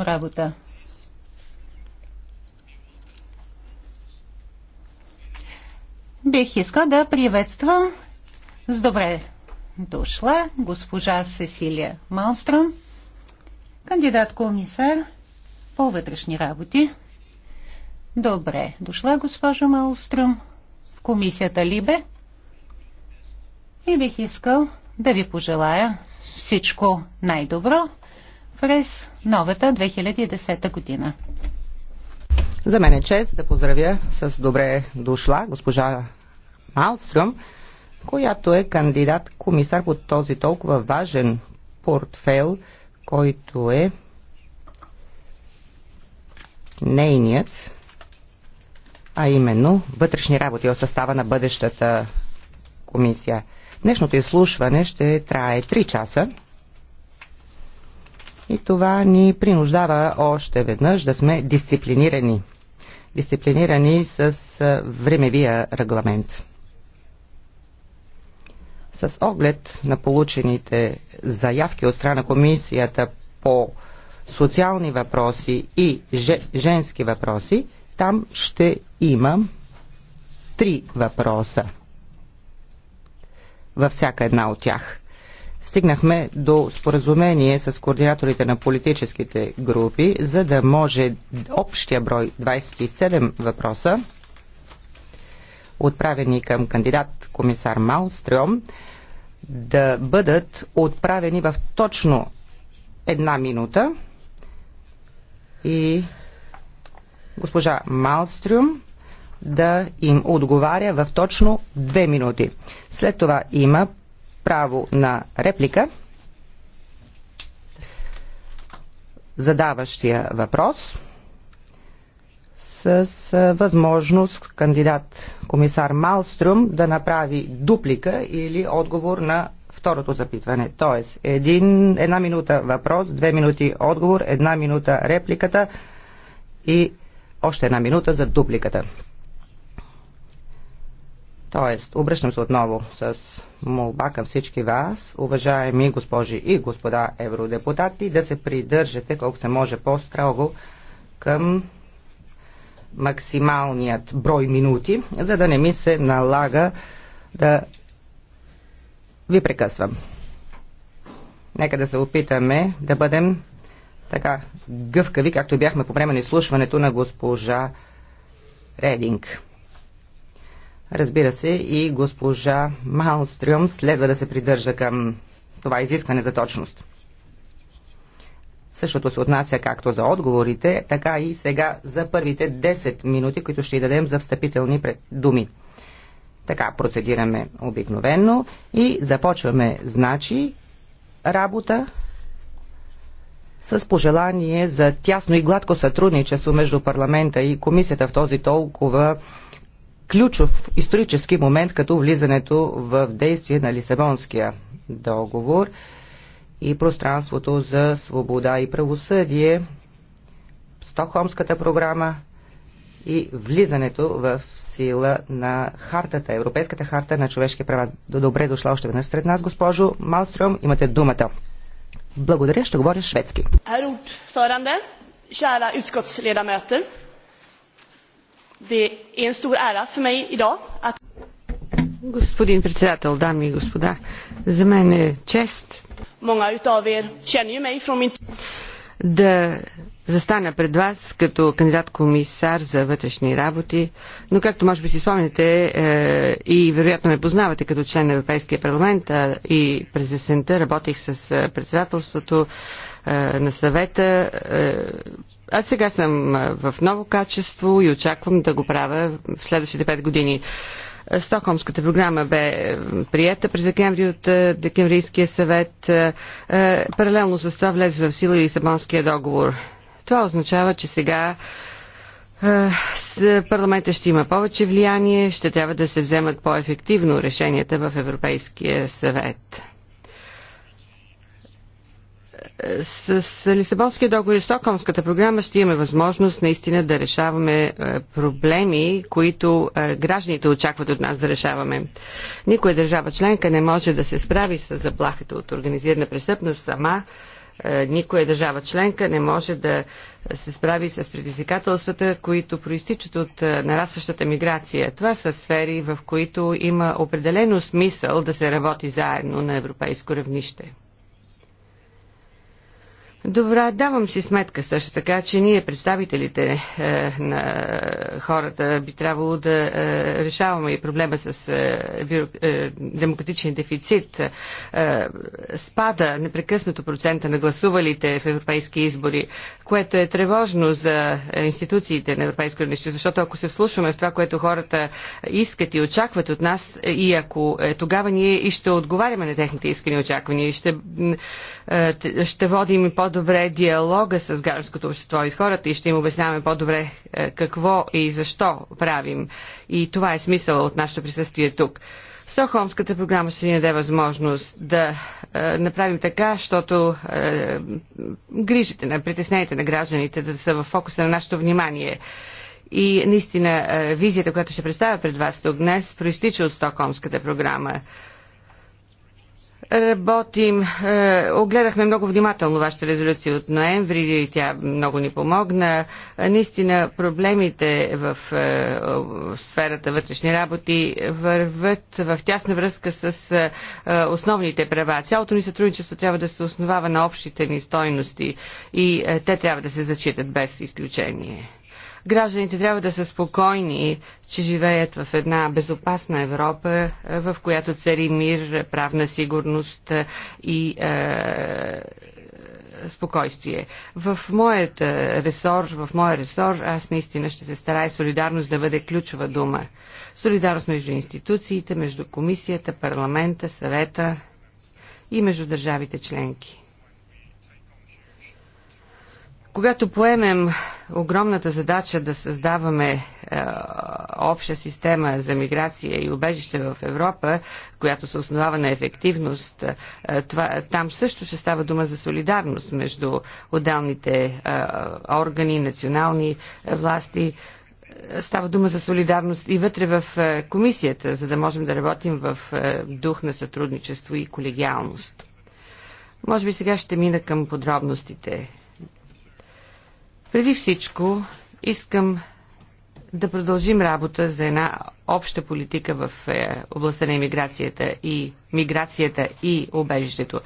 работа. Бих искал да приветствам с добре дошла госпожа Сесилия Малстром, кандидат-комисар по вътрешни работи. Добре дошла, госпожо Малстром, в комисията Либе. И бих искал да ви пожелая всичко най-добро през новата 2010 година. За мен е чест да поздравя с добре дошла госпожа Малстрюм, която е кандидат комисар по този толкова важен портфел, който е нейният, а именно вътрешни работи в състава на бъдещата комисия. Днешното изслушване ще трае 3 часа. И това ни принуждава още веднъж да сме дисциплинирани. Дисциплинирани с времевия регламент. С оглед на получените заявки от страна комисията по социални въпроси и женски въпроси, там ще има три въпроса във всяка една от тях стигнахме до споразумение с координаторите на политическите групи, за да може общия брой 27 въпроса, отправени към кандидат комисар Малстрем, да бъдат отправени в точно една минута и госпожа Малстрюм да им отговаря в точно две минути. След това има право на реплика. Задаващия въпрос с възможност кандидат комисар Малструм да направи дуплика или отговор на второто запитване. Тоест, един, една минута въпрос, две минути отговор, една минута репликата и още една минута за дупликата. Тоест, обръщам се отново с молба към всички вас, уважаеми госпожи и господа евродепутати, да се придържате колко се може по-строго към максималният брой минути, за да не ми се налага да ви прекъсвам. Нека да се опитаме да бъдем така гъвкави, както бяхме по време на изслушването на госпожа Рединг. Разбира се, и госпожа Малстрюм следва да се придържа към това изискване за точност. Същото се отнася както за отговорите, така и сега за първите 10 минути, които ще й дадем за встъпителни думи. Така процедираме обикновенно и започваме, значи, работа с пожелание за тясно и гладко сътрудничество между парламента и комисията в този толкова ключов исторически момент, като влизането в действие на Лисабонския договор и пространството за свобода и правосъдие, Стокхолмската програма и влизането в сила на хартата, Европейската харта на човешки права. Добре дошла още веднъж сред нас, госпожо Малстром. Имате думата. Благодаря, ще говоря шведски. Herr ordförande, kära utskottsledamöter. Господин председател, дами и господа, за мен е чест. Er да застана пред вас като кандидат-комисар за вътрешни работи, но както може би си спомняте е, и вероятно ме познавате като член на Европейския парламент и през есента работих с е, председателството е, на съвета. Е, аз сега съм е, в ново качество и очаквам да го правя в следващите 5 години. Стокхолмската програма бе приета през декември от Декемврийския съвет. Паралелно с това влезе в сила и Лисабонския договор. Това означава, че сега парламента ще има повече влияние, ще трябва да се вземат по-ефективно решенията в Европейския съвет с, с Лисабонския договор и Стокхолмската програма ще имаме възможност наистина да решаваме е, проблеми, които е, гражданите очакват от нас да решаваме. Никоя държава членка не може да се справи с заплахата от организирана престъпност сама. Е, никоя държава членка не може да се справи с предизвикателствата, които проистичат от нарастващата миграция. Това са сфери, в които има определено смисъл да се работи заедно на европейско равнище. Добре, давам си сметка също така, че ние, представителите е, на хората, би трябвало да е, решаваме и проблема с е, е, демократичен дефицит. Е, спада непрекъснато процента на гласувалите в европейски избори, което е тревожно за институциите на европейско равнище, защото ако се вслушваме в това, което хората искат и очакват от нас, и ако е, тогава ние и ще отговаряме на техните искани очаквания, и ще, е, ще водим и под по-добре диалога с гражданското общество и с хората и ще им обясняваме по-добре е, какво и защо правим. И това е смисъл от нашето присъствие тук. Стокхолмската програма ще ни даде възможност да е, направим така, защото е, грижите на притесненията на гражданите да са в фокуса на нашето внимание. И наистина е, визията, която ще представя пред вас тук днес, проистича от Стокхолмската програма. Работим, е, огледахме много внимателно вашата резолюция от ноември и тя много ни помогна. Наистина проблемите в е, сферата вътрешни работи върват в тясна връзка с е, основните права. Цялото ни сътрудничество трябва да се основава на общите ни стойности и те трябва да се зачитат без изключение. Гражданите трябва да са спокойни, че живеят в една безопасна Европа, е, в която цари мир, правна сигурност е, и е, спокойствие. В моят ресор, в моя ресор, аз наистина ще се старая солидарност да бъде ключова дума. Солидарност между институциите, между комисията, парламента, съвета и между държавите членки. Когато поемем огромната задача да създаваме е, обща система за миграция и убежище в Европа, която се основава на ефективност, е, това, там също ще става дума за солидарност между отделните е, органи, национални е, власти. Става дума за солидарност и вътре в е, комисията, за да можем да работим в е, дух на сътрудничество и колегиалност. Може би сега ще мина към подробностите преди всичко искам да продължим работа за една обща политика в е, областта на иммиграцията и миграцията и обежището.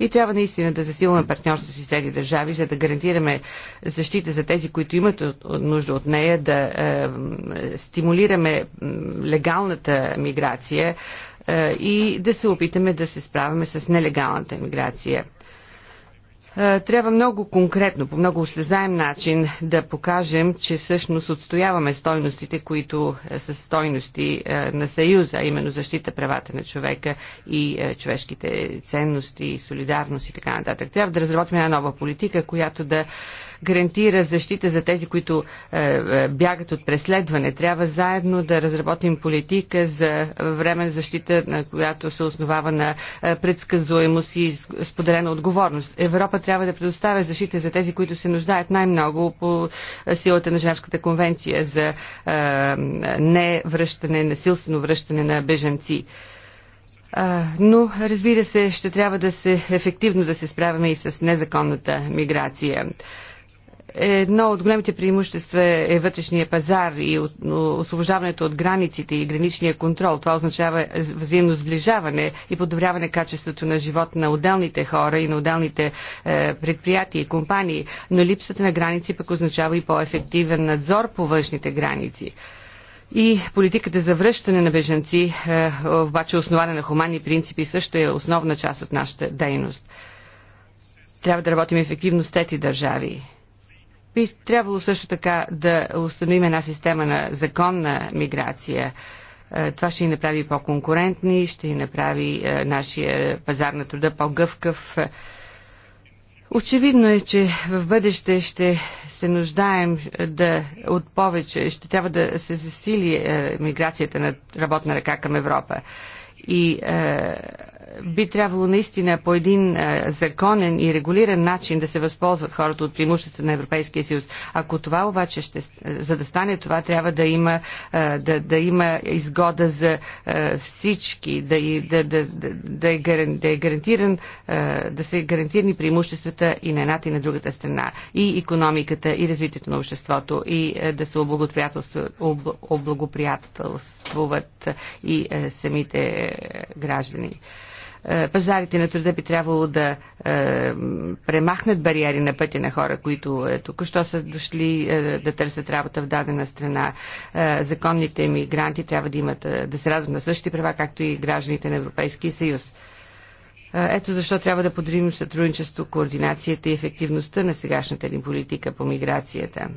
И трябва наистина да засилваме партньорство си с тези държави, за да гарантираме защита за тези, които имат нужда от нея, да е, стимулираме легалната миграция е, и да се опитаме да се справяме с нелегалната миграция. Е, трябва много конкретно, по много осезаем начин да покажем, че всъщност отстояваме стойностите, които е, са стойности е, на Съюза, именно защита правата на човека и човешките ценности, солидарност и така нататък. Трябва да разработим една нова политика, която да гарантира защита за тези, които е, е, бягат от преследване. Трябва заедно да разработим политика за време защита, на която се основава на е, предсказуемост и споделена отговорност. Европа трябва да предоставя защита за тези, които се нуждаят най-много по силата на Женевската конвенция за не връщане, насилствено връщане на бежанци. Но, разбира се, ще трябва да се ефективно да се справяме и с незаконната миграция. Едно от големите преимущества е, е вътрешния пазар и освобождаването от границите и граничния контрол. Това означава взаимно сближаване и подобряване качеството на живот на отделните хора и на отделните е, предприятия и компании. Но липсата на граници пък означава и по-ефективен надзор по външните граници. И политиката за връщане на бежанци, е, обаче основана на хуманни принципи, също е основна част от нашата дейност. Трябва да работим ефективно с тети държави би трябвало също така да установим една система на законна миграция. Е, това ще ни направи по-конкурентни, ще ни направи е, нашия пазар на труда по-гъвкав. Очевидно е, че в бъдеще ще се нуждаем е, да, от повече, ще трябва да се засили миграцията на работна ръка към Европа. И би трябвало наистина по един е, законен и регулиран начин да се възползват хората от преимущества на Европейския съюз. Ако това обаче ще, е, за да стане това, трябва да има, е, да, да има изгода за всички, да, да, да, да, е, да е гарантиран, да се гарантирани преимуществата и на едната и на другата страна, и економиката, и развитието на обществото, и да се облагоприятелствуват и самите граждани. Е, пазарите на труда би трябвало да е, премахнат бариери на пътя на хора, които е, тук що са дошли е, да търсят работа в дадена страна. законните мигранти трябва да имат да се радват на същите права, както и гражданите на Европейския съюз. Ето защо трябва да подривим сътрудничество, координацията и ефективността на сегашната ни политика по миграцията.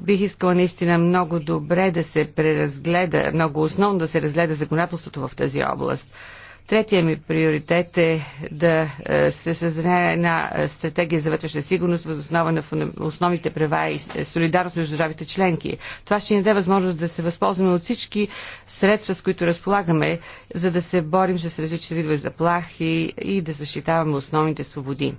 Бих искала наистина много добре да се преразгледа, много основно да се разгледа законодателството в тази област. Третия ми приоритет е да е, се създаде една е, стратегия за вътрешна сигурност въз основа на основните права и е, солидарност между държавите членки. Това ще ни даде възможност да се възползваме от всички средства, с които разполагаме, за да се борим с различни видове заплахи и да защитаваме основните свободи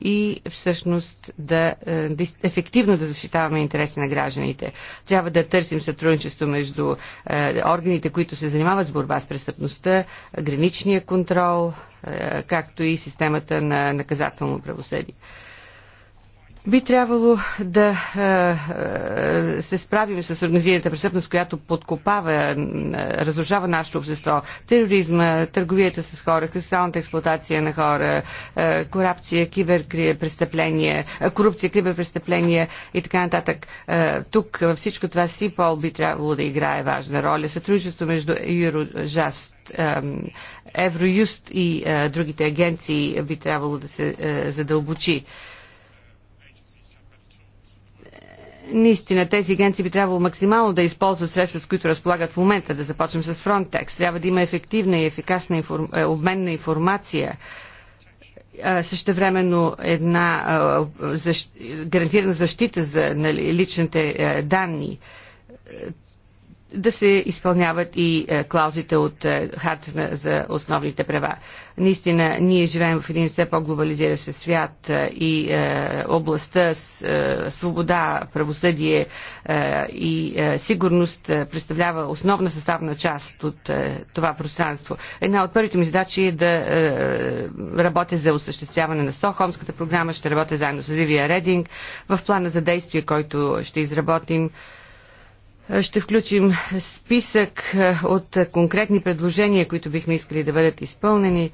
и всъщност да е, ефективно да защитаваме интереси на гражданите. Трябва да търсим сътрудничество между е, органите, които се занимават с борба с престъпността, граничния контрол, е, както и системата на наказателно правосъдие. Би трябвало да е, е, се справим с организираната престъпност, която подкопава, е, разрушава нашето общество. Тероризма, търговията с хора, социалната експлуатация на хора, корупция, киберпрестъпления, корупция, киберпрестъпления и така нататък. Тук във всичко това СИПОЛ би трябвало да играе важна роля. Сътрудничество между Юрожаст Евроюст и а, другите агенции би трябвало да се а, задълбочи. Наистина, тези агенции би трябвало максимално да използват средства, с които разполагат в момента, да започнем с Frontex. Трябва да има ефективна и ефикасна информ... Е, обмен на информация. Също времено една защ... гарантирана защита за нали, личните е, данни да се изпълняват и е, клаузите от е, Харта за основните права. Наистина, ние живеем в един все по-глобализиращ свят е, и областта с свобода, правосъдие и сигурност представлява основна съставна част от това пространство. Една от първите ми задачи е да работя за осъществяване на СОХОМската програма, ще работя заедно с Ривия Рединг в плана за действие, който ще изработим ще включим списък е, от конкретни предложения, които бихме искали да бъдат изпълнени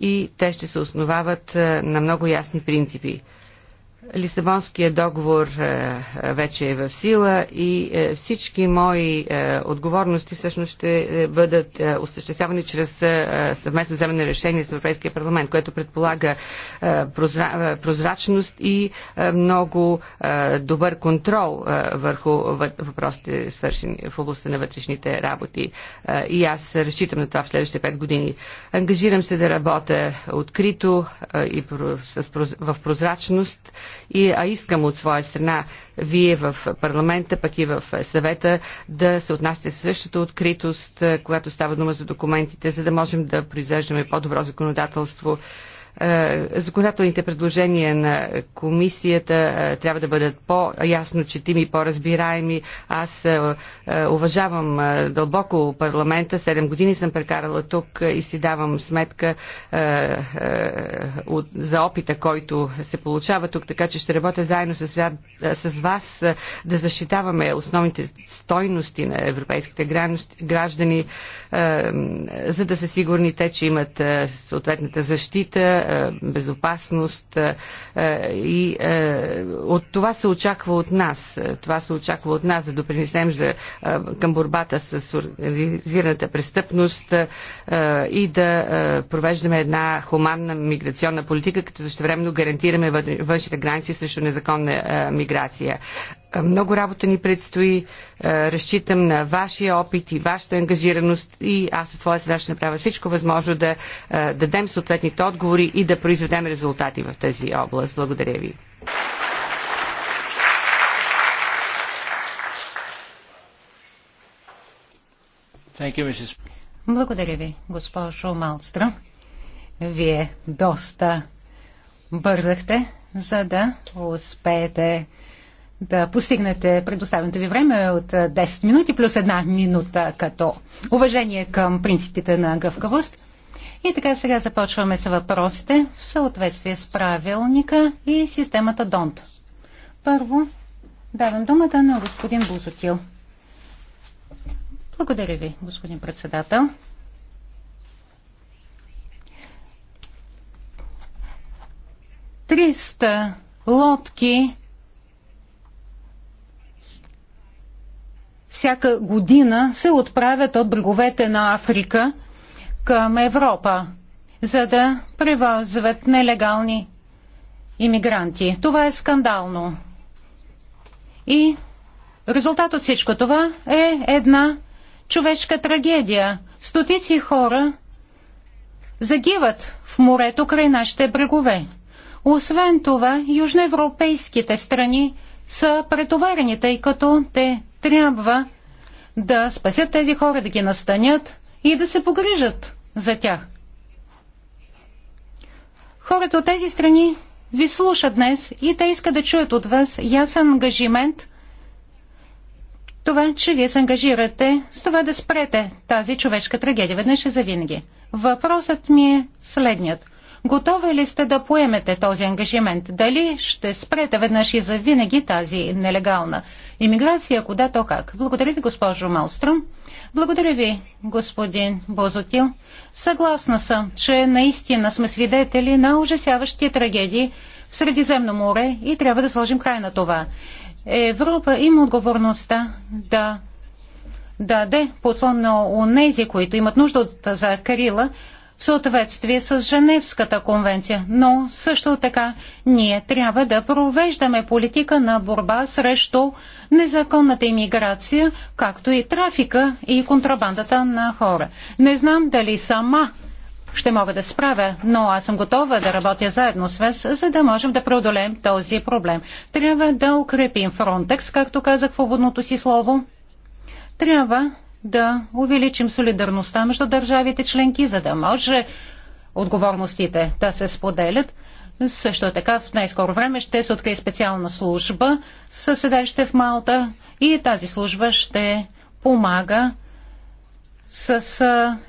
и те ще се основават е, на много ясни принципи. Лисабонския договор е, вече е в сила и е, всички мои е, отговорности всъщност ще бъдат осъществявани чрез съвместно вземане решение с Европейския парламент, което предполага прозрачност и много добър контрол върху въпросите свършени в областта на вътрешните работи. И аз разчитам на това в следващите пет години. Ангажирам се да работя открито и в прозрачност и, а искам от своя страна вие в парламента, пък и в съвета да се отнасяте със същата откритост, когато става дума за документите, за да можем да произвеждаме по-добро законодателство е, законодателните предложения на комисията е, трябва да бъдат по-ясно четими, по-разбираеми. Аз е, уважавам дълбоко парламента. Седем години съм прекарала тук и си давам сметка за опита, който се получава тук, така че ще работя заедно с, вас да защитаваме основните стойности на европейските граждани, за да са сигурни те, че имат съответната защита, е, безопасност е, е, и от това се очаква от нас. Това се очаква от нас да допринесем за, към борбата с организираната престъпност и да провеждаме една хуманна миграционна политика, като същевременно гарантираме външните граници срещу незаконна миграция. Много работа ни предстои. Разчитам на вашия опит и вашата ангажираност и аз от своя страна ще направя всичко възможно да дадем съответните отговори и да произведем резултати в тази област. Благодаря ви. Благодаря ви, госпожо Малстра. Вие доста бързахте, за да успеете да постигнете предоставеното ви време от 10 минути плюс една минута като уважение към принципите на гъвкавост. И така сега започваме с въпросите в съответствие с правилника и системата ДОНТ. Първо давам думата на господин Бузотил. Благодаря ви, господин председател. Триста лодки всяка година се отправят от бреговете на Африка към Европа, за да превозват нелегални иммигранти. Това е скандално. И резултат от всичко това е една човешка трагедия. Стотици хора загиват в морето край нашите брегове. Освен това, южноевропейските страни са претоварени, тъй като те трябва да спасят тези хора, да ги настанят и да се погрижат за тях. Хората от тези страни ви слушат днес и те искат да чуят от вас ясен ангажимент това, че вие се ангажирате с това да спрете тази човешка трагедия веднъж и завинаги. Въпросът ми е следният. Готови ли сте да поемете този ангажимент? Дали ще спрете веднъж и завинаги тази нелегална иммиграция? куда то как? Благодаря ви, госпожо Малстром. Благодаря ви, господин Бозотил. Съгласна съм, че наистина сме свидетели на ужасяващи трагедии в Средиземно море и трябва да сложим край на това. Европа има отговорността да даде подслон на онези, които имат нужда от Карила в съответствие с Женевската конвенция, но също така ние трябва да провеждаме политика на борба срещу незаконната иммиграция, както и трафика и контрабандата на хора. Не знам дали сама ще мога да справя, но аз съм готова да работя заедно с вас, за да можем да преодолеем този проблем. Трябва да укрепим Фронтекс, както казах в уводното си слово. Трябва да увеличим солидарността между държавите членки, за да може отговорностите да се споделят. Също така в най-скоро време ще се открие специална служба със седалище в Малта и тази служба ще помага с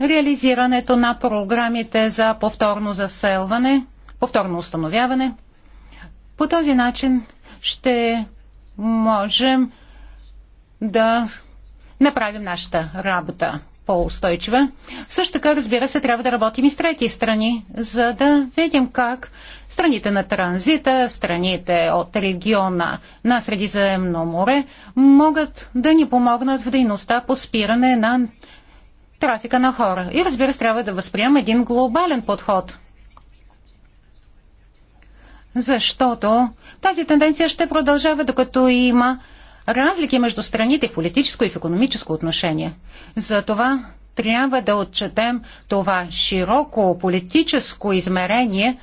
реализирането на програмите за повторно заселване, повторно установяване. По този начин ще можем да направим нашата работа по-устойчива. Също така, разбира се, трябва да работим и с трети страни, за да видим как страните на транзита, страните от региона на Средиземно море могат да ни помогнат в дейността по спиране на трафика на хора. И разбира се, трябва да възприемем един глобален подход. Защото тази тенденция ще продължава, докато има разлики между страните в политическо и в економическо отношение. Затова трябва да отчетем това широко политическо измерение,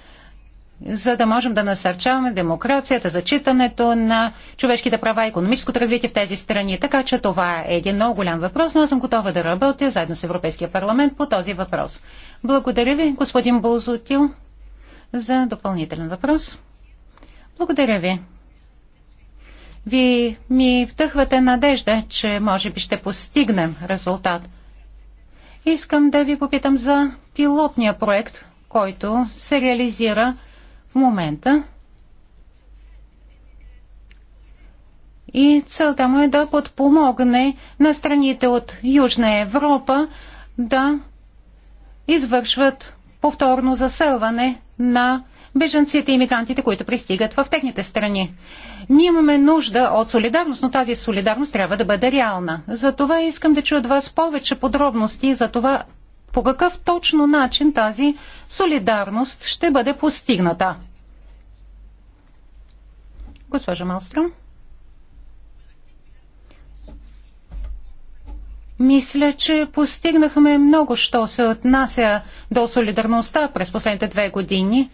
за да можем да насърчаваме демокрацията, зачитането на човешките права, економическото развитие в тези страни. Така че това е един много голям въпрос, но аз съм готова да работя заедно с Европейския парламент по този въпрос. Благодаря ви, господин Болзотил, за допълнителен въпрос. Благодаря ви. Вие ми вдъхвате надежда, че може би ще постигнем резултат. Искам да ви попитам за пилотния проект, който се реализира в момента. И целта му е да подпомогне на страните от Южна Европа да извършват повторно заселване на беженците и мигрантите, които пристигат в техните страни. Ние имаме нужда от солидарност, но тази солидарност трябва да бъде реална. Затова искам да чуя от вас повече подробности за това по какъв точно начин тази солидарност ще бъде постигната. Госпожа Малстрам. Мисля, че постигнахме много, що се отнася до солидарността през последните две години.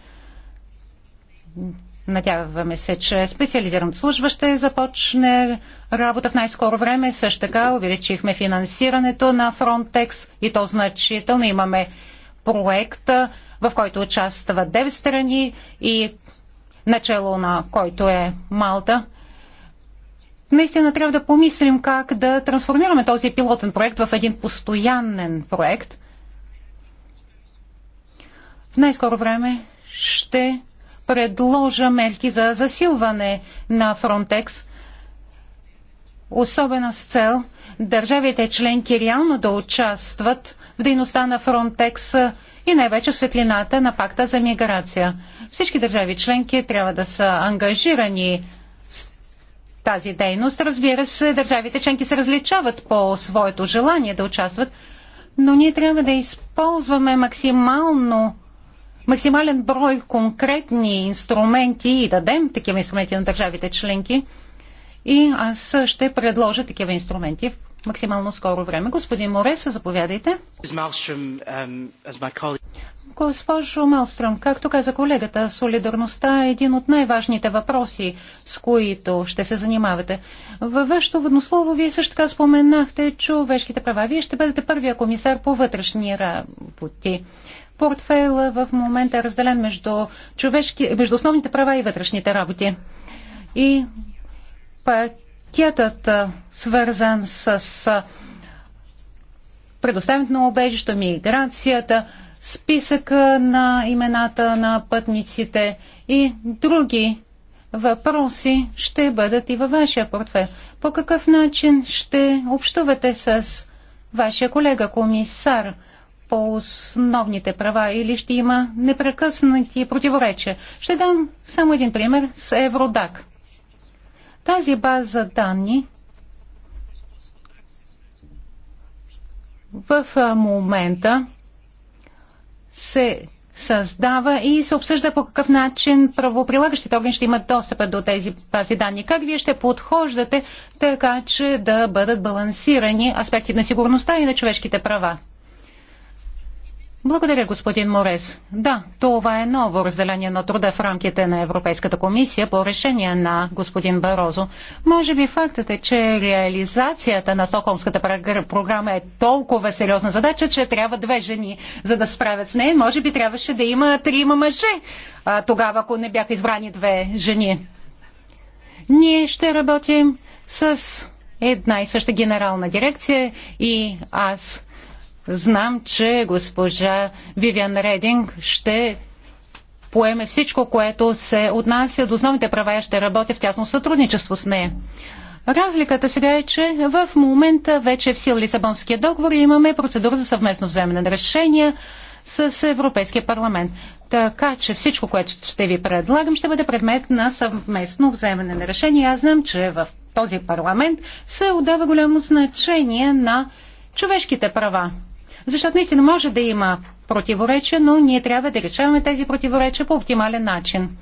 Надяваме се, че специализираната служба ще започне работа в най-скоро време. Също така увеличихме финансирането на Frontex и то значително. Имаме проект, в който участват 9 страни и начало на който е Малта. Наистина трябва да помислим как да трансформираме този пилотен проект в един постоянен проект. В най-скоро време ще предложа мерки за засилване на Фронтекс, особено с цел държавите членки реално да участват в дейността на Фронтекс и най-вече в светлината на пакта за миграция. Всички държави членки трябва да са ангажирани с тази дейност. Разбира се, държавите членки се различават по своето желание да участват, но ние трябва да използваме максимално максимален брой конкретни инструменти и дадем такива инструменти на държавите членки. И аз ще предложа такива инструменти в максимално скоро време. Господин Мореса, заповядайте. Um, Госпожо Малстръм, както каза колегата, солидарността е един от най-важните въпроси, с които ще се занимавате. Във вашето воднослово вие също така споменахте човешките права. Вие ще бъдете първия комисар по вътрешния работи портфейла в момента е разделен между, човешки, между основните права и вътрешните работи. И пакетът, свързан с предоставянето на обежища, миграцията, списъка на имената на пътниците и други въпроси ще бъдат и във вашия портфел. По какъв начин ще общувате с вашия колега комисар? по основните права или ще има непрекъснати противоречия. Ще дам само един пример с Евродак. Тази база данни в момента се създава и се обсъжда по какъв начин правоприлагащите органи ще имат достъпа до тези бази данни. Как вие ще подхождате така, че да бъдат балансирани аспекти на сигурността и на човешките права? Благодаря, господин Морес. Да, това е ново разделение на труда в рамките на Европейската комисия по решение на господин Барозо. Може би фактът е, че реализацията на Стокхолмската програма е толкова сериозна задача, че трябва две жени, за да справят с нея. Може би трябваше да има трима мъже, а, тогава ако не бяха избрани две жени. Ние ще работим с една и съща генерална дирекция и аз Знам, че госпожа Вивиан Рединг ще поеме всичко, което се отнася до основните права и ще работи в тясно сътрудничество с нея. Разликата сега е, че в момента вече в сила Лисабонския договор имаме процедура за съвместно вземане на решения с Европейския парламент. Така че всичко, което ще ви предлагам, ще бъде предмет на съвместно вземане на решение. Аз знам, че в този парламент се отдава голямо значение на човешките права. Защото наистина може да има противоречия, но ние трябва да решаваме тези противоречия по оптимален начин.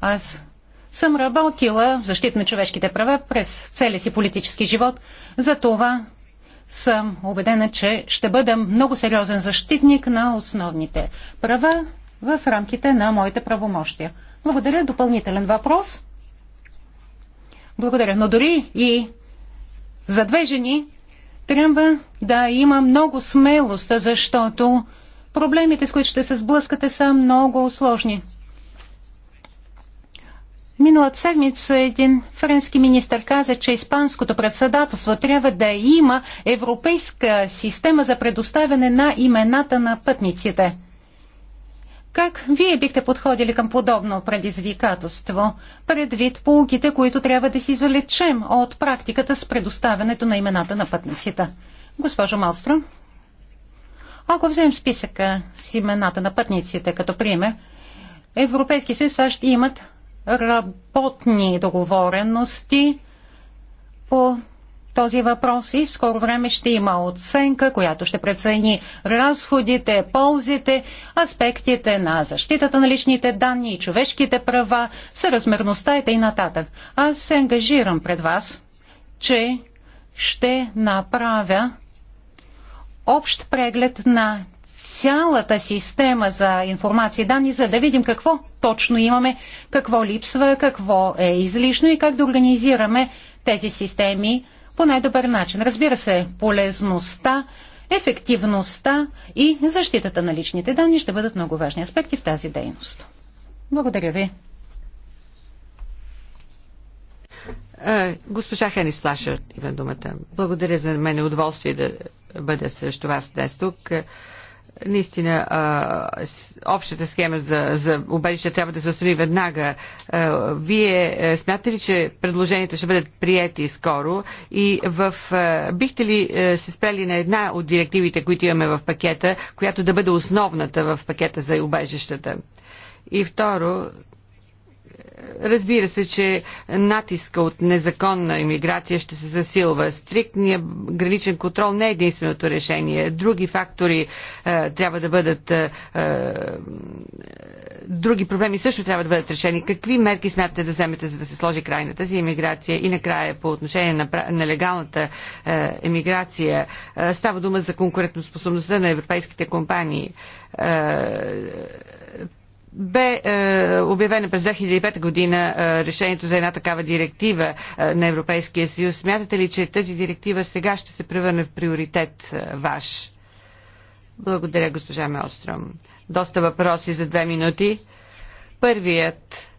Аз съм работила в защита на човешките права през целия си политически живот. За това съм убедена, че ще бъда много сериозен защитник на основните права в рамките на моите правомощия. Благодаря. Допълнителен въпрос. Благодаря. Но дори и за две жени трябва да има много смелост, защото проблемите, с които ще се сблъскате, са много сложни. Миналата седмица един френски министр каза, че испанското председателство трябва да има европейска система за предоставяне на имената на пътниците. Как вие бихте подходили към подобно предизвикателство, предвид полуките, които трябва да си залечем от практиката с предоставянето на имената на пътниците? Госпожо Малстро, ако вземем списъка с имената на пътниците като пример, Европейски съюз САЩ имат работни договорености по този въпрос и в скоро време ще има оценка, която ще прецени разходите, ползите, аспектите на защитата на личните данни и човешките права, съразмерността и т.н. Аз се ангажирам пред вас, че ще направя общ преглед на цялата система за информация и данни, за да видим какво точно имаме, какво липсва, какво е излишно и как да организираме тези системи по най-добър начин. Разбира се, полезността, ефективността и защитата на личните данни ще бъдат много важни аспекти в тази дейност. Благодаря ви. Госпожа Хенис Флашер, имам думата. Благодаря за мен удоволствие да бъда срещу вас днес тук наистина общата схема за, за убежище трябва да се остави веднага. Вие смятате ли, че предложенията ще бъдат приети скоро и в, бихте ли се спрели на една от директивите, които имаме в пакета, която да бъде основната в пакета за убежищата? И второ, Разбира се, че натиска от незаконна иммиграция ще се засилва. Стриктният граничен контрол не е единственото решение. Други фактори е, трябва да бъдат. Е, е, други проблеми също трябва да бъдат решени. Какви мерки смятате да вземете, за да се сложи край на тази иммиграция и накрая по отношение на нелегалната е, иммиграция? Е, става дума за конкурентоспособността на европейските компании. Е, бе е, обявено през 2005 година е, решението за една такава директива е, на Европейския съюз. Смятате ли, че тази директива сега ще се превърне в приоритет е, ваш? Благодаря, госпожа Меостром. Доста въпроси за две минути. Първият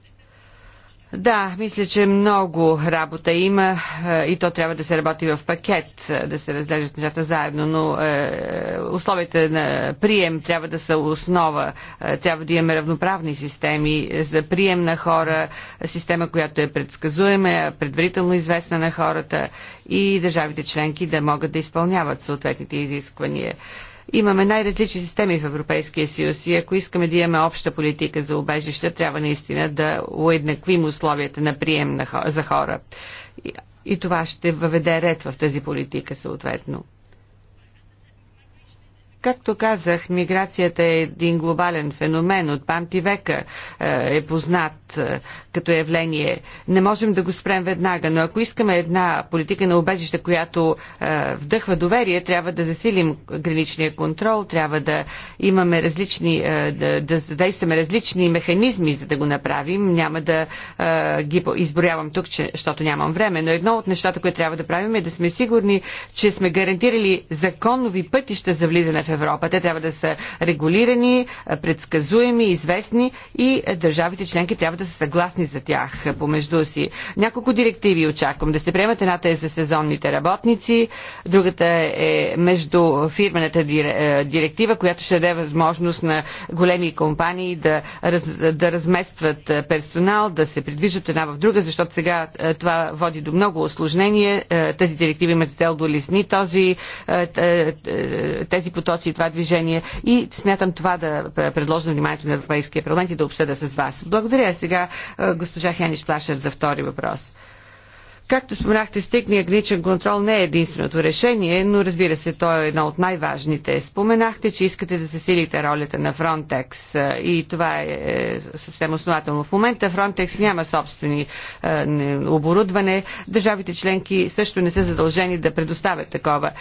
да, мисля, че много работа има е, и то трябва да се работи в пакет, е, да се разглеждат нещата заедно, но е, условията на прием трябва да са основа. Трябва да имаме равноправни системи за прием на хора, система, която е предсказуема, предварително известна на хората и държавите членки да могат да изпълняват съответните изисквания. Имаме най-различни системи в Европейския съюз и ако искаме да имаме обща политика за убежища, трябва наистина да уеднаквим условията на прием на за хора. И това ще въведе ред в тази политика съответно. Както казах, миграцията е един глобален феномен. От памти века е, е познат е, като явление. Не можем да го спрем веднага, но ако искаме една политика на убежище, която е, вдъхва доверие, трябва да засилим граничния контрол, трябва да имаме различни, да, действаме задействаме различни механизми, за да го направим. Няма да ги изброявам тук, защото нямам време, но едно от нещата, които трябва да правим е да сме сигурни, че сме гарантирали законови пътища за влизане в Европа. Те трябва да са регулирани, предсказуеми, известни и държавите членки трябва да са съгласни за тях помежду си. Няколко директиви очаквам да се приемат. Едната е за сезонните работници, другата е между фирмената е, директива, която ще даде възможност на големи компании да, раз, да разместват персонал, да се придвижат една в друга, защото сега е, това води до много осложнение. Е, Тази директива има за цел да улесни този, тези потоци насочи това движение и смятам това да предложа на вниманието на Европейския парламент и да обсъда с вас. Благодаря сега госпожа Хениш Плашев за втори въпрос. Както споменахте, стикният граничен контрол не е единственото решение, но разбира се, то е едно от най-важните. Споменахте, че искате да засилите ролята на Frontex е, и това е, е съвсем основателно. В момента Frontex няма собствени е, оборудване. Държавите членки също не са задължени да предоставят такова.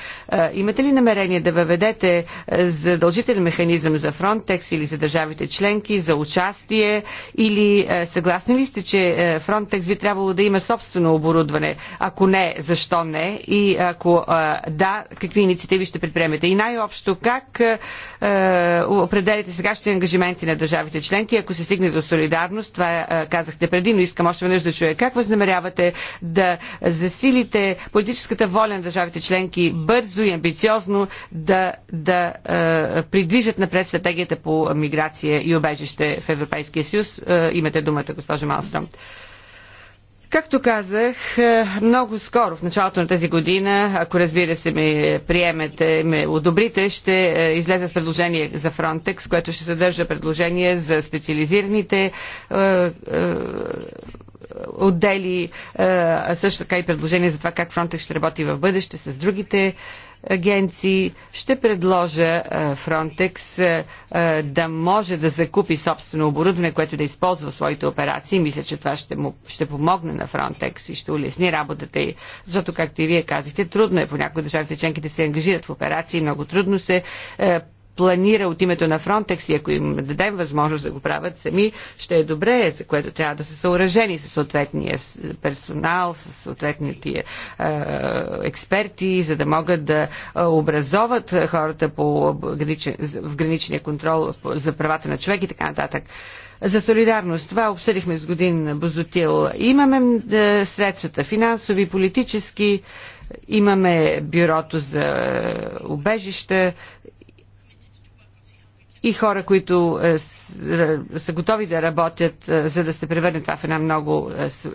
Имате ли намерение да въведете задължителен механизъм за Frontex или за държавите членки, за участие или съгласни ли сте, че Frontex би трябвало да има собствено оборудване? изследване? Ако не, защо не? И ако да, какви инициативи ще предприемете? И най-общо, как определите сегашните ангажименти на държавите членки, ако се стигне до солидарност, това казахте преди, но искам още веднъж да чуя. Как възнамерявате да засилите политическата воля на държавите членки бързо и амбициозно да, да придвижат напред стратегията по миграция и обежище в Европейския съюз? Имате думата, госпожа Малстром. Както казах, е, много скоро, в началото на тази година, ако разбира се ме приемете, ме одобрите, ще е, излезе с предложение за Frontex, което ще съдържа предложение за специализираните е, отдели, също така и предложение за това как Frontex ще работи в бъдеще с другите агенции. Ще предложа Фронтекс е, е, да може да закупи собствено оборудване, което да използва в своите операции. Мисля, че това ще, му, ще помогне на Фронтекс и ще улесни работата й. Защото, както и вие казахте, трудно е понякога държавите членки да се ангажират в операции. Много трудно се е, планира от името на Фронтекс и ако им дадем възможност да го правят сами, ще е добре, за което трябва да са съоръжени с съответния персонал, с съответните е, експерти, за да могат да е, образоват хората по граничен, в граничния контрол за правата на човек и така нататък за солидарност. Това обсъдихме с годин Бозотил. Имаме е, средствата, финансови, политически, имаме бюрото за е, убежища, и хора, които е, са готови да работят, е, за да се превърне това в една много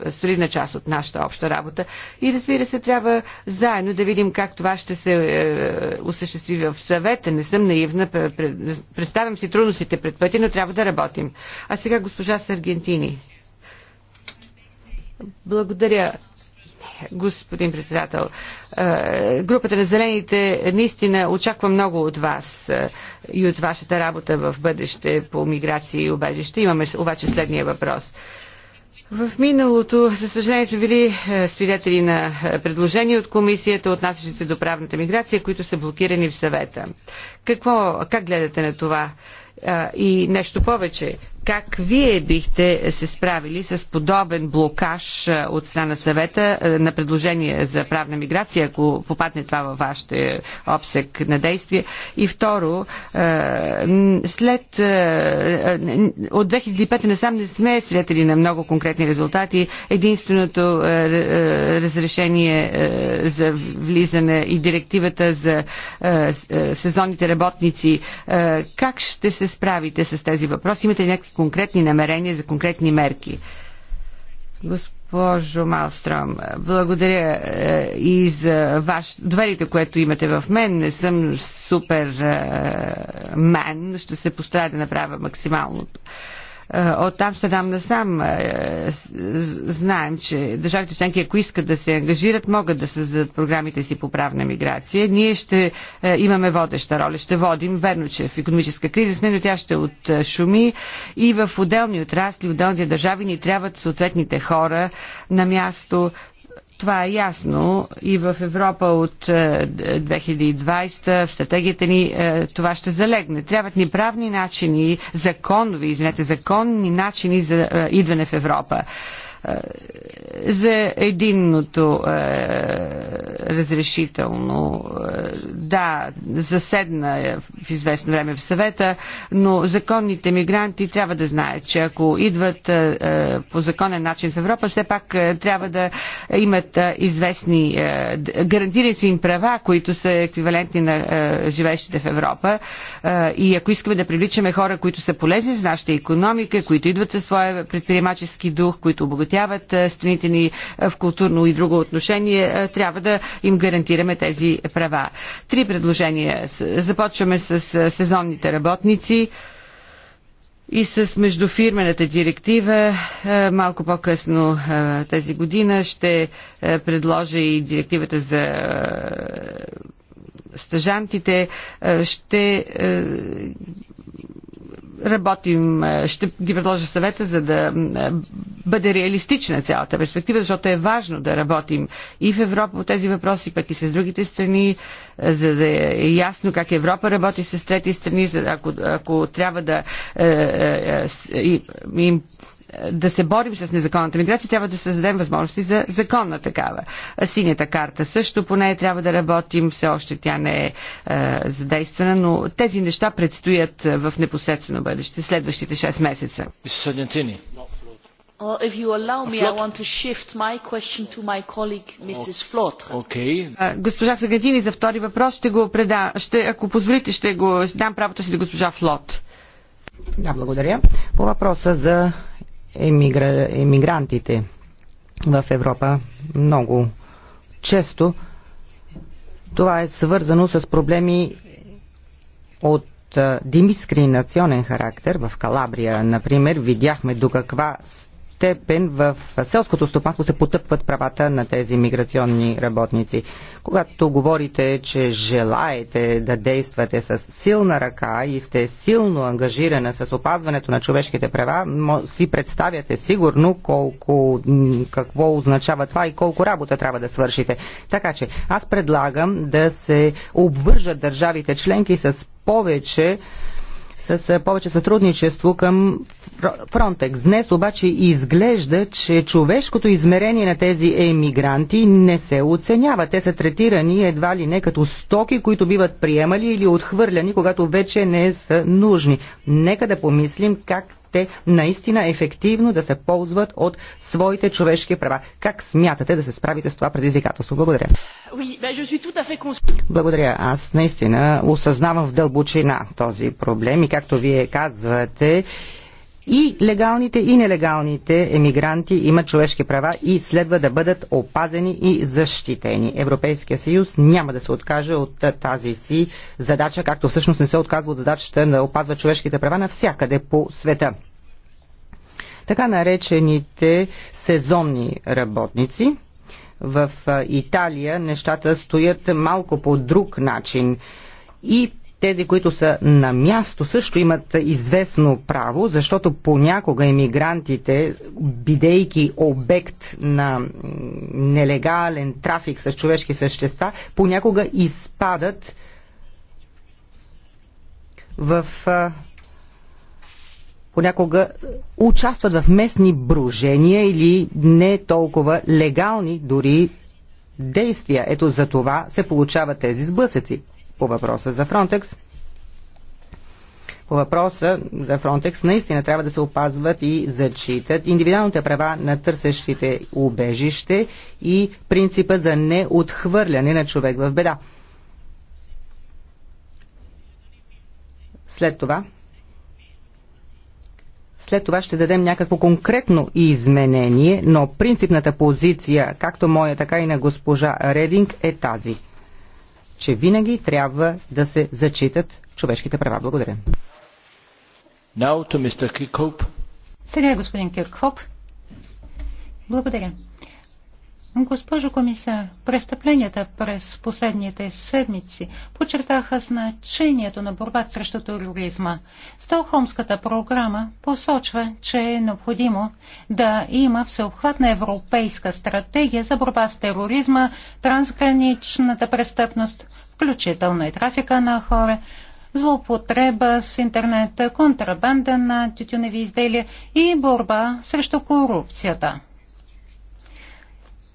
е, солидна част от нашата обща работа. И разбира се, трябва заедно да видим как това ще се осъществи в съвета. Не съм наивна, представям си трудностите пред пъти, но трябва да работим. А сега госпожа Саргентини. Благодаря господин председател. Е, групата на зелените наистина очаква много от вас е, и от вашата работа в бъдеще по миграция и убежище. Имаме обаче следния въпрос. В миналото, за съжаление, сме били е, свидетели на предложения от комисията, отнасящи се до правната миграция, които са блокирани в съвета. Какво, как гледате на това? и нещо повече. Как вие бихте се справили с подобен блокаж от страна на съвета на предложение за правна миграция, ако попадне това във вашите обсек на действие? И второ, след от 2005 насам не сме свидетели на много конкретни резултати. Единственото разрешение за влизане и директивата за сезонните работници. Как ще се справите с тези въпроси? Имате ли някакви конкретни намерения за конкретни мерки. Госпожо Малстром, благодаря е, и за ваш... доверието, което имате в мен. Не съм супер е, мен, ще се постарая да направя максималното. Е, от Амстердам насам е, знаем, че държавите членки, ако искат да се ангажират, могат да създадат програмите си по правна миграция. Ние ще е, имаме водеща роля, ще водим, верно, че в економическа криза сме, но тя ще шуми и в отделни отрасли, в държави ни трябват съответните хора на място, това е ясно и в Европа от 2020 е, в стратегията ни е, това ще залегне. Трябват ни правни начини, законови, извинете, законни начини за е, идване в Европа. Е, за единното е, разрешително. Е, да, заседна е в известно време в съвета, но законните мигранти трябва да знаят, че ако идват е, по законен начин в Европа, все пак е, трябва да имат е, известни, е, гарантирани си им права, които са еквивалентни на е, живещите в Европа. Е, и ако искаме да привличаме хора, които са полезни за нашата економика, които идват със своя предприемачески дух, които обогатяват обогатяват страните ни в културно и друго отношение, трябва да им гарантираме тези права. Три предложения. Започваме с сезонните работници и с междуфирмената директива. Малко по-късно тази година ще предложа и директивата за стъжантите. Ще работим, е, ще ги предложа съвета, за да е, бъде реалистична цялата перспектива, защото е важно да работим и в Европа по тези въпроси, пък и с другите страни, е, за да е ясно как Европа работи с трети страни, за да, ако, ако трябва да е, е, е, им да се борим с незаконната миграция, трябва да създадем възможности за законна такава. Синята карта също, по нея трябва да работим, все още тя не е, е задействана, но тези неща предстоят в непосредствено бъдеще, следващите 6 месеца. Well, if you allow me, I want to shift my question to my colleague, Mrs. Flot. Okay. Госпожа Сагадини за втори въпрос ще го преда. Ще, ако позволите, ще го дам правото си за госпожа Флот. Uh, да, благодаря. По въпроса за емигра... емигрантите в Европа много често това е свързано с проблеми от дискриминационен характер. В Калабрия, например, видяхме до каква степен в селското стопанство се потъпват правата на тези миграционни работници. Когато говорите, че желаете да действате с силна ръка и сте силно ангажирана с опазването на човешките права, си представяте сигурно колко, какво означава това и колко работа трябва да свършите. Така че аз предлагам да се обвържат държавите членки с повече с повече сътрудничество към Фронтекс. Днес обаче изглежда, че човешкото измерение на тези емигранти не се оценява. Те са третирани едва ли не като стоки, които биват приемали или отхвърляни, когато вече не са нужни. Нека да помислим как те наистина ефективно да се ползват от своите човешки права. Как смятате да се справите с това предизвикателство? Благодаря. Благодаря. Аз наистина осъзнавам в дълбочина този проблем и както вие казвате, и легалните и нелегалните емигранти имат човешки права и следва да бъдат опазени и защитени. Европейския съюз няма да се откаже от тази си задача, както всъщност не се отказва от задачата да опазва човешките права навсякъде по света. Така наречените сезонни работници в Италия нещата стоят малко по друг начин и тези, които са на място, също имат известно право, защото понякога иммигрантите, бидейки обект на нелегален трафик с човешки същества, понякога изпадат в понякога участват в местни брожения или не толкова легални дори действия. Ето за това се получават тези сблъсъци по въпроса за Фронтекс. По въпроса за Фронтекс наистина трябва да се опазват и зачитат индивидуалните права на търсещите убежище и принципа за неотхвърляне на човек в беда. След това след това ще дадем някакво конкретно изменение, но принципната позиция, както моя, така и на госпожа Рединг, е тази че винаги трябва да се зачитат човешките права. Благодаря. Now to Mr. Сега е господин Киркхоп. Благодаря. Госпожо комисар, престъпленията през последните седмици подчертаха значението на борбата срещу тероризма. Столхомската програма посочва, че е необходимо да има всеобхватна европейска стратегия за борба с тероризма, трансграничната престъпност, включително и трафика на хора, злоупотреба с интернет, контрабанда на тютюневи изделия и борба срещу корупцията.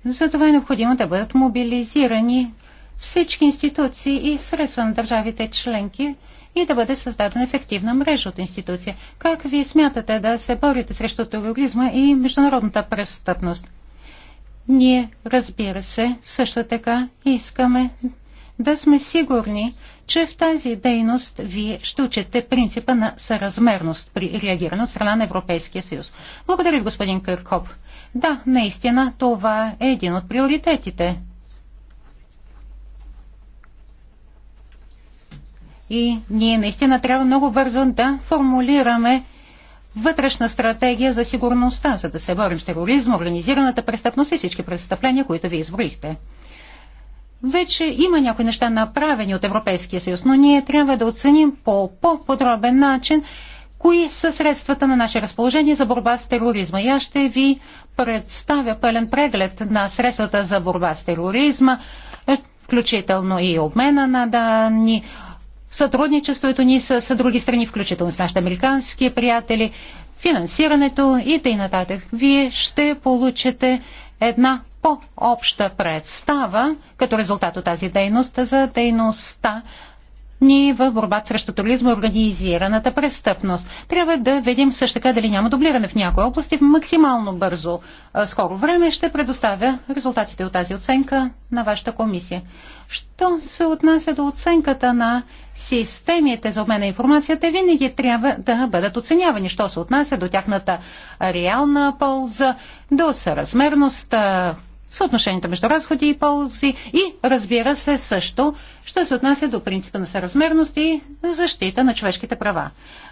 Затова е необходимо да бъдат мобилизирани всички институции и средства на държавите членки и да бъде създадена ефективна мрежа от институция, Как вие смятате да се борите срещу тероризма и международната престъпност? Ние, разбира се, също така искаме да сме сигурни, че в тази дейност вие ще учете принципа на съразмерност при реагиране от страна на Европейския съюз. Благодаря ви, господин Къркоп. Да, наистина това е един от приоритетите. И ние наистина трябва много бързо да формулираме вътрешна стратегия за сигурността, за да се борим с тероризма, организираната престъпност и всички престъпления, които ви изброихте. Вече има някои неща направени от Европейския съюз, но ние трябва да оценим по по-подробен начин кои са средствата на наше разположение за борба с тероризма. И аз ще ви представя пълен преглед на средствата за борба с тероризма, е, включително и обмена на данни, сътрудничеството ни с, с други страни, включително с нашите американски приятели, финансирането и т.н. Вие ще получите една по-обща представа като резултат от тази дейност за дейността ни в борбата срещу туризма и организираната престъпност. Трябва да видим също така дали няма дублиране в някои области в максимално бързо. Скоро време ще предоставя резултатите от тази оценка на вашата комисия. Що се отнася до оценката на системите за обмен на информация, те винаги трябва да бъдат оценявани, що се отнася до тяхната реална полза, до съразмерността, съотношението между разходи и ползи и, разбира се, също ще се отнася до принципа на съразмерност и защита на човешките права.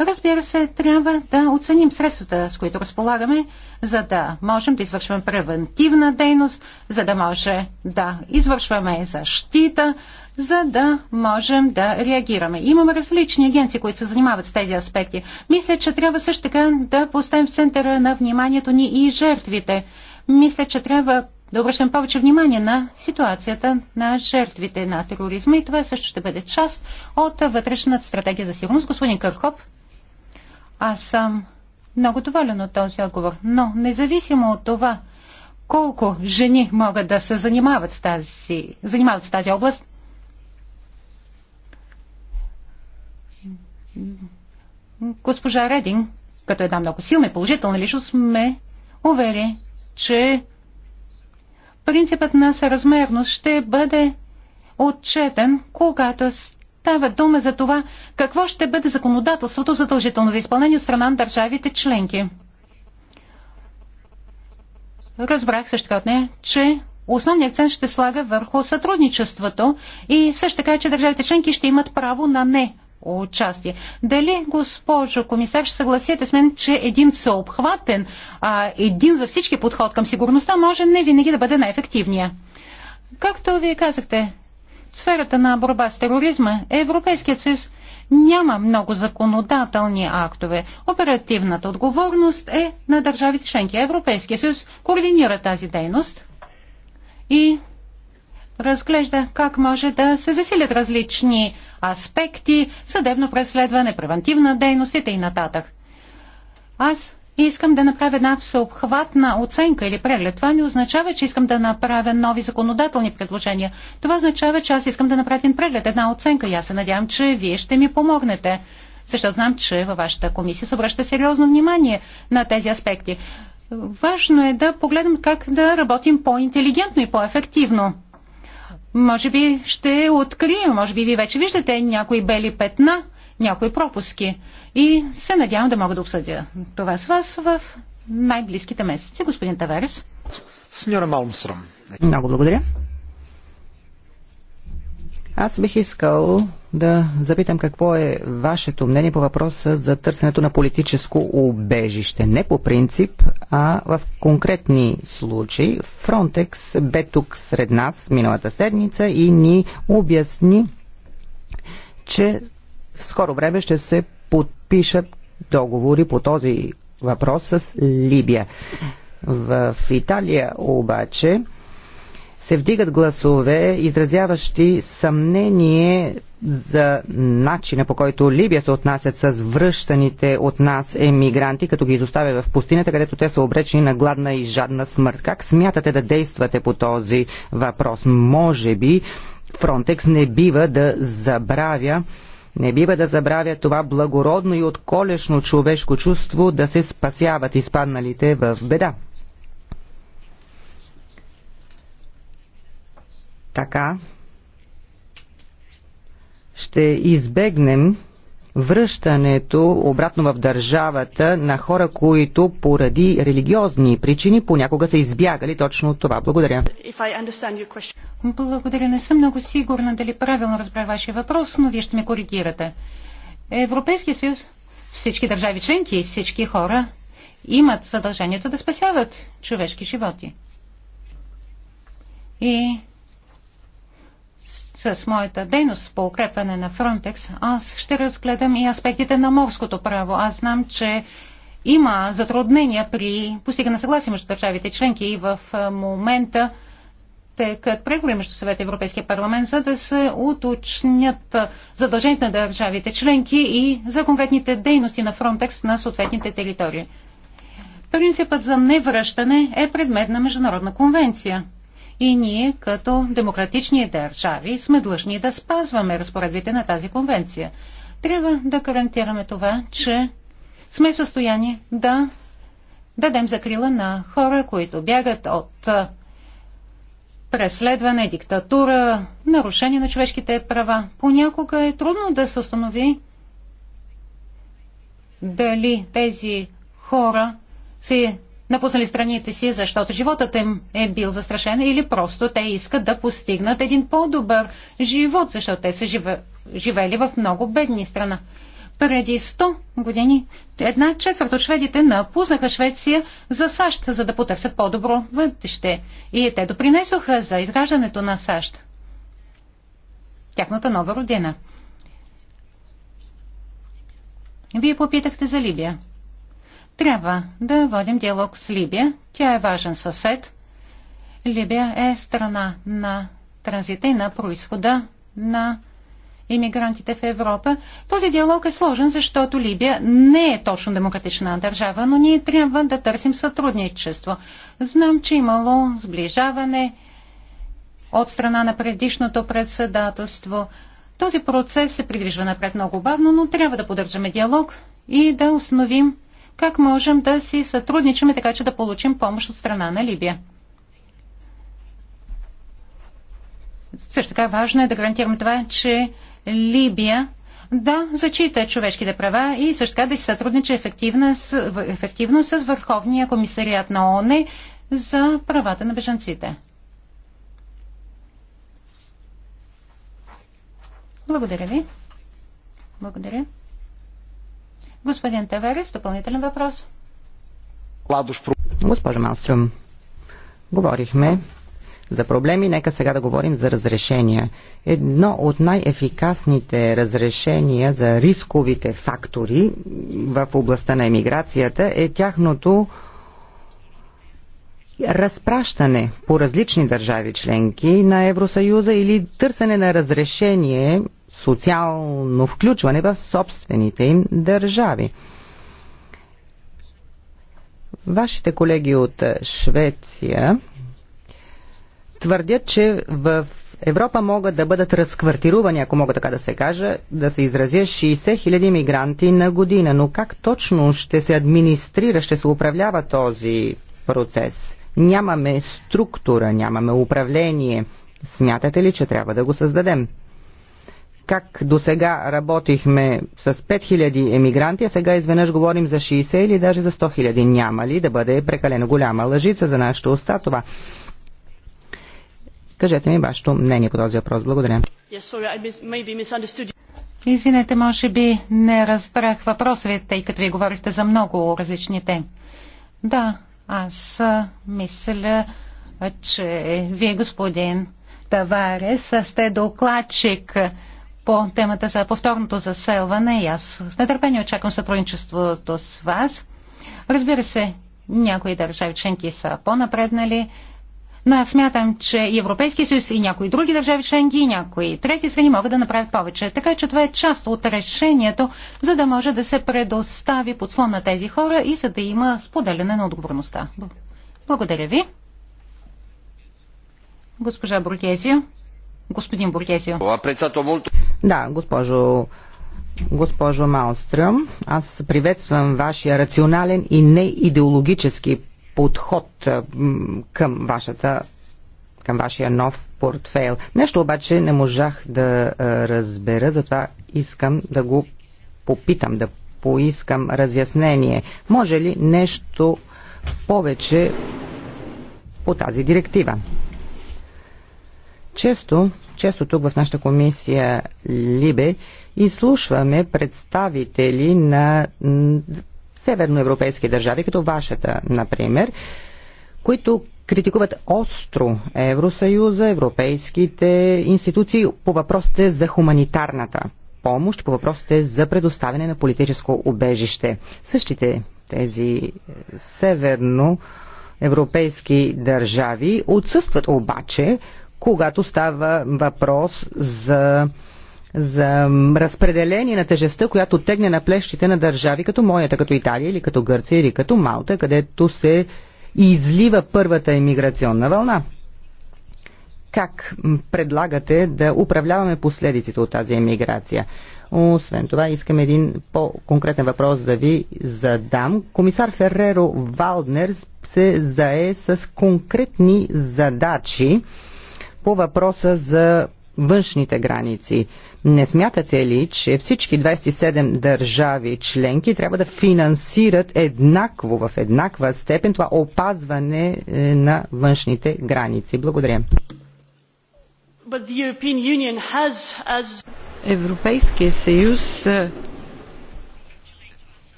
Разбира се, трябва да оценим средствата, с които разполагаме, за да можем да извършваме превентивна дейност, за да може да извършваме защита, за да можем да реагираме. Имаме различни агенции, които се занимават с тези аспекти. Мисля, че трябва също така да поставим в центъра на вниманието ни и жертвите. Мисля, че трябва да обръщам повече внимание на ситуацията на жертвите на тероризма и това също ще бъде част от вътрешната стратегия за сигурност. Господин Кърхоп, аз съм много доволен от този отговор, но независимо от това, колко жени могат да се занимават, в тази, занимават с тази област, госпожа Редин, като една много силна и положителна личност, ме увери, че принципът на съразмерност ще бъде отчетен, когато става дума за това какво ще бъде законодателството задължително за изпълнение от страна на държавите членки. Разбрах също така от нея, че основният акцент ще слага върху сътрудничеството и също така, че държавите членки ще имат право на не участие. Дали, госпожо комисар, ще съгласите с мен, че един всеобхватен, а, един за всички подход към сигурността може не винаги да бъде най-ефективния? Както вие казахте, в сферата на борба с тероризма Европейският съюз няма много законодателни актове. Оперативната отговорност е на държавите членки. Европейския съюз координира тази дейност и разглежда как може да се засилят различни аспекти, съдебно преследване, превентивна дейност и т.н. Аз искам да направя една всеобхватна оценка или преглед. Това не означава, че искам да направя нови законодателни предложения. Това означава, че аз искам да направя един преглед, една оценка и аз се надявам, че вие ще ми помогнете. Защото знам, че във вашата комисия се обръща сериозно внимание на тези аспекти. Важно е да погледнем как да работим по-интелигентно и по-ефективно. Може би ще открием, може би ви вече виждате някои бели петна, някои пропуски. И се надявам да мога да обсъдя това с вас в най-близките месеци, господин Таверес. Сеньора Малмстром. Много благодаря. Аз бих искал да запитам какво е вашето мнение по въпроса за търсенето на политическо убежище. Не по принцип, а в конкретни случаи. Фронтекс бе тук сред нас миналата седмица и ни обясни, че в скоро време ще се подпишат договори по този въпрос с Либия. В Италия обаче се вдигат гласове, изразяващи съмнение за начина по който Либия се отнасят с връщаните от нас емигранти, като ги изоставя в пустинята, където те са обречени на гладна и жадна смърт. Как смятате да действате по този въпрос? Може би Фронтекс не бива да забравя не бива да забравя това благородно и отколешно човешко чувство да се спасяват изпадналите в беда. Така, ще избегнем връщането обратно в държавата на хора, които поради религиозни причини понякога са избягали точно от това. Благодаря. Благодаря. Не съм много сигурна дали правилно разбрах вашия въпрос, но вие ще ме коригирате. Европейския съюз, всички държави членки и всички хора имат задължението да спасяват човешки животи. И с моята дейност по укрепване на Фронтекс, аз ще разгледам и аспектите на морското право. Аз знам, че има затруднения при постигане съгласие между държавите членки и в момента текат преговори между съвет и Европейския парламент, за да се уточнят задълженията на държавите членки и за конкретните дейности на Фронтекс на съответните територии. Принципът за невръщане е предмет на Международна конвенция и ние като демократични държави сме длъжни да спазваме разпоредбите на тази конвенция. Трябва да гарантираме това, че сме в състояние да дадем закрила на хора, които бягат от преследване, диктатура, нарушение на човешките права. Понякога е трудно да се установи дали тези хора се напуснали страните си, защото животът им е бил застрашен или просто те искат да постигнат един по-добър живот, защото те са живе, живели в много бедни страна. Преди 100 години една четвърт от шведите напуснаха Швеция за САЩ, за да потърсят по-добро бъдеще. И те допринесоха за изграждането на САЩ. Тяхната нова родина. Вие попитахте за Либия. Трябва да водим диалог с Либия. Тя е важен съсед. Либия е страна на транзита и на происхода на иммигрантите в Европа. Този диалог е сложен, защото Либия не е точно демократична държава, но ние трябва да търсим сътрудничество. Знам, че имало сближаване от страна на предишното председателство. Този процес се придвижва напред много бавно, но трябва да поддържаме диалог и да установим как можем да си сътрудничаме, така, че да получим помощ от страна на Либия. Също така важно е да гарантираме това, че Либия да зачита човешките права и също така да си сътрудничи ефективно с, ефективно с Върховния комисариат на ООН за правата на бежанците. Благодаря ви. Благодаря. Господин Таверис, допълнителен въпрос. Госпожа Малстрюм, говорихме за проблеми, нека сега да говорим за разрешения. Едно от най-ефикасните разрешения за рисковите фактори в областта на емиграцията е тяхното разпращане по различни държави членки на Евросъюза или търсене на разрешение социално включване в собствените им държави. Вашите колеги от Швеция твърдят, че в Европа могат да бъдат разквартирувани, ако мога така да се кажа, да се изразя 60 000 мигранти на година. Но как точно ще се администрира, ще се управлява този процес? Нямаме структура, нямаме управление. Смятате ли, че трябва да го създадем? как до сега работихме с 5000 емигранти, а сега изведнъж говорим за 60 или даже за 100 000. Няма ли да бъде прекалено голяма лъжица за нашата уста това? Кажете ми вашето мнение по този въпрос. Благодаря. Извинете, може би не разбрах въпроса ви, тъй като ви говорите за много различни теми. Да, аз мисля, че вие, господин Таварес, сте докладчик по темата за повторното заселване и аз с нетърпение очаквам сътрудничеството с вас. Разбира се, някои държави членки са по-напреднали, но аз смятам, че и Европейския съюз и някои други държави членки и някои трети страни могат да направят повече. Така че това е част от решението, за да може да се предостави подслон на тези хора и за да има споделяне на отговорността. Благодаря ви. Госпожа Бургезио. Господин Бургезио. Да, госпожо Госпожо Малстрюм, аз приветствам вашия рационален и неидеологически подход към вашата към вашия нов портфейл. Нещо обаче не можах да разбера, затова искам да го попитам, да поискам разяснение. Може ли нещо повече по тази директива? Често, често тук в нашата комисия Либе изслушваме представители на северноевропейски държави, като вашата, например, които критикуват остро Евросъюза, европейските институции по въпросите за хуманитарната помощ, по въпросите за предоставяне на политическо убежище. Същите тези северно европейски държави отсъстват обаче когато става въпрос за за разпределение на тежестта, която тегне на плещите на държави като моята, като Италия или като Гърция или като Малта, където се излива първата иммиграционна вълна. Как предлагате да управляваме последиците от тази иммиграция? Освен това, искам един по-конкретен въпрос да ви задам. Комисар Ферреро Валднер се зае с конкретни задачи по въпроса за външните граници. Не смятате ли, че всички 27 държави членки трябва да финансират еднакво, в еднаква степен това опазване е, на външните граници? Благодаря. Европейския съюз е,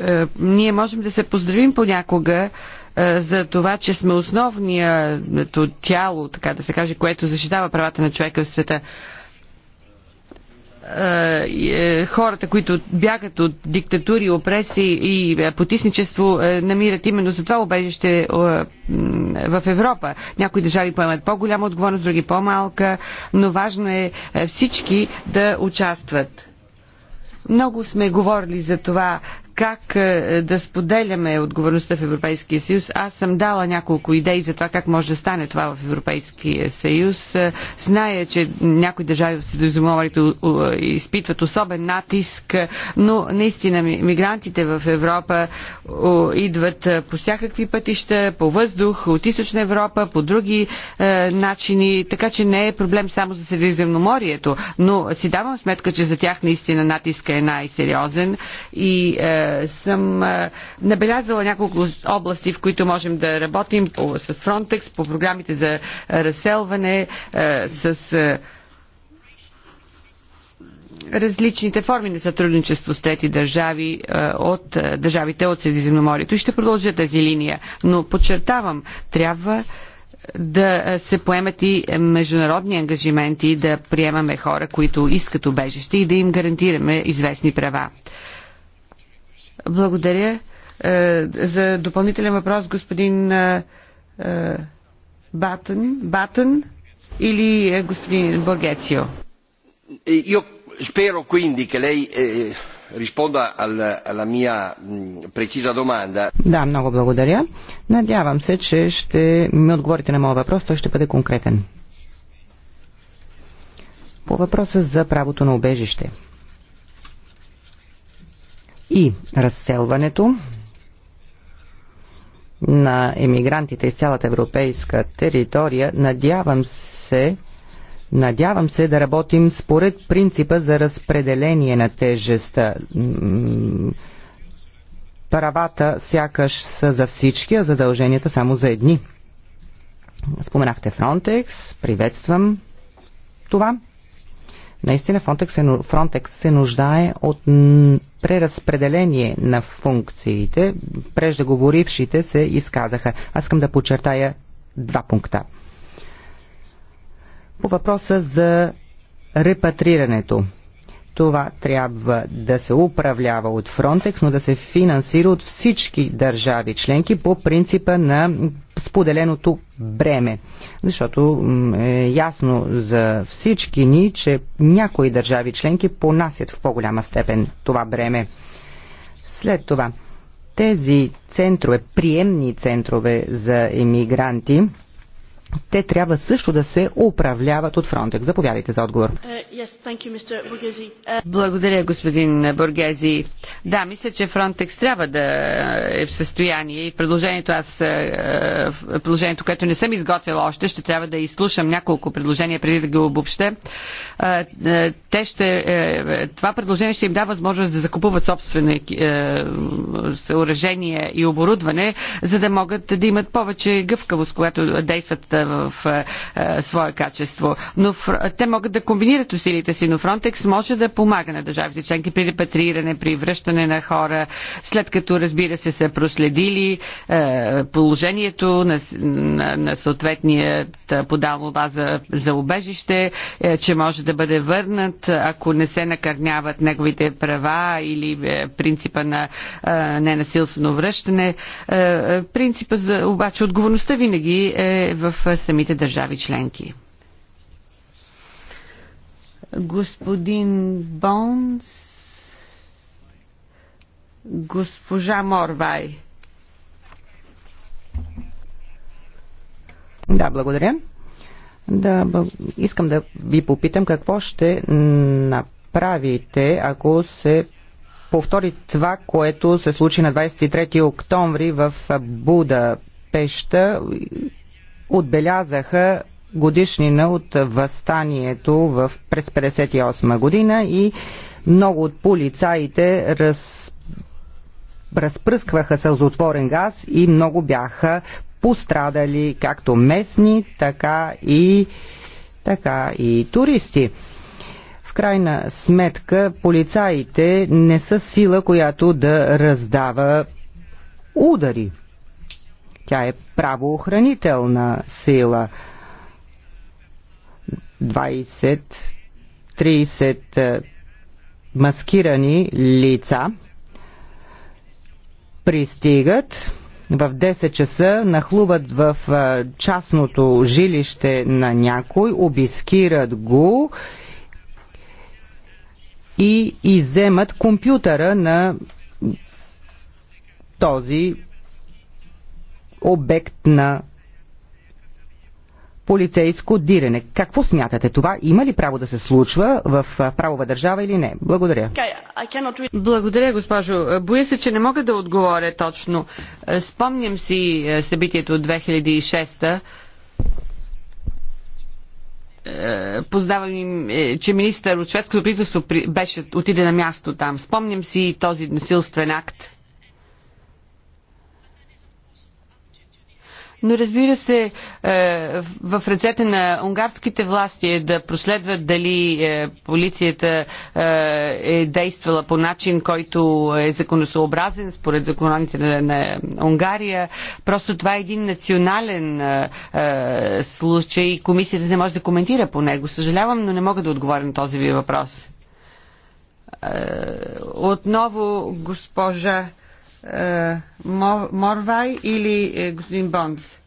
е, ние можем да се поздравим понякога е, за това, че сме основното тяло, така да се каже, което защитава правата на човека в света е, е, хората, които бягат от диктатури, опреси и потисничество, намират именно за това убежище в Европа. Някои държави поемат по-голяма отговорност, други по-малка, но важно е всички да участват. Много сме говорили за това как е, да споделяме отговорността в Европейския съюз. Аз съм дала няколко идеи за това как може да стане това в Европейския съюз. Е, зная, че някои държави в Средиземноморието е, изпитват особен натиск, но наистина мигрантите в Европа идват по всякакви пътища, по въздух, от източна Европа, по други е, начини, така че не е проблем само за Средиземноморието, но си давам сметка, че за тях наистина натиска е най-сериозен и е, съм набелязала няколко области, в които можем да работим по, с Frontex, по програмите за разселване, с различните форми на сътрудничество с трети държави от държавите от Средиземноморието. И ще продължа тази линия. Но подчертавам, трябва да се поемат и международни ангажименти да приемаме хора, които искат убежище и да им гарантираме известни права. Благодаря. Е, за допълнителен въпрос, господин е, е, Батън, Батън или господин Боргецио? Io spero quindi che lei eh, risponda al, alla mia precisa domanda. Да, много благодаря. Надявам се, че ще ми отговорите на моя въпрос. Той ще бъде конкретен. По въпроса за правото на убежище – и разселването на емигрантите из цялата европейска територия, надявам се, Надявам се да работим според принципа за разпределение на тежеста. Правата сякаш са за всички, а задълженията само за едни. Споменахте Фронтекс, приветствам това. Наистина Фронтекс се, Фронтекс се нуждае от преразпределение на функциите. Преждеговорившите се изказаха. Аз искам да подчертая два пункта. По въпроса за репатрирането. Това трябва да се управлява от Фронтекс, но да се финансира от всички държави членки по принципа на споделеното бреме. Защото е ясно за всички ни, че някои държави членки понасят в по-голяма степен това бреме. След това тези центрове, приемни центрове за емигранти, те трябва също да се управляват от Фронтекс. Заповядайте за отговор. Uh, uh, Благодаря, господин Бургези. Да, мисля, че Фронтекс трябва да е в състояние и предложението аз, е, е, предложението, което не съм изготвила още, ще трябва да изслушам няколко предложения преди да ги обобща. Е, те ще, това предложение ще им дава възможност да закупуват собствени съоръжения и оборудване, за да могат да имат повече гъвкавост, когато действат хората в е, е, свое качество. Но те могат да комбинират усилите си, но Фронтекс може да помага на държавите членки при репатрииране, при връщане на хора, след като разбира се са проследили е, положението на, на, на съответният подал база за, за убежище, че може да бъде върнат, ако не се накърняват неговите права или принципа на ненасилствено връщане. Принципа за обаче отговорността винаги е в самите държави членки. Господин Бонс, госпожа Морвай. Да, благодаря. Да, искам да ви попитам какво ще направите, ако се повтори това, което се случи на 23 октомври в Буда Пеща отбелязаха годишнина от възстанието в през 58 година и много от полицаите раз, разпръскваха сълзотворен газ и много бяха пострадали както местни, така и, така и туристи. В крайна сметка полицаите не са сила, която да раздава удари. Тя е правоохранителна сила. 20-30 е, маскирани лица пристигат в 10 часа нахлуват в е, частното жилище на някой, обискират го и иземат компютъра на този обект на полицейско диране. Какво смятате това? Има ли право да се случва в правова държава или не? Благодаря. Благодаря, госпожо. Боя се, че не мога да отговоря точно. Е, спомням си е, събитието от 2006 е, познавам им, че министър от шведското правителство беше отиде на място там. Спомням си този насилствен акт Но разбира се, е, в ръцете на унгарските власти е да проследват дали е, полицията е, е действала по начин, който е законосообразен според законите на Унгария. Просто това е един национален случай и комисията не може да коментира по него. Съжалявам, но не мога да отговоря на този ви въпрос. Отново, госпожа е, Морвай или е, господин Бонс?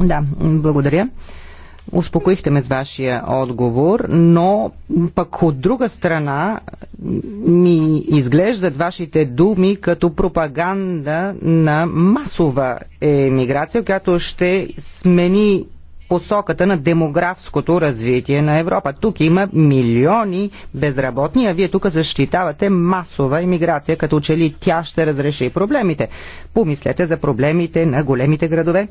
Да, благодаря. Успокоихте ме с вашия отговор, но пък от друга страна ми изглеждат вашите думи като пропаганда на масова емиграция, която ще смени посоката на демографското развитие на Европа. Тук има милиони безработни, а вие тук защитавате масова иммиграция, като че ли тя ще разреши проблемите. Помислете за проблемите на големите градове.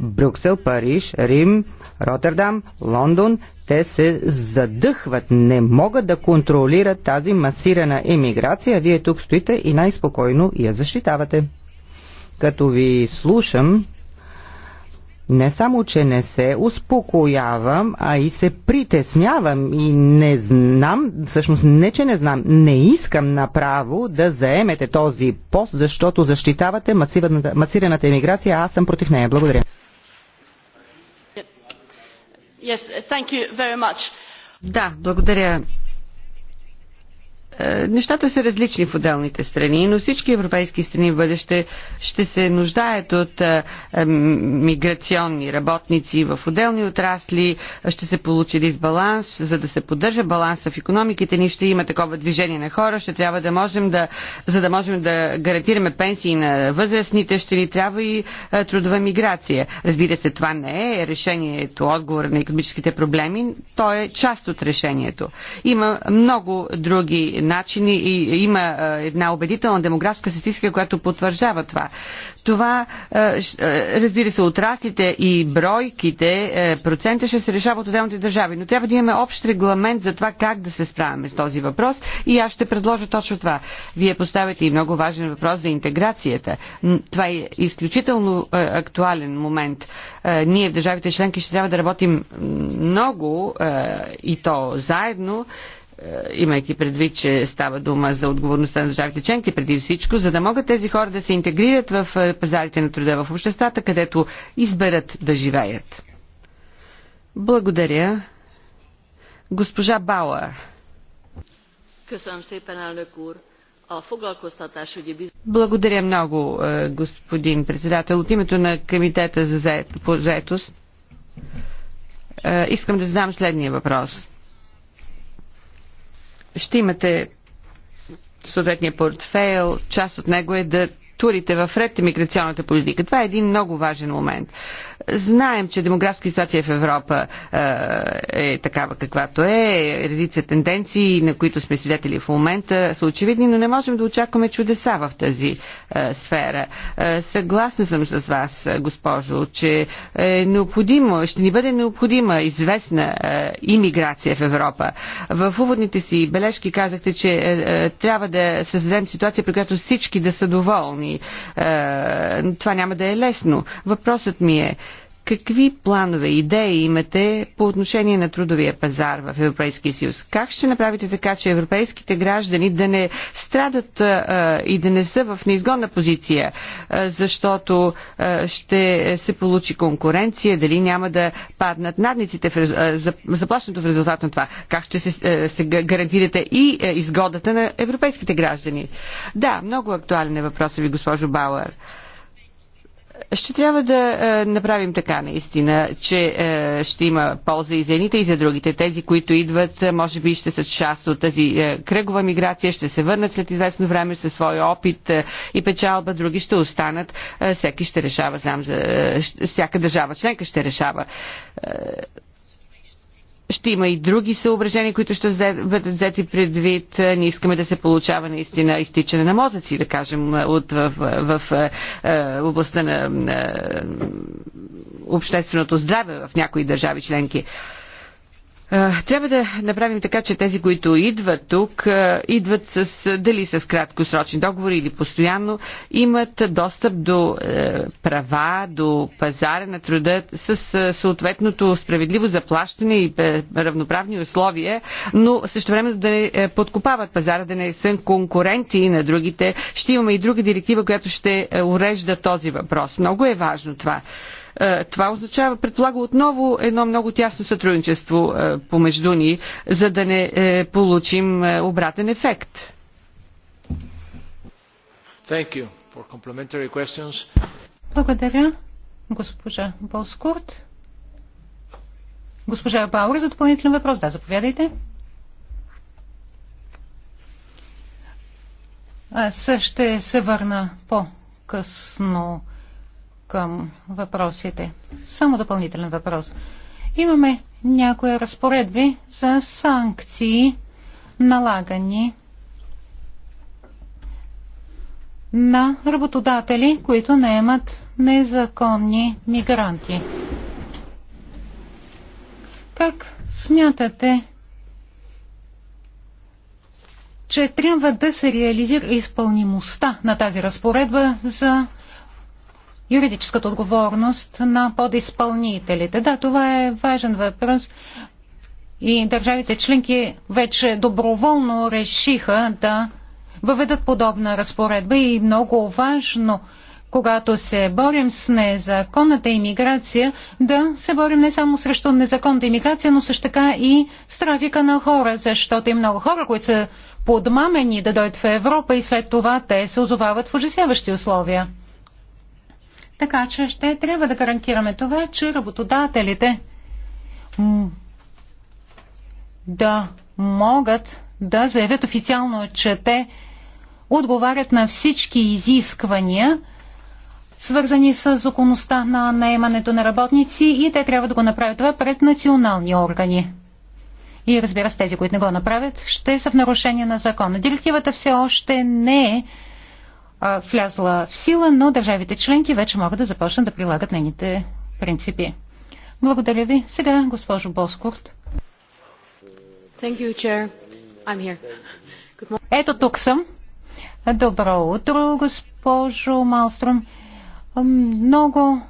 Брюксел, Париж, Рим, Роттердам, Лондон, те се задъхват, не могат да контролират тази масирана иммиграция. Вие тук стоите и най-спокойно я защитавате. Като ви слушам, не само, че не се успокоявам, а и се притеснявам и не знам, всъщност не, че не знам, не искам направо да заемете този пост, защото защитавате масираната емиграция, а аз съм против нея. Благодаря. Yes, thank you very much. Да, благодаря е, нещата са различни в отделните страни, но всички европейски страни в бъдеще ще се нуждаят от е, е, миграционни работници в отделни отрасли, ще се получи дисбаланс, за да се поддържа баланса в економиките ни, ще има такова движение на хора, ще трябва да можем да, за да можем да гарантираме пенсии на възрастните, ще ни трябва и трудова миграция. Разбира се, това не е решението, отговор на економическите проблеми, то е част от решението. Има много други начини и има една убедителна демографска статистика, която потвърждава това. Това, разбира се, отраслите и бройките, процента ще се решават от отделните държави, но трябва да имаме общ регламент за това как да се справяме с този въпрос и аз ще предложа точно това. Вие поставяте и много важен въпрос за интеграцията. Това е изключително актуален момент. Ние в държавите членки ще трябва да работим много и то заедно, е, имайки предвид, че става дума за отговорността на държавите членки преди всичко, за да могат тези хора да се интегрират в е, пазарите на труда в обществата, където изберат да живеят. Благодаря. Госпожа Бауър. Благодаря много, е, господин председател. От името на Комитета за заетост искам да задам следния въпрос ще имате съответния портфейл, част от него е да структурите в ред миграционната политика. Това е един много важен момент. Знаем, че демографска ситуация в Европа е, е такава каквато е. Редица тенденции, на които сме свидетели в момента, са очевидни, но не можем да очакваме чудеса в тази е, сфера. Е, съгласна съм с вас, госпожо, че е необходимо, ще ни бъде необходима известна имиграция в Европа. В уводните си бележки казахте, че трябва да създадем ситуация, при която всички да са доволни е, това няма да е лесно. Въпросът ми е, Какви планове, идеи имате по отношение на трудовия пазар в Европейския съюз? Как ще направите така, че европейските граждани да не страдат а, и да не са в неизгодна позиция, а, защото а, ще се получи конкуренция, дали няма да паднат надниците в, а, заплащането в резултат на това? Как ще се, а, се гарантирате и а, изгодата на европейските граждани? Да, много актуален е въпросът ви, госпожо Бауер ще трябва да е, направим така наистина, че е, ще има полза и за едните и за другите. Тези, които идват, е, може би ще са част от тази кръгова миграция, ще се върнат след известно време със своя опит и печалба, други ще останат. Всеки ще решава сам, за... всяка държава членка ще решава ще има и други съображения, които ще бъдат взети предвид. Не искаме да се получава наистина изтичане на мозъци, да кажем, е, от, в, в, в е, е, областта на общественото здраве в някои държави членки. Трябва да направим така, че тези, които идват тук, идват с, дали с краткосрочни договори или постоянно, имат достъп до е, права, до пазара на труда с съответното справедливо заплащане и е, равноправни условия, но също време да не е, подкопават пазара, да не са конкуренти на другите. Ще имаме и друга директива, която ще урежда този въпрос. Много е важно това. Е, това означава, предполага отново едно много тясно сътрудничество е, помежду ни, за да не е, получим обратен ефект. Благодаря, госпожа Болскурт. Госпожа Бауер за допълнителен въпрос. Да, заповядайте. Аз ще се върна по-късно към въпросите. Само допълнителен въпрос. Имаме някои разпоредби за санкции, налагани на работодатели, които наемат незаконни мигранти. Как смятате, че трябва да се реализира изпълнимостта на тази разпоредба за юридическата отговорност на подизпълнителите. Да, това е важен въпрос. И държавите членки вече доброволно решиха да въведат подобна разпоредба и много важно, когато се борим с незаконната иммиграция, да се борим не само срещу незаконната иммиграция, но също така и с трафика на хора, защото и много хора, които са подмамени да дойдат в Европа и след това те се озовават в ужасяващи условия. Така че ще трябва да гарантираме това, че работодателите да могат да заявят официално, че те отговарят на всички изисквания, свързани с законността на наемането на работници и те трябва да го направят това пред национални органи. И разбира се, тези, които не го направят, ще са в нарушение на закона. Директивата все още не е влязла в сила, но държавите членки вече могат да започнат да прилагат нейните принципи. Благодаря ви. Сега госпожо Боскорт. You, Ето тук съм. Добро утро, госпожо Малстром. Много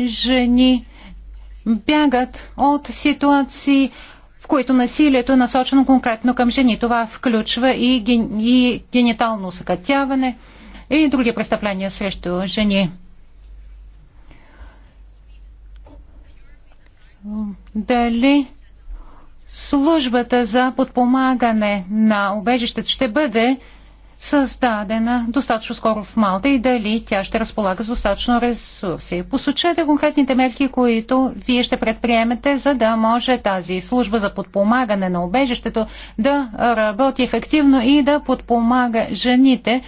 жени бягат от ситуации, в които насилието е насочено конкретно към жени. Това включва и, ген... и генитално съкътяване, и други престъпления срещу жени. Дали службата за подпомагане на убежището ще бъде създадена достатъчно скоро в Малта и дали тя ще разполага с достатъчно ресурси. Посочете конкретните мерки, които вие ще предприемете, за да може тази служба за подпомагане на обежището да работи ефективно и да подпомага жените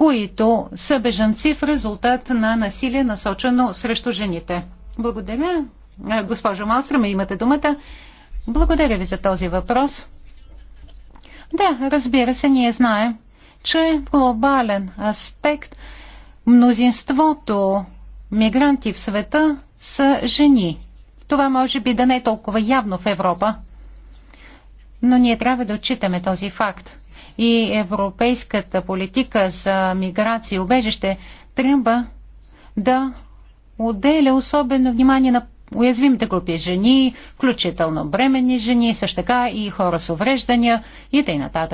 които са бежанци в резултат на насилие насочено срещу жените. Благодаря. Е, госпожо Малстрама, имате думата. Благодаря ви за този въпрос. Да, разбира се, ние знаем, че в глобален аспект мнозинството мигранти в света са жени. Това може би да не е толкова явно в Европа, но ние трябва да отчитаме този факт и европейската политика за миграция и убежище трябва да отделя особено внимание на уязвимите групи жени, включително бремени жени, също така и хора с увреждания и т.н.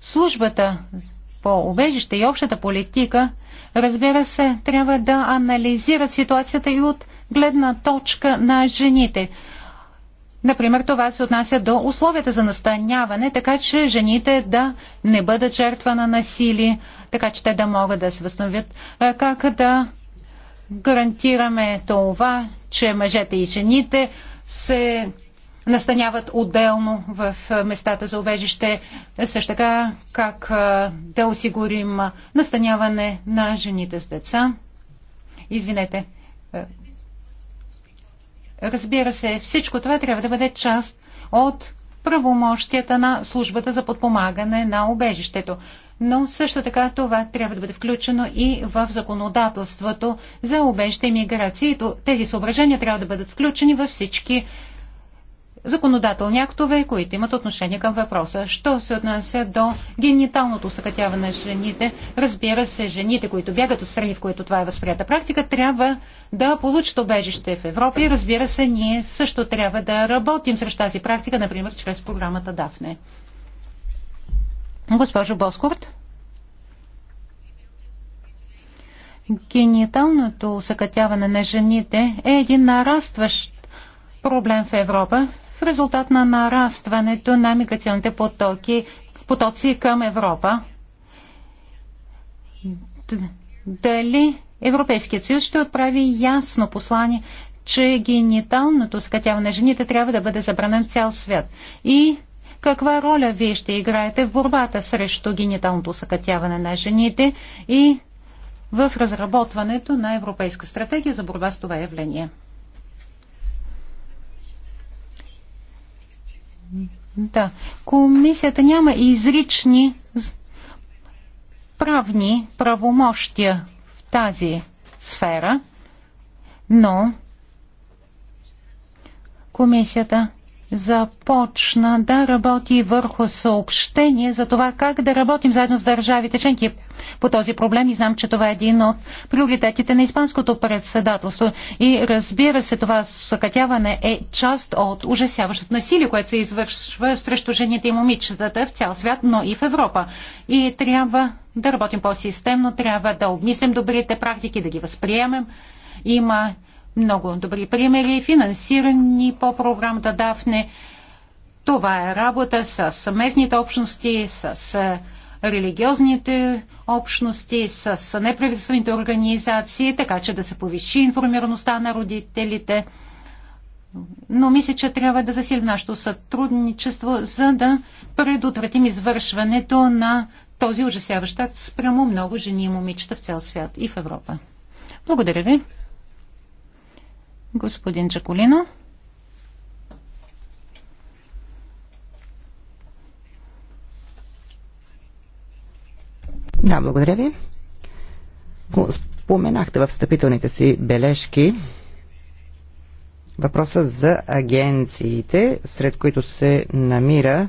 Службата по убежище и общата политика, разбира се, трябва да анализират ситуацията и от гледна точка на жените. Например, това се отнася до условията за настаняване, така че жените да не бъдат жертва на насилие, така че те да могат да се възстановят. Как да гарантираме това, че мъжете и жените се настаняват отделно в местата за убежище, също така как да осигурим настаняване на жените с деца. Извинете, Разбира се, всичко това трябва да бъде част от правомощията на службата за подпомагане на убежището. Но също така това трябва да бъде включено и в законодателството за убежище и миграция. Тези съображения трябва да бъдат включени във всички законодателни актове, които имат отношение към въпроса. Що се отнася до гениталното съкътяване на жените, разбира се, жените, които бягат от страни, в които това е възприята практика, трябва да получат обежище в Европа и разбира се, ние също трябва да работим срещу тази практика, например, чрез програмата Дафне. Госпожо Боскорт. Гениталното съкътяване на жените е един нарастващ проблем в Европа, в резултат на нарастването на миграционните потоки, потоци към Европа. Дали Европейският съюз ще отправи ясно послание, че гениталното скатяване на жените трябва да бъде забранено в цял свят? И каква роля вие ще играете в борбата срещу гениталното съкатяване на жените и в разработването на Европейска стратегия за борба с това явление? Да. Комисията няма изрични правни правомощия в тази сфера, но комисията започна да работи върху съобщение за това как да работим заедно с държавите членки по този проблем и знам, че това е един от приоритетите на Испанското председателство. И разбира се, това съкатяване е част от ужасяващото насилие, което се извършва срещу жените и момичетата в цял свят, но и в Европа. И трябва да работим по-системно, трябва да обмислим добрите практики, да ги възприемем. Има много добри примери, финансирани по програмата Дафне. Това е работа с местните общности, с е, религиозните общности, с неправителствените организации, така че да се повиши информираността на родителите. Но мисля, че трябва да засилим нашето сътрудничество, за да предотвратим извършването на този ужасяващ акт спрямо много жени и момичета в цял свят и в Европа. Благодаря ви. Господин Джаколино. Да, благодаря ви. Споменахте в встъпителните си бележки въпроса за агенциите, сред които се намира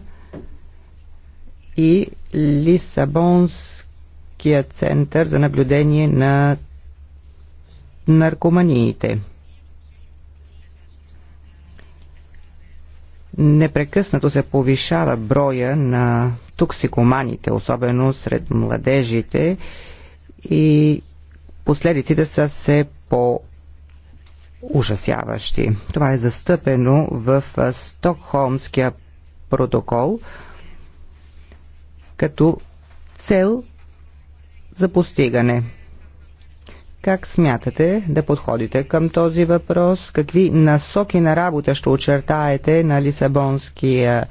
и Лисабонския център за наблюдение на наркоманиите – Непрекъснато се повишава броя на токсикоманите, особено сред младежите и последиците са все по ужасяващи. Това е застъпено в Стокхолмския протокол като цел за постигане. Как смятате да подходите към този въпрос? Какви насоки на работа ще очертаете на Лисабонския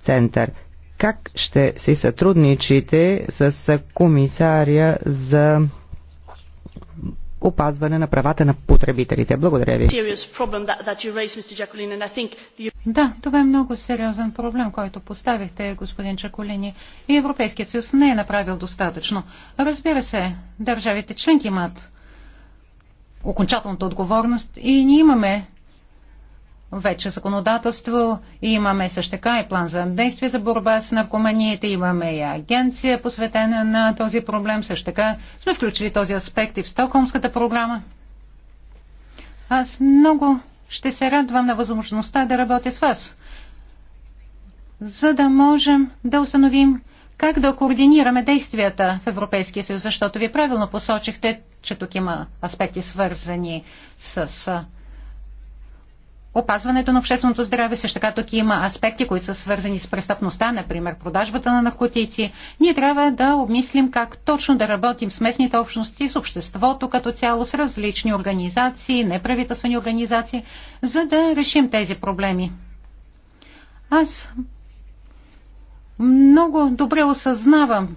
център? Как ще си сътрудничите с комисаря за опазване на правата на потребителите. Благодаря ви. Да, това е много сериозен проблем, който поставихте, господин Чаколини. И Европейският съюз не е направил достатъчно. Разбира се, държавите членки имат окончателната отговорност и ние имаме вече законодателство. Имаме също така и план за действие за борба с наркоманиите. Имаме и агенция, посветена на този проблем. Също така сме включили този аспект и в Стокхолмската програма. Аз много ще се радвам на възможността да работя с вас, за да можем да установим как да координираме действията в Европейския съюз, защото вие правилно посочихте, че тук има аспекти свързани с опазването на общественото здраве. Също така тук има аспекти, които са свързани с престъпността, например продажбата на наркотици. Ние трябва да обмислим как точно да работим с местните общности, с обществото като цяло, с различни организации, неправителствени организации, за да решим тези проблеми. Аз много добре осъзнавам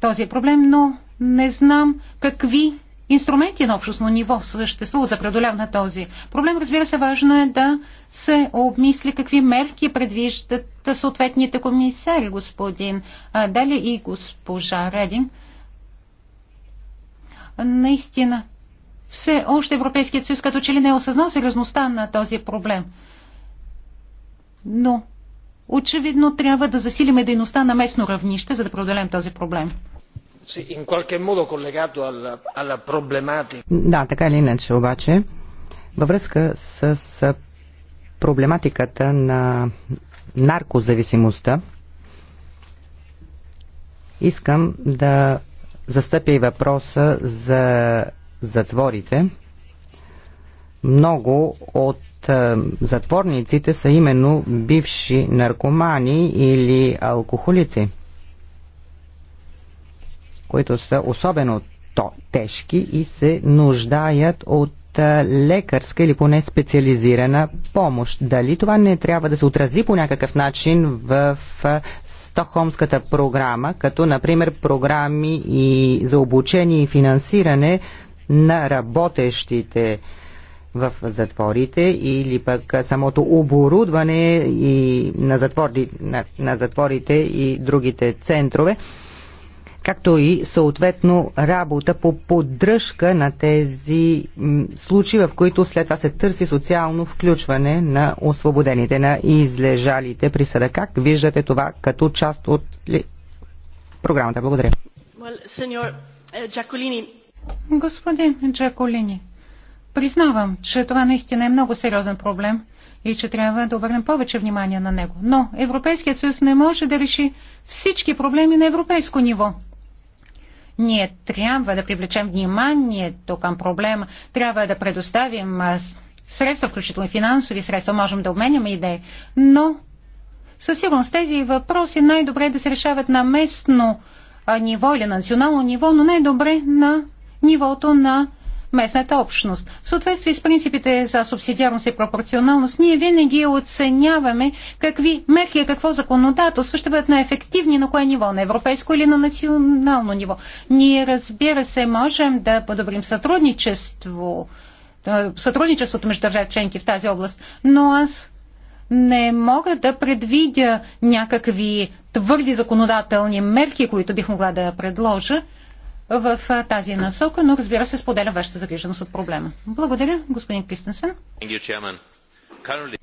този проблем, но не знам какви инструменти на общностно ниво съществуват за преодоляване на този проблем. Разбира се, важно е да се обмисли какви мерки предвиждат съответните комисари, господин Дали и госпожа Редин. Наистина, все още Европейският съюз като че ли не е осъзнал сериозността на този проблем. Но очевидно трябва да засилиме дейността на местно равнище, за да преодолеем този проблем. Да, така или иначе, обаче, във връзка с проблематиката на наркозависимостта, искам да застъпя и въпроса за затворите. Много от е, затворниците са именно бивши наркомани или алкохолици които са особено то тежки и се нуждаят от лекарска или поне специализирана помощ. Дали това не трябва да се отрази по някакъв начин в Стокхолмската програма, като например програми и за обучение и финансиране на работещите в затворите или пък самото оборудване и на, затвори, на, на затворите и другите центрове както и съответно работа по поддръжка на тези случаи, в които след това се търси социално включване на освободените, на излежалите при съда. Как виждате това като част от програмата? Благодаря. Well, е, Господин Джаколини, признавам, че това наистина е много сериозен проблем и че трябва да обърнем повече внимание на него. Но Европейският съюз не може да реши всички проблеми на европейско ниво. Ние трябва да привлечем вниманието към проблема, трябва да предоставим средства, включително финансови средства, можем да обменяме идеи, но със сигурност тези въпроси най-добре е да се решават на местно ниво или на национално ниво, но най-добре на нивото на местната общност. В съответствие с принципите за субсидиарност и пропорционалност, ние винаги оценяваме какви мерки и какво законодателство ще бъдат най-ефективни на кое ниво, на европейско или на национално ниво. Ние, разбира се, можем да подобрим сътрудничество, е, сътрудничеството между държави членки в тази област, но аз не мога да предвидя някакви твърди законодателни мерки, които бих могла да предложа, в тази насока, но разбира се, споделя вашата загриженост от проблема. Благодаря, господин Кристенсен.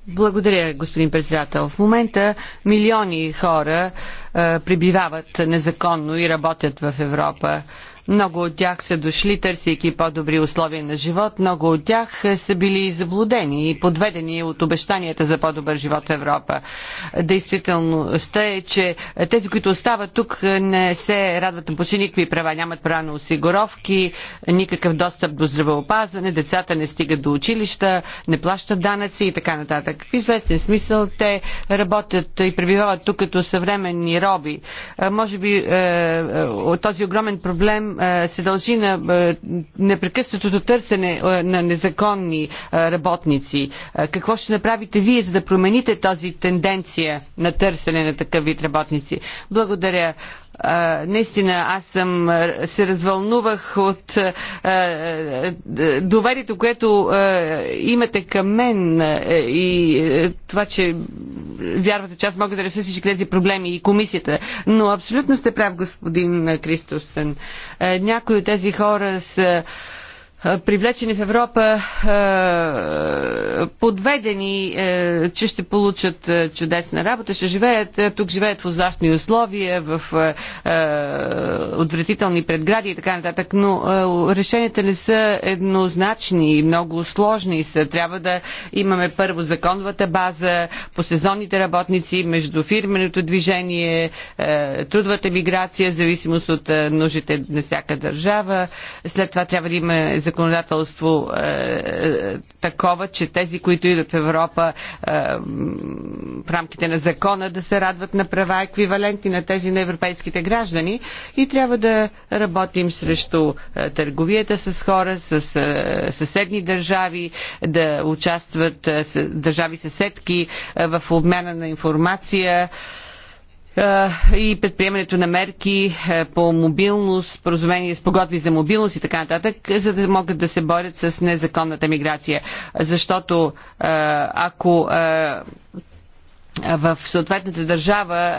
Благодаря, господин председател. В момента милиони хора е, прибивават незаконно и работят в Европа. Много от тях са дошли, търсейки по-добри условия на живот. Много от тях е, са били заблудени и подведени от обещанията за по-добър живот в Европа. Действителността е, че тези, които остават тук, е, не се радват на почти никакви права. Нямат права на осигуровки, никакъв достъп до здравеопазване, децата не стигат до училища, не плащат данъци и така нататък. В известен смисъл те работят и пребивават тук като съвременни роби. Е, може би този огромен проблем е, се дължи на е, непрекъснатото търсене е, на незаконни работници. Какво ще направите вие, за да промените тази тенденция на търсене на такъв вид работници? Благодаря а, наистина аз съм, се развълнувах от а, доверието, което а, имате към мен а, и а, това, че вярвате, че аз мога да реша всички тези проблеми и комисията. Но абсолютно сте прав, господин Кристосен. някои от тези хора са а, привлечени в Европа, подведени, че ще получат чудесна работа, ще живеят, тук живеят в ужасни условия, в отвратителни предгради и така нататък, но решенията не са еднозначни и много сложни са. Трябва да имаме първо законовата база, по сезонните работници, между фирменото движение, трудовата миграция, в зависимост от нуждите на всяка държава. След това трябва да има законодателство е, е, такова, че тези, които идват в Европа е, в рамките на закона, да се радват на права еквиваленти на тези на европейските граждани и трябва да работим срещу търговията с хора, с съседни държави, да участват държави съседки в обмяна на информация и предприемането на мерки по мобилност, споразумение с погодби за мобилност и така нататък, за да могат да се борят с незаконната миграция. Защото ако в съответната държава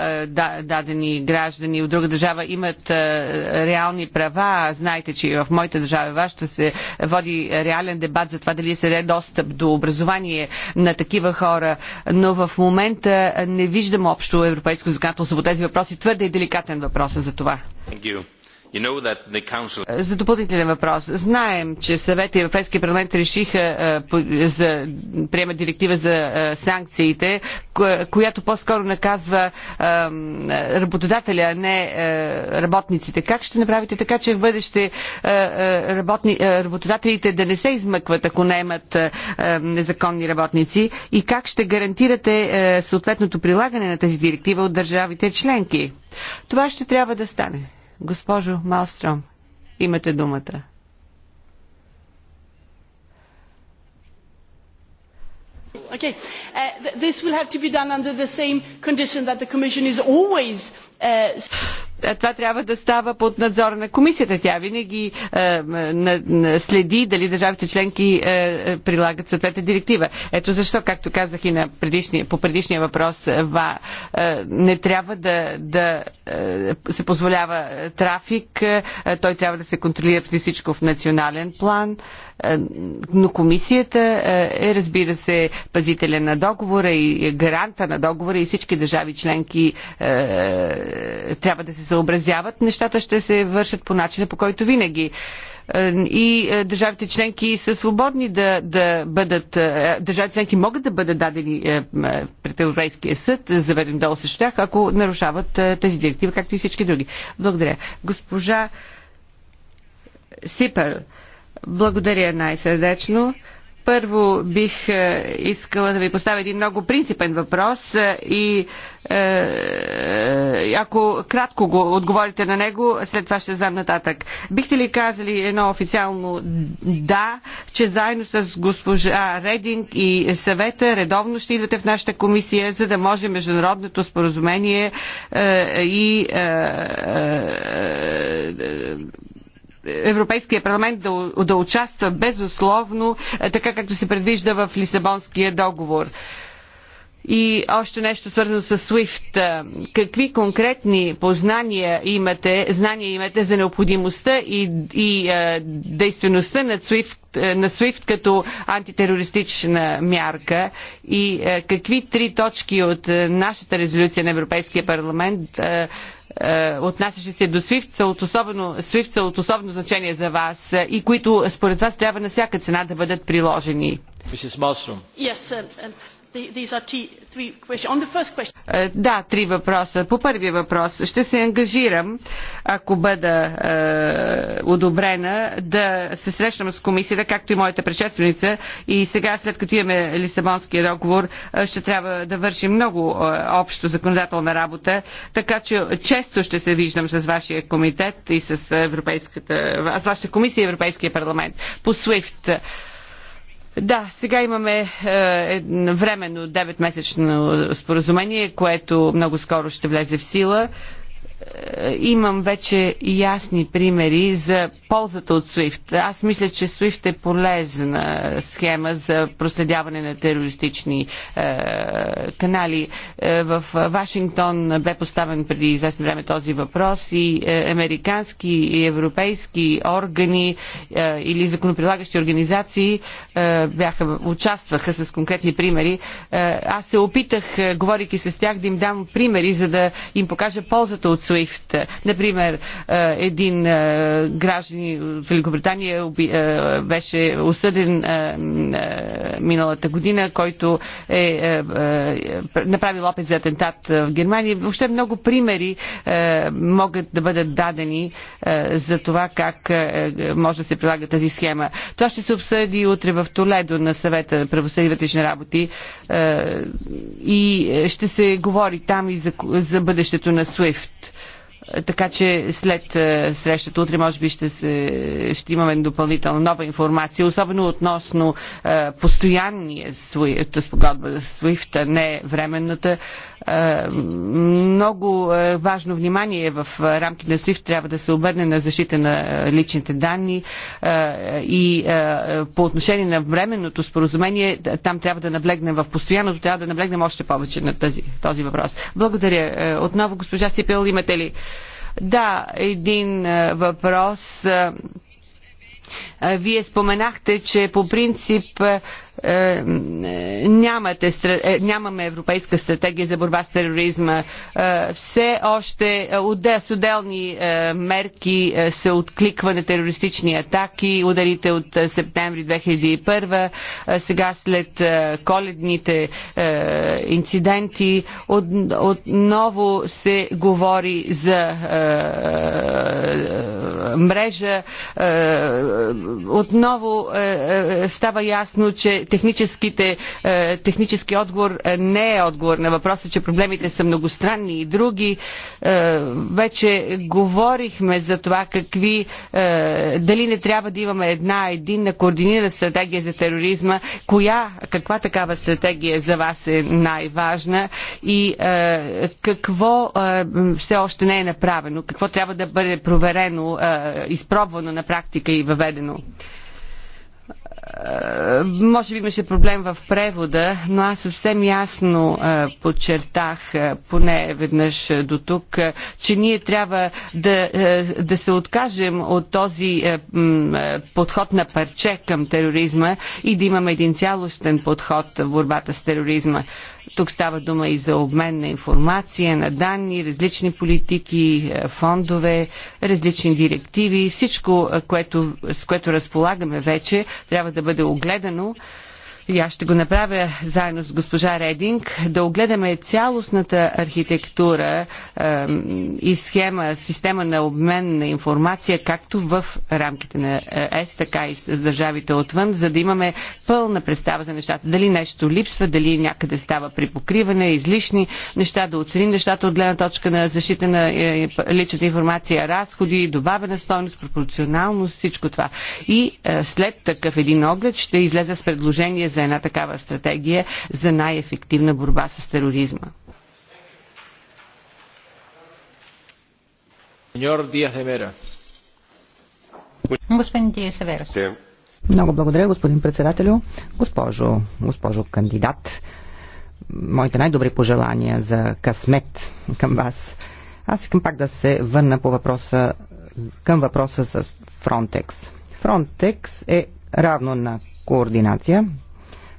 дадени граждани от друга държава имат реални права. Знаете, че в моята държава, и вашата, се води реален дебат за това дали се даде достъп до образование на такива хора, но в момента не виждам общо европейско законодателство по тези въпроси. Твърде е деликатен въпрос за това. Thank you. За допълнителен въпрос. Знаем, че съвет и Европейския парламент решиха е, за приемат директива за е, санкциите, която по-скоро наказва е, работодателя, а не работниците. Как ще направите така, че в бъдеще работни, работодателите да не се измъкват, ако имат незаконни работници? И как ще гарантирате съответното прилагане на тази директива от държавите членки? Това ще трябва да стане. Госпожо Малстром, имате думата. Okay. Uh, th this will have to be done under the same condition that the Commission is always. Uh това трябва да става под надзор на комисията. Тя винаги е, следи дали държавите членки е, е, прилагат съответната директива. Ето защо, както казах и на предишния, по предишния въпрос, ва, не трябва да, да се позволява трафик. Той трябва да се контролира преди всичко в национален план. Но комисията е, разбира се, пазителя на договора и гаранта на договора и всички държави членки трябва да се съобразяват, нещата ще се вършат по начина, по който винаги е, и е, държавите членки са свободни да, да бъдат, е, държавите членки могат да бъдат дадени пред Европейския съд, заведен долу срещу тях, ако нарушават тези директиви, както и всички други. Благодаря. Госпожа Сипер, благодаря най-сърдечно. Първо бих е, искала да ви поставя един много принципен въпрос е, и е, е, ако кратко го отговорите на него, след това ще знам нататък. Бихте ли казали едно официално да, че заедно с госпожа Рединг и съвета редовно ще идвате в нашата комисия, за да може международното споразумение е, и е, е, Европейския парламент да, да участва безусловно, е, така както се предвижда в Лисабонския договор. И още нещо свързано с SWIFT. Е, какви конкретни познания имате, знания имате за необходимостта и, и е, действеността на SWIFT, е, на SWIFT като антитерористична мярка и е, какви три точки от е, нашата резолюция на Европейския парламент е, е отнасящи се до SWIFT са, от особено, SWIFT са от особено значение за вас и които според вас трябва на всяка цена да бъдат приложени. Yes, е, да, три въпроса. По първия въпрос ще се ангажирам, ако бъда е, одобрена, да се срещам с комисията, както и моята предшественица. И сега, след като имаме Лисабонския договор, е, ще трябва да вършим много е, общо законодателна работа, така че често ще се виждам с вашия комитет и с, европейската, с вашата комисия и Европейския парламент. По SWIFT да, сега имаме е, временно 9-месечно споразумение, което много скоро ще влезе в сила имам вече ясни примери за ползата от SWIFT. Аз мисля, че SWIFT е полезна схема за проследяване на терористични е, канали. Е, в Вашингтон бе поставен преди известно време този въпрос и е, американски и европейски органи е, или законоприлагащи организации е, бяха, участваха с конкретни примери. Е, аз се опитах, е, говорики с тях, да им дам примери, за да им покажа ползата от SWIFT Суифт. Например, е, един е, граждан от Великобритания е, беше осъден миналата година, който е направил опит за атентат в Германия. Въобще много примери могат да бъдат дадени за това как може да се прилага тази схема. Това ще се обсъди утре в Толедо на съвета правосъдие вътрешни работи и ще се говори там и за, за бъдещето на SWIFT. Така че след е, срещата утре може би ще, се, ще имаме допълнителна нова информация, особено относно е, постоянния спогодба е, за SWIFT, а не временната. много важно внимание в рамките на SWIFT трябва да се обърне на защита на личните данни и по отношение на временното споразумение, там трябва да наблегнем в постоянното, трябва да наблегнем още повече на тази, този въпрос. Благодаря. Отново, госпожа Сипел, имате ли да, един е, въпрос е, вие споменахте, че по принцип е, е, нямате, е, нямаме европейска стратегия за борба с тероризма. Все още с отделни мерки се откликва на терористични атаки, ударите от септември 2001, сега след коледните инциденти отново се говори за мрежа отново е, е, става ясно, че техническите, е, технически отговор не е отговор на въпроса, че проблемите са многостранни и други. Вече говорихме за това какви, дали не трябва да имаме една единна координирана стратегия за тероризма, коя, каква такава стратегия за вас е най-важна и какво все още не е направено, какво трябва да бъде проверено, изпробвано на практика и въведено. Е, може би имаше проблем в превода, но аз съвсем ясно е, подчертах, е, поне веднъж до тук, че ние трябва да, да се откажем от този подход на парче към тероризма и да имаме един цялостен подход в борбата с тероризма тук става дума и за обмен на информация, на данни, различни политики, е, фондове, различни директиви. Всичко, е, което, с което разполагаме вече, трябва да бъде огледано и аз ще го направя заедно с госпожа Рединг, да огледаме цялостната архитектура е, и схема, система на обмен на информация, както в рамките на е, ЕС, така и с държавите отвън, за да имаме пълна представа за нещата. Дали нещо липсва, дали някъде става при покриване, излишни неща, да оценим нещата от гледна точка на защита на е, е, личната информация, разходи, добавена стойност, пропорционалност, всичко това. И е, след такъв един оглед ще излезе с предложение за за една такава стратегия за най-ефективна борба с тероризма. Господин Диас Еверас. Много благодаря, господин председателю. Госпожо, госпожо кандидат, моите най-добри пожелания за късмет към вас. Аз искам пак да се върна по въпроса, към въпроса с Фронтекс. Фронтекс е равно на координация,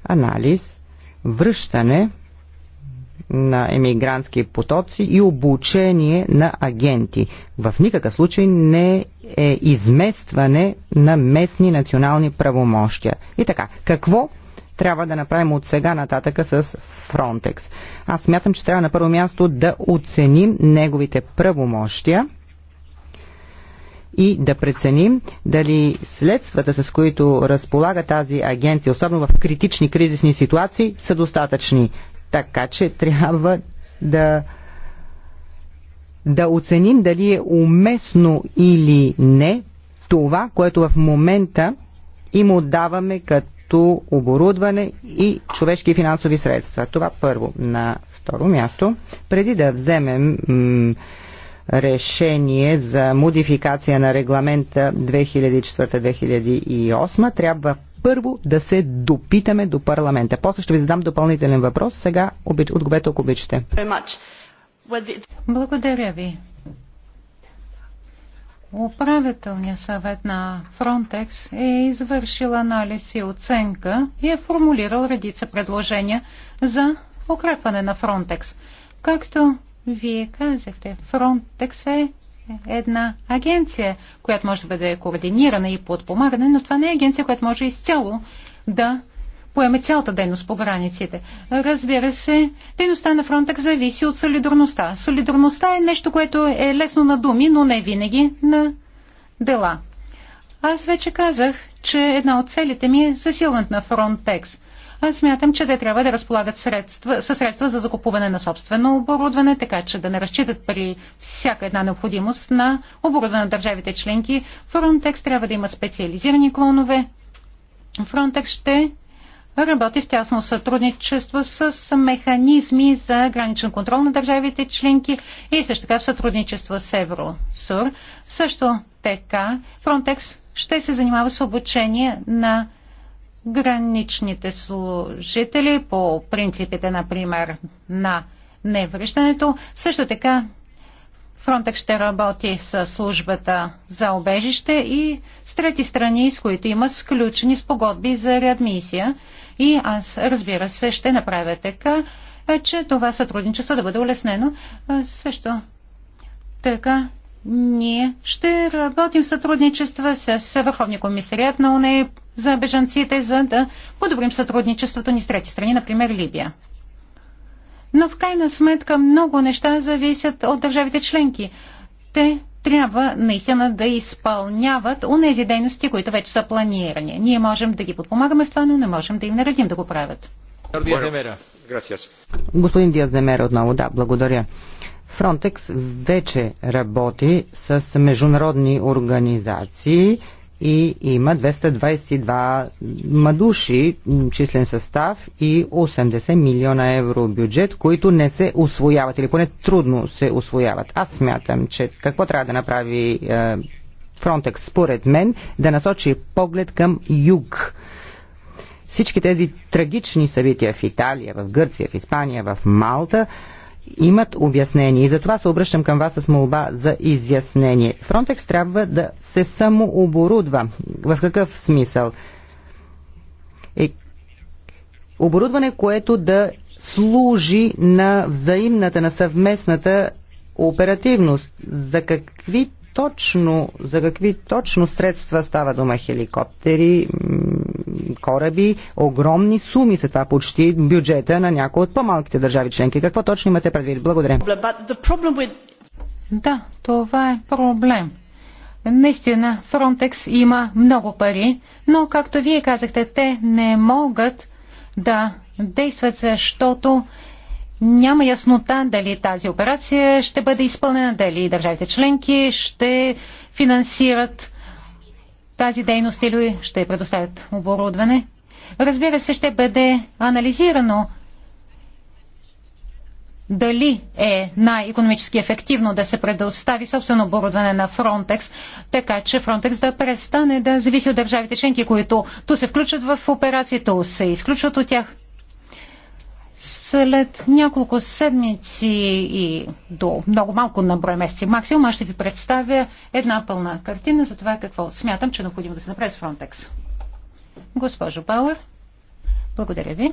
анализ, връщане на емигрантски потоци и обучение на агенти. В никакъв случай не е изместване на местни национални правомощия. И така, какво трябва да направим от сега нататъка с Frontex? Аз смятам, че трябва на първо място да оценим неговите правомощия – и да преценим дали следствата, с които разполага тази агенция, особено в критични кризисни ситуации, са достатъчни. Така че трябва да да оценим дали е уместно или не това, което в момента им отдаваме като оборудване и човешки и финансови средства. Това първо. На второ място, преди да вземем решение за модификация на регламента 2004-2008, трябва първо да се допитаме до парламента. После ще ви задам допълнителен въпрос. Сега отговете, ако обичате. Благодаря ви. Управителният съвет на Frontex е извършил анализ и оценка и е формулирал редица предложения за укрепване на Frontex. Както вие казахте, Frontex е една агенция, която може да бъде координирана и подпомагане, но това не е агенция, която може изцяло да поеме цялата дейност по границите. Разбира се, дейността на Фронтекс зависи от солидарността. Солидарността е нещо, което е лесно на думи, но не винаги на дела. Аз вече казах, че една от целите ми е засилването на Фронтекс – смятам, че те трябва да разполагат средства, със средства за закупуване на собствено оборудване, така че да не разчитат при всяка една необходимост на оборудване на държавите членки. Frontex трябва да има специализирани клонове. Frontex ще работи в тясно сътрудничество с механизми за граничен контрол на държавите членки и също така в сътрудничество с Евросур. Също така Frontex ще се занимава с обучение на граничните служители по принципите, например, на невръщането. Също така Фронтекс ще работи с службата за обежище и с трети страни, с които има сключени спогодби за реадмисия. И аз, разбира се, ще направя така, че това сътрудничество да бъде улеснено. Също така ние ще работим в сътрудничество с Върховния комисариат на ОНЕ за бежанците, за да подобрим сътрудничеството ни с трети страни, например Либия. Но в крайна сметка много неща зависят от държавите членки. Те трябва наистина да изпълняват унези дейности, които вече са планирани. Ние можем да ги подпомагаме в това, но не можем да им наредим да го правят. Господин Демера отново, да, благодаря. Фронтекс вече работи с международни организации и има 222 души числен състав и 80 милиона евро бюджет, които не се освояват или поне трудно се освояват. Аз смятам, че какво трябва да направи е, Фронтекс, според мен, да насочи поглед към юг всички тези трагични събития в Италия, в Гърция, в Испания, в Малта имат обяснение. И затова се обръщам към вас с молба за изяснение. Фронтекс трябва да се самооборудва. В какъв смисъл? Е, оборудване, което да служи на взаимната, на съвместната оперативност. За какви точно, за какви точно средства става дума? Хеликоптери, кораби, огромни суми са това почти бюджета на някои от по-малките държави членки. Какво точно имате предвид? Благодаря. Да, това е проблем. Наистина, Фронтекс има много пари, но, както вие казахте, те не могат да действат, защото няма яснота дали тази операция ще бъде изпълнена, дали държавите членки ще финансират тази дейност или ще предоставят оборудване. Разбира се, ще бъде анализирано дали е най-економически ефективно да се предостави собствено оборудване на Фронтекс, така че Фронтекс да престане да зависи от държавите членки, които то се включат в операцията, то се изключват от тях. След няколко седмици и до много малко на брой месеци максимум, аз ще ви представя една пълна картина за това какво смятам, че е необходимо да се направи с Frontex. Госпожо Бауер, благодаря ви.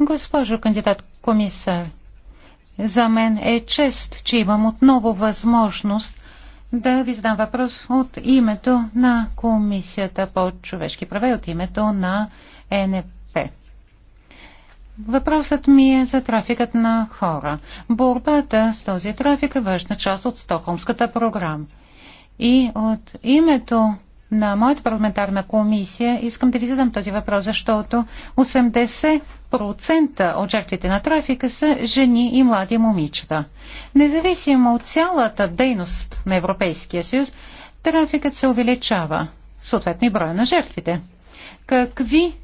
Госпожо кандидат комисар, за мен е чест, че имам отново възможност да ви задам въпрос от името на Комисията по човешки права и от името на НП. Въпросът ми е за трафикът на хора. Борбата с този трафик е важна част от Стокхолмската програма. И от името на моята парламентарна комисия искам да ви задам този въпрос, защото 80 процента от жертвите на трафика са жени и млади момичета. Независимо от цялата дейност на Европейския съюз, трафикът се увеличава, съответно и броя на жертвите. Какви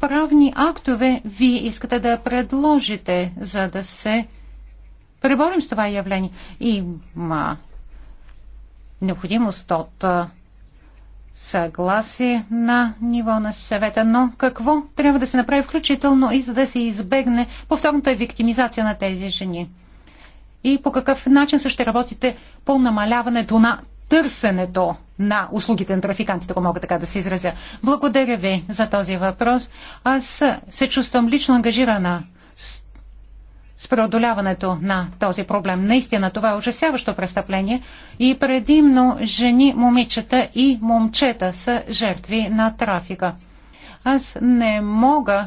правни актове вие искате да предложите, за да се преборим с това явление? Има необходимост от съгласие на ниво на съвета, но какво трябва да се направи включително и за да се избегне повторната виктимизация на тези жени? И по какъв начин също ще работите по намаляването на търсенето на услугите на трафикантите, ако мога така да се изразя. Благодаря ви за този въпрос. Аз се чувствам лично ангажирана с с преодоляването на този проблем. Наистина това е ужасяващо престъпление и предимно жени, момичета и момчета са жертви на трафика. Аз не мога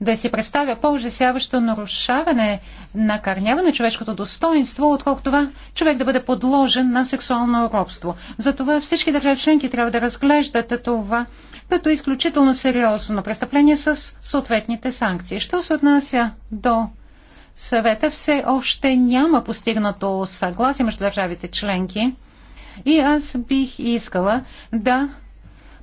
да си представя по-ужасяващо нарушаване, на карняване на човешкото достоинство, отколкото това човек да бъде подложен на сексуално робство. Затова всички държави членки трябва да разглеждат това като изключително сериозно престъпление с съответните санкции. Що се отнася до съвета все още няма постигнато съгласие между държавите членки и аз бих искала да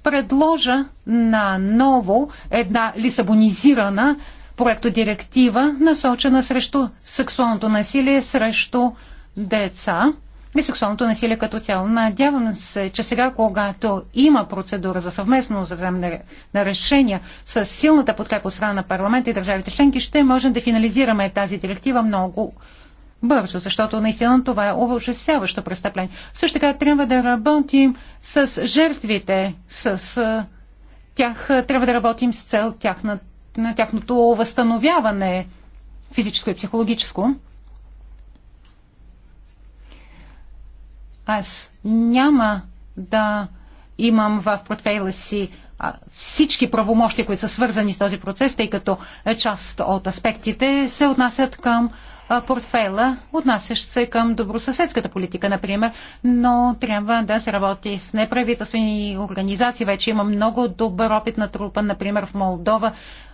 предложа на ново една лисабонизирана проектодиректива, насочена срещу сексуалното насилие срещу деца при сексуалното насилие като цяло. Надявам се, че сега, когато има процедура за съвместно за вземане на решения с силната подкрепа от страна на парламента и държавите членки, ще можем да финализираме тази директива много бързо, защото наистина това е ужасяващо престъпление. Също така трябва да работим с жертвите, с тях трябва да работим с цел тях на, на тяхното възстановяване физическо и психологическо. Аз няма да имам в портфейла си всички правомощи, които са свързани с този процес, тъй като част от аспектите се отнасят към портфела, отнасящ се към добросъседската политика, например, но трябва да се работи с неправителствени организации. Вече има много добър опит на трупа, например, в Молдова,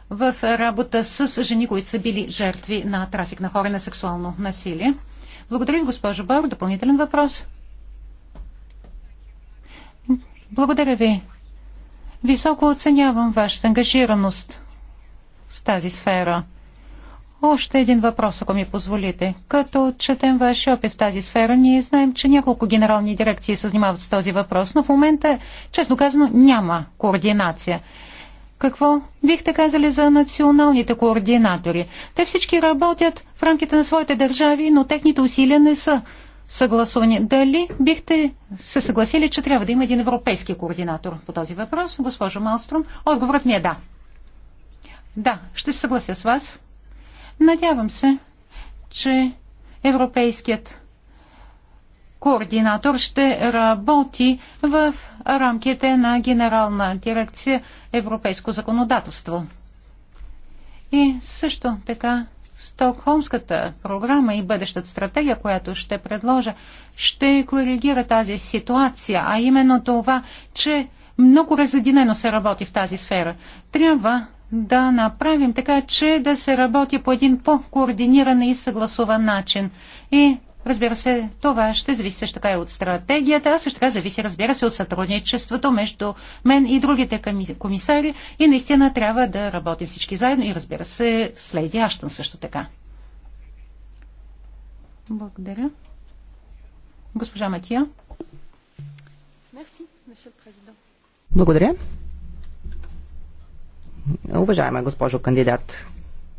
в работа с жени, които са били жертви на трафик на хора на сексуално насилие. Благодаря ви, госпожо Бар, Допълнителен въпрос? Благодаря ви. Високо оценявам вашата ангажираност с тази сфера. Още един въпрос, ако ми позволите. Като четем ваше опис в тази сфера, ние знаем, че няколко генерални дирекции се занимават с този въпрос, но в момента, честно казано, няма координация. Какво бихте казали за националните координатори? Те всички работят в рамките на своите държави, но техните усилия не са съгласуване. Дали бихте се съгласили, че трябва да има един европейски координатор по този въпрос? Госпожо Малстром, отговорът ми е да. Да, ще се съглася с вас. Надявам се, че европейският координатор ще работи в рамките на Генерална дирекция Европейско законодателство. И също така Стокхолмската програма и бъдещата стратегия, която ще предложа, ще коригира тази ситуация, а именно това, че много разединено се работи в тази сфера. Трябва да направим така, че да се работи по един по-координиран и съгласуван начин. И Разбира се, това ще зависи също така и от стратегията, а също така зависи, разбира се, от сътрудничеството между мен и другите комисари и наистина трябва да работим всички заедно и разбира се, следи Аштън също така. Благодаря. Госпожа Матия. Благодаря. Уважаема госпожо кандидат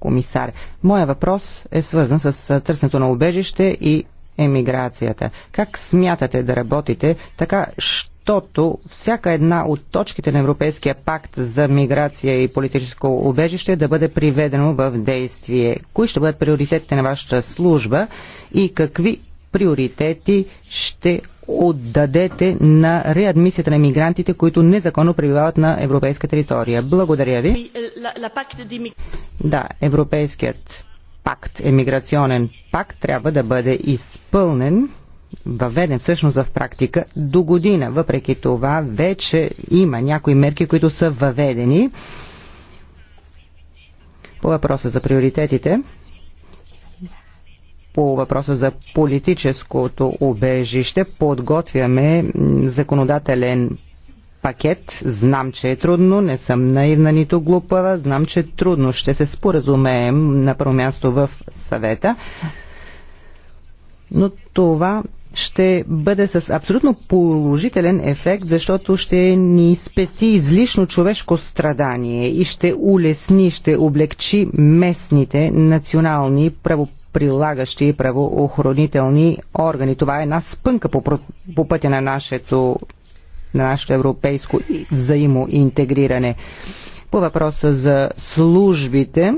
комисар. Моя въпрос е свързан с търсенето на убежище и емиграцията. Как смятате да работите така, защото всяка една от точките на Европейския пакт за миграция и политическо убежище да бъде приведено в действие? Кои ще бъдат приоритетите на вашата служба и какви приоритети ще отдадете на реадмисията на мигрантите, които незаконно пребивават на европейска територия. Благодаря ви. Да, Европейският пакт, емиграционен пакт, трябва да бъде изпълнен въведен всъщност в практика до година. Въпреки това, вече има някои мерки, които са въведени. По въпроса за приоритетите, по въпроса за политическото убежище подготвяме законодателен пакет. Знам, че е трудно, не съм наивна нито глупава, знам, че е трудно ще се споразумеем на първо място в съвета. Но това ще бъде с абсолютно положителен ефект, защото ще ни спести излишно човешко страдание и ще улесни, ще облегчи местните национални правоприлагащи и правоохранителни органи. Това е една спънка по, по пътя на нашето, на нашето европейско взаимоинтегриране. По въпроса за службите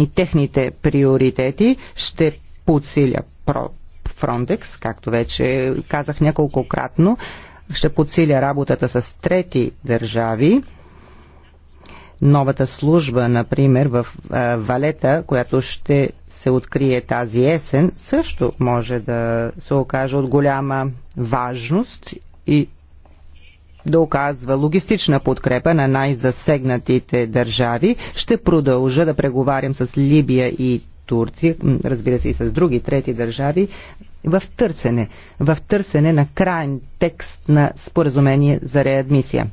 и техните приоритети ще подсиля Фронтекс, както вече казах няколкократно, ще подсиля работата с трети държави. Новата служба, например, в Валета, която ще се открие тази есен, също може да се окаже от голяма важност и да оказва логистична подкрепа на най-засегнатите държави. Ще продължа да преговарям с Либия и Турция, разбира се и с други трети държави, в търсене, в търсене на крайен текст на споразумение за реадмисия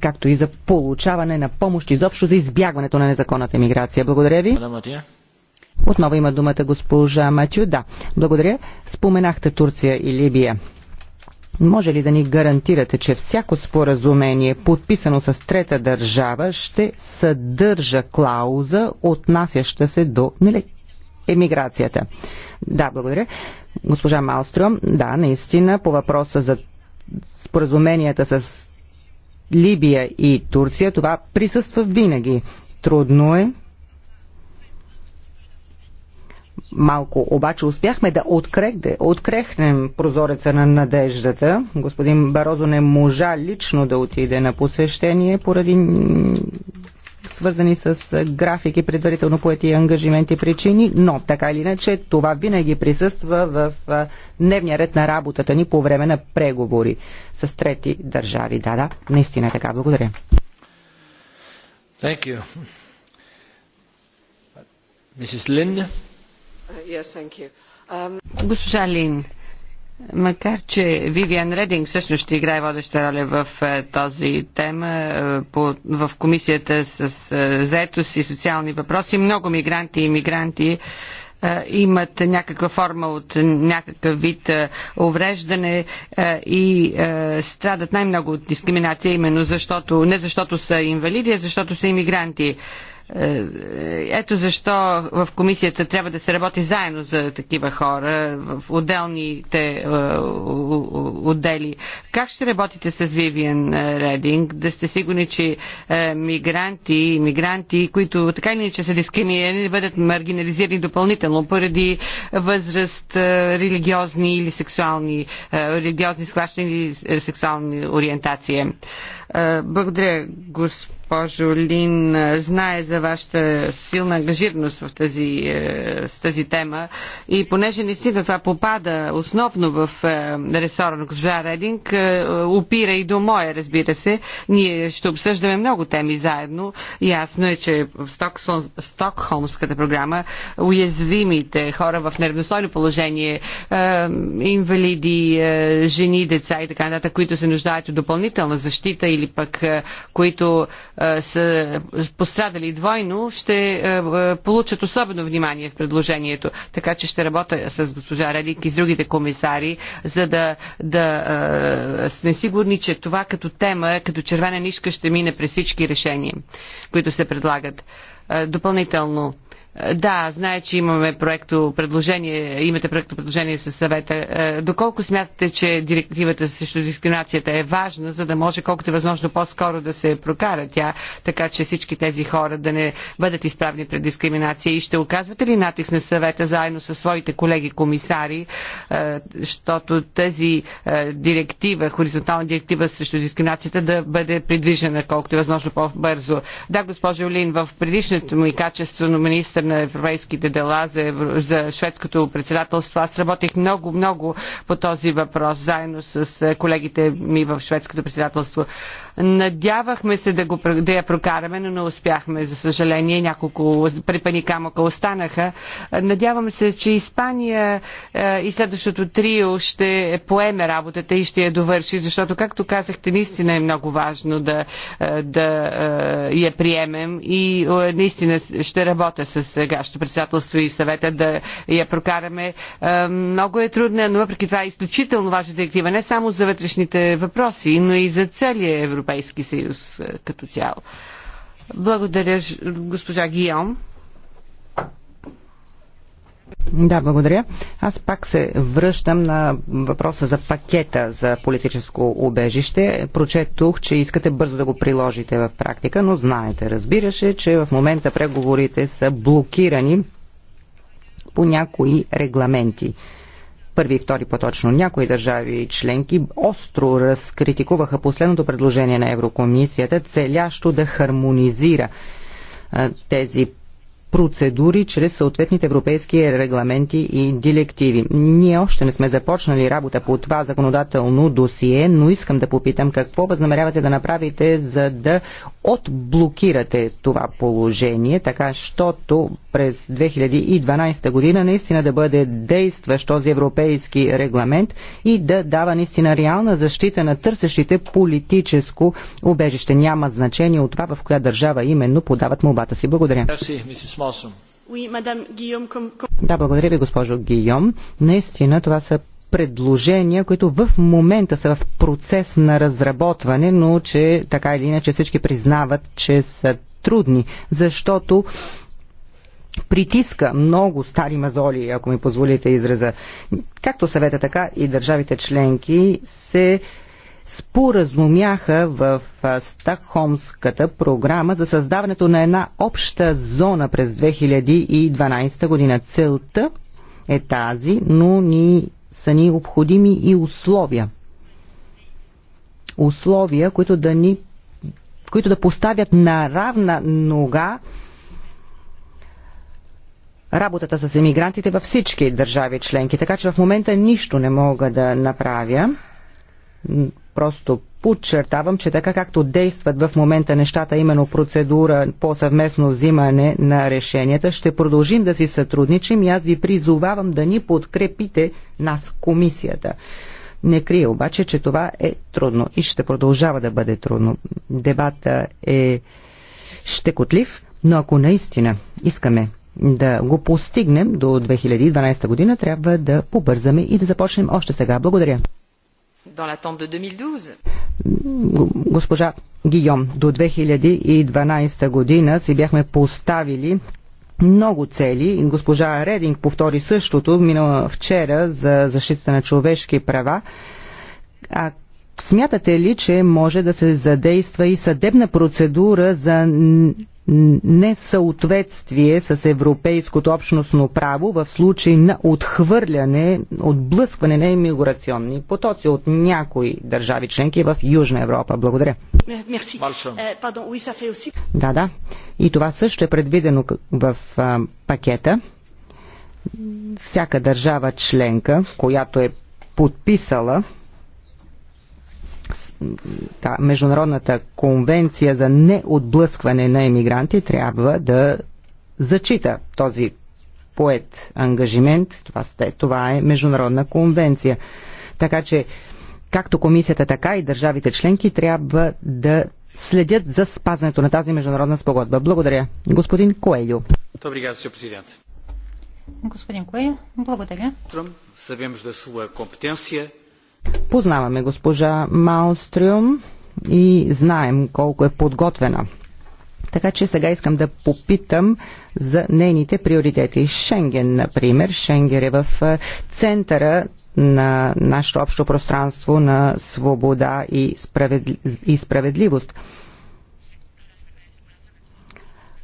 както и за получаване на помощ изобщо за избягването на незаконната миграция. Благодаря ви. Отново има думата госпожа Матю. Да, благодаря. Споменахте Турция и Либия. Може ли да ни гарантирате, че всяко споразумение, подписано с трета държава, ще съдържа клауза, отнасяща се до нали, емиграцията? Да, благодаря. Госпожа Малстром, да, наистина, по въпроса за споразуменията с Либия и Турция, това присъства винаги. Трудно е, малко. Обаче успяхме да открехне, открехнем прозореца на надеждата. Господин Барозо не можа лично да отиде на посещение поради свързани с графики, предварително поети ангажименти причини, но така или иначе това винаги присъства в дневния ред на работата ни по време на преговори с трети държави. Да, да, наистина е така. Благодаря. Thank you. Mrs. Lynn. Um, Госпожа Лин, макар че Вивиан Рединг всъщност ще играе водеща роля в е, този тема е, по, в комисията с е, заетост и социални въпроси, много мигранти и мигранти имат някаква форма от някакъв вид увреждане и страдат най-много от дискриминация, именно защото, не защото са инвалиди, а защото са иммигранти. Е, е, ето защо в комисията трябва да се работи заедно за такива хора, в отделните е, отдели. Как ще работите с Вивиан Рединг? Да сте сигурни, че мигранти, мигранти, които така или иначе са дискриминирани, бъдат маргинализирани допълнително поради възраст, религиозни или сексуални, религиозни схващания или сексуални ориентация. Е, благодаря, госпожо Лин. Знае за вашата силна ангажираност в тази, е, с тази тема. И понеже наистина това попада основно в е, ресора на госпожа Рединг, опира и до моя, разбира се. Ние ще обсъждаме много теми заедно. Ясно е, че в Стокхолмската програма уязвимите хора в неравностойно положение, инвалиди, жени, деца и така нататък, които се нуждаят от допълнителна защита или или пък е, които е, са пострадали двойно, ще е, получат особено внимание в предложението. Така че ще работя с госпожа Редик и с другите комисари, за да, да сме сигурни, че това като тема, като червена нишка ще мине през всички решения, които се предлагат. Допълнително да, знае, че имаме проекто предложение, имате проекто предложение със съвета. Е, доколко смятате, че директивата срещу дискриминацията е важна, за да може колкото е възможно по-скоро да се прокара тя, така че всички тези хора да не бъдат изправни пред дискриминация и ще оказвате ли натиск на съвета заедно с своите колеги комисари, е, защото тази е, директива, хоризонтална директива срещу дискриминацията да бъде придвижена колкото е възможно по-бързо. Да, госпожа Олин, в предишното ми качество на министър министр на европейските дела за, евро, за шведското председателство. Аз работих много, много по този въпрос, заедно с е, колегите ми в шведското председателство. Надявахме се да, го, да я прокараме, но не успяхме, за съжаление. Няколко препани камъка останаха. Надявам се, че Испания е, и следващото трио ще поеме работата и ще я довърши, защото, както казахте, наистина е много важно да, е, да е, я приемем и наистина ще работя с сегашното председателство и съвета да я прокараме. Много е трудно, но въпреки това е изключително важна директива, не само за вътрешните въпроси, но и за целия Европа Европейски съюз е, като цяло. Благодаря, госпожа Гион. Да, благодаря. Аз пак се връщам на въпроса за пакета за политическо убежище. Прочетох, че искате бързо да го приложите в практика, но знаете, разбираше, че в момента преговорите са блокирани по някои регламенти първи и втори по-точно. Някои държави членки остро разкритикуваха последното предложение на Еврокомисията, целящо да хармонизира тези процедури чрез съответните европейски регламенти и директиви. Ние още не сме започнали работа по това законодателно досие, но искам да попитам какво възнамерявате да направите, за да отблокирате това положение, така щото през 2012 година наистина да бъде действащ този европейски регламент и да дава наистина реална защита на търсещите политическо убежище. Няма значение от това в коя държава именно подават молбата си. Благодаря. Да, благодаря ви, госпожо Гийом. Наистина това са предложения, които в момента са в процес на разработване, но че така или иначе всички признават, че са трудни, защото притиска много стари мазоли, ако ми позволите израза. Както съвета, така и държавите членки се споразумяха в Стокхолмската програма за създаването на една обща зона през 2012 година. Целта е тази, но ни са ни необходими и условия. Условия, които да ни които да поставят на равна нога работата с емигрантите във всички държави членки. Така че в момента нищо не мога да направя Просто подчертавам, че така както действат в момента нещата, именно процедура по съвместно взимане на решенията, ще продължим да си сътрудничим и аз ви призовавам да ни подкрепите нас, комисията. Не крия обаче, че това е трудно и ще продължава да бъде трудно. Дебата е щекотлив, но ако наистина искаме да го постигнем до 2012 година, трябва да побързаме и да започнем още сега. Благодаря dans l'attente de 2012. Госпожа Гийом, до 2012 година си бяхме поставили много цели. Госпожа Рединг повтори същото минала вчера за защита на човешки права. А смятате ли, че може да се задейства и съдебна процедура за несъответствие с европейското общностно право в случай на отхвърляне, отблъскване на иммиграционни потоци от някои държави членки в Южна Европа. Благодаря. Е, да, да. И това също е предвидено в пакета. Всяка държава членка, която е подписала та, Международната конвенция за неотблъскване на емигранти трябва да зачита този поет ангажимент. Това, сте, това е Международна конвенция. Така че, както комисията, така и държавите членки трябва да следят за спазването на тази международна спогодба. Благодаря. Господин Коелю. Добре, Sr. президент. Господин Коелю, благодаря. Sabemos да sua компетенция. Познаваме госпожа Малстрюм и знаем колко е подготвена. Така че сега искам да попитам за нейните приоритети. Шенген, например. Шенгер е в е, центъра на нашето общо пространство на свобода и, справедли... и справедливост.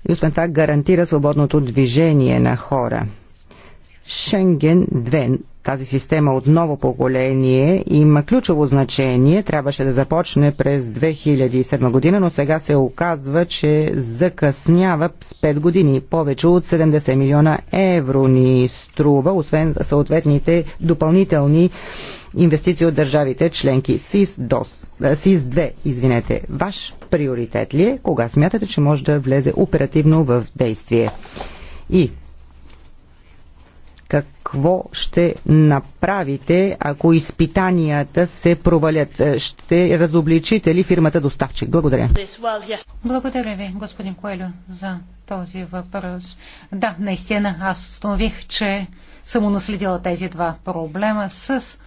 И освен това гарантира свободното движение на хора. Шенген тази система от ново поколение има ключово значение. Трябваше да започне през 2007 година, но сега се оказва, че закъснява с 5 години. Повече от 70 милиона евро ни струва, освен съответните допълнителни инвестиции от държавите членки. СИС-2, е, извинете, ваш приоритет ли е? Кога смятате, че може да влезе оперативно в действие? И какво ще направите, ако изпитанията се провалят? Е, ще разобличите ли фирмата доставчик? Благодаря. Благодаря ви, господин Коелю, за този въпрос. Да, наистина, аз установих, че съм унаследила тези два проблема с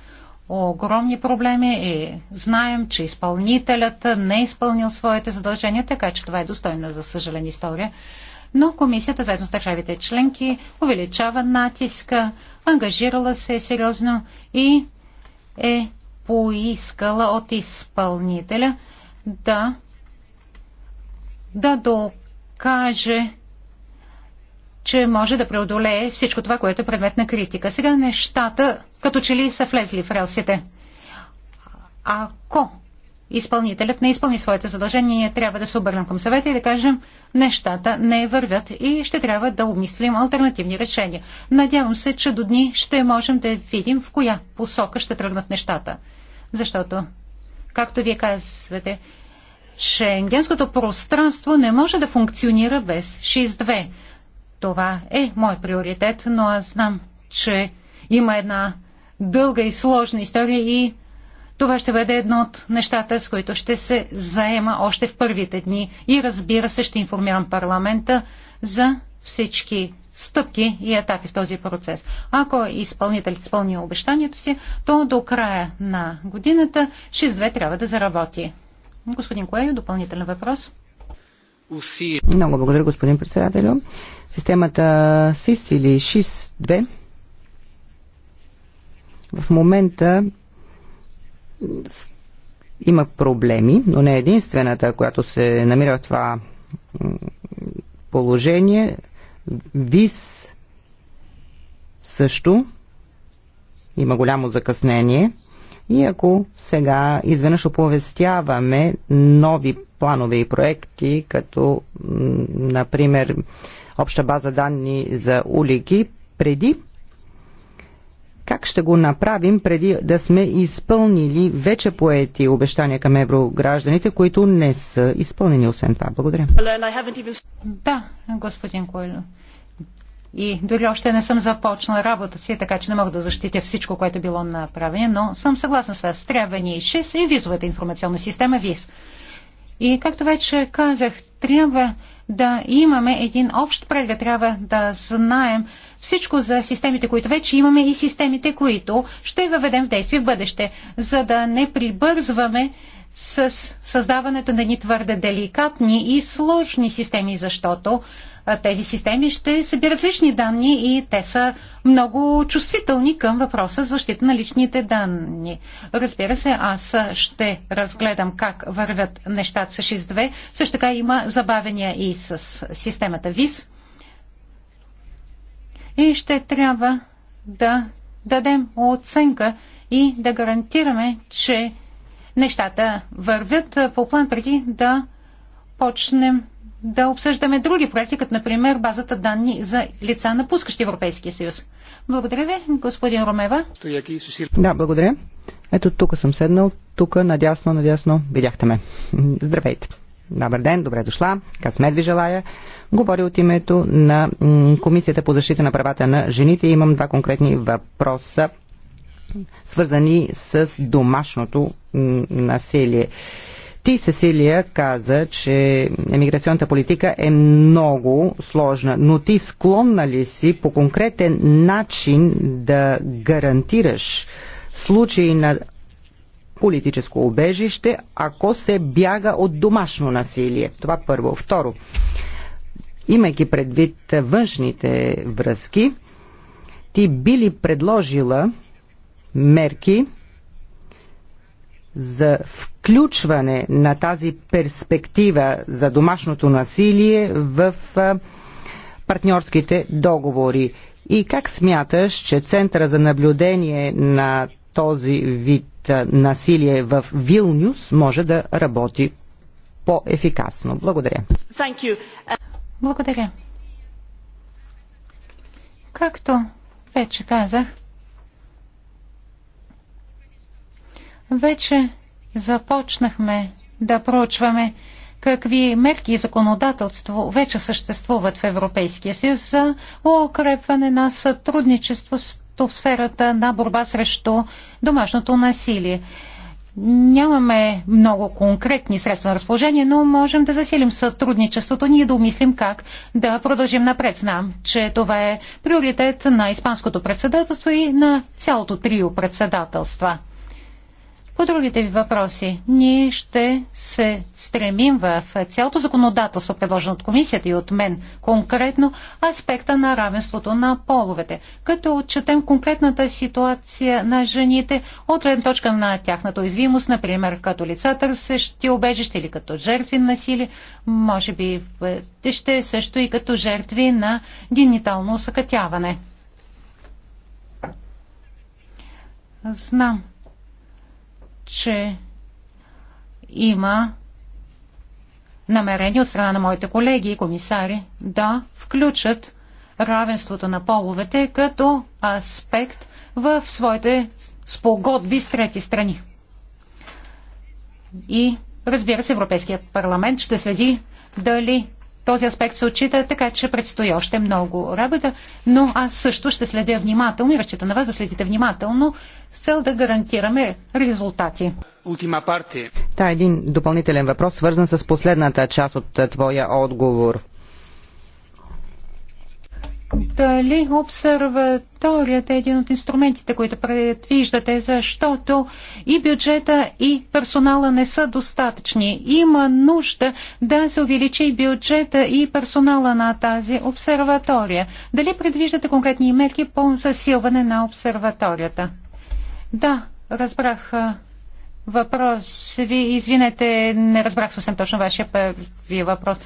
огромни проблеми и знаем, че изпълнителят не е изпълнил своите задължения, така че това е достойна, за съжаление, история но комисията заедно с държавите членки увеличава натиска, ангажирала се сериозно и е поискала от изпълнителя да, да докаже, че може да преодолее всичко това, което е предмет на критика. Сега нещата като че ли са влезли в релсите. Ако изпълнителят не изпълни своите задължения, ние трябва да се обърнем към съвета и да кажем, нещата не вървят и ще трябва да обмислим альтернативни решения. Надявам се, че до дни ще можем да видим в коя посока ще тръгнат нещата. Защото, както вие казвате, шенгенското пространство не може да функционира без 6.2. Това е мой приоритет, но аз знам, че има една дълга и сложна история и това ще бъде едно от нещата, с които ще се заема още в първите дни и разбира се ще информирам парламента за всички стъпки и етапи в този процес. Ако изпълнителят изпълни обещанието си, то до края на годината 6-2 трябва да заработи. Господин Коею, допълнителен въпрос. Много благодаря, господин председател. Системата СИС или 6 2 в момента има проблеми, но не е единствената, която се намира в това положение. ВИС също има голямо закъснение. И ако сега изведнъж оповестяваме нови планове и проекти, като, например, обща база данни за улики, преди как ще го направим преди да сме изпълнили вече поети обещания към еврогражданите, които не са изпълнени освен това? Благодаря. Да, господин Койло. И дори още не съм започнала работа си, така че не мога да защитя всичко, което е било направено, но съм съгласна с вас. Трябва ни ШИС и визовата информационна система ВИС. И както вече казах, трябва да имаме един общ преглед, трябва да знаем всичко за системите, които вече имаме и системите, които ще въведем в действие в бъдеще, за да не прибързваме с създаването на ни твърде деликатни и сложни системи, защото тези системи ще събират лични данни и те са много чувствителни към въпроса за защита на личните данни. Разбира се, аз ще разгледам как вървят нещата с 6.2. Също така има забавения и с системата ВИС и ще трябва да дадем оценка и да гарантираме, че нещата вървят по план преди да почнем да обсъждаме други проекти, като например базата данни за лица напускащи Европейския съюз. Благодаря ви, господин Ромева. Да, благодаря. Ето тук съм седнал, тук надясно, надясно, видяхте ме. Здравейте. Добър ден, добре дошла. Късмет ви желая. Говоря от името на Комисията по защита на правата на жените. Имам два конкретни въпроса, свързани с домашното насилие. Ти, Сесилия, каза, че емиграционната политика е много сложна, но ти склонна ли си по конкретен начин да гарантираш случаи на политическо убежище, ако се бяга от домашно насилие. Това първо. Второ, имайки предвид външните връзки, ти би ли предложила мерки за включване на тази перспектива за домашното насилие в партньорските договори? И как смяташ, че Центъра за наблюдение на този вид насилие в Вилнюс може да работи по-ефикасно. Благодаря. Благодаря. Както вече казах, вече започнахме да проучваме какви мерки и законодателство вече съществуват в Европейския съюз за укрепване на сътрудничество с както в сферата на борба срещу домашното насилие. Нямаме много конкретни средства на разположение, но можем да засилим сътрудничеството ни и да умислим как да продължим напред. Знам, че това е приоритет на Испанското председателство и на цялото трио председателства. По другите ви въпроси, ние ще се стремим в цялото законодателство, предложено от комисията и от мен, конкретно аспекта на равенството на половете, като отчетем конкретната ситуация на жените от гледна точка на тяхната уязвимост, например като лица търсещи обежище или като жертви на насилие, може би в ще също и като жертви на генитално съкътяване. Знам, че има намерение от страна на моите колеги и комисари да включат равенството на половете като аспект в своите спогодби с трети страни. И разбира се, Европейския парламент ще следи дали този аспект се отчита, така че предстои още много работа, но аз също ще следя внимателно и разчитам на вас да следите внимателно с цел да гарантираме резултати. Та е един допълнителен въпрос, свързан с последната част от е, твоя отговор. Дали обсерваторията е един от инструментите, които предвиждате, защото и бюджета, и персонала не са достатъчни. Има нужда да се увеличи бюджета и персонала на тази обсерватория. Дали предвиждате конкретни мерки по засилване на обсерваторията? Да, разбрах въпрос. Ви, извинете, не разбрах съвсем точно вашия първи въпрос.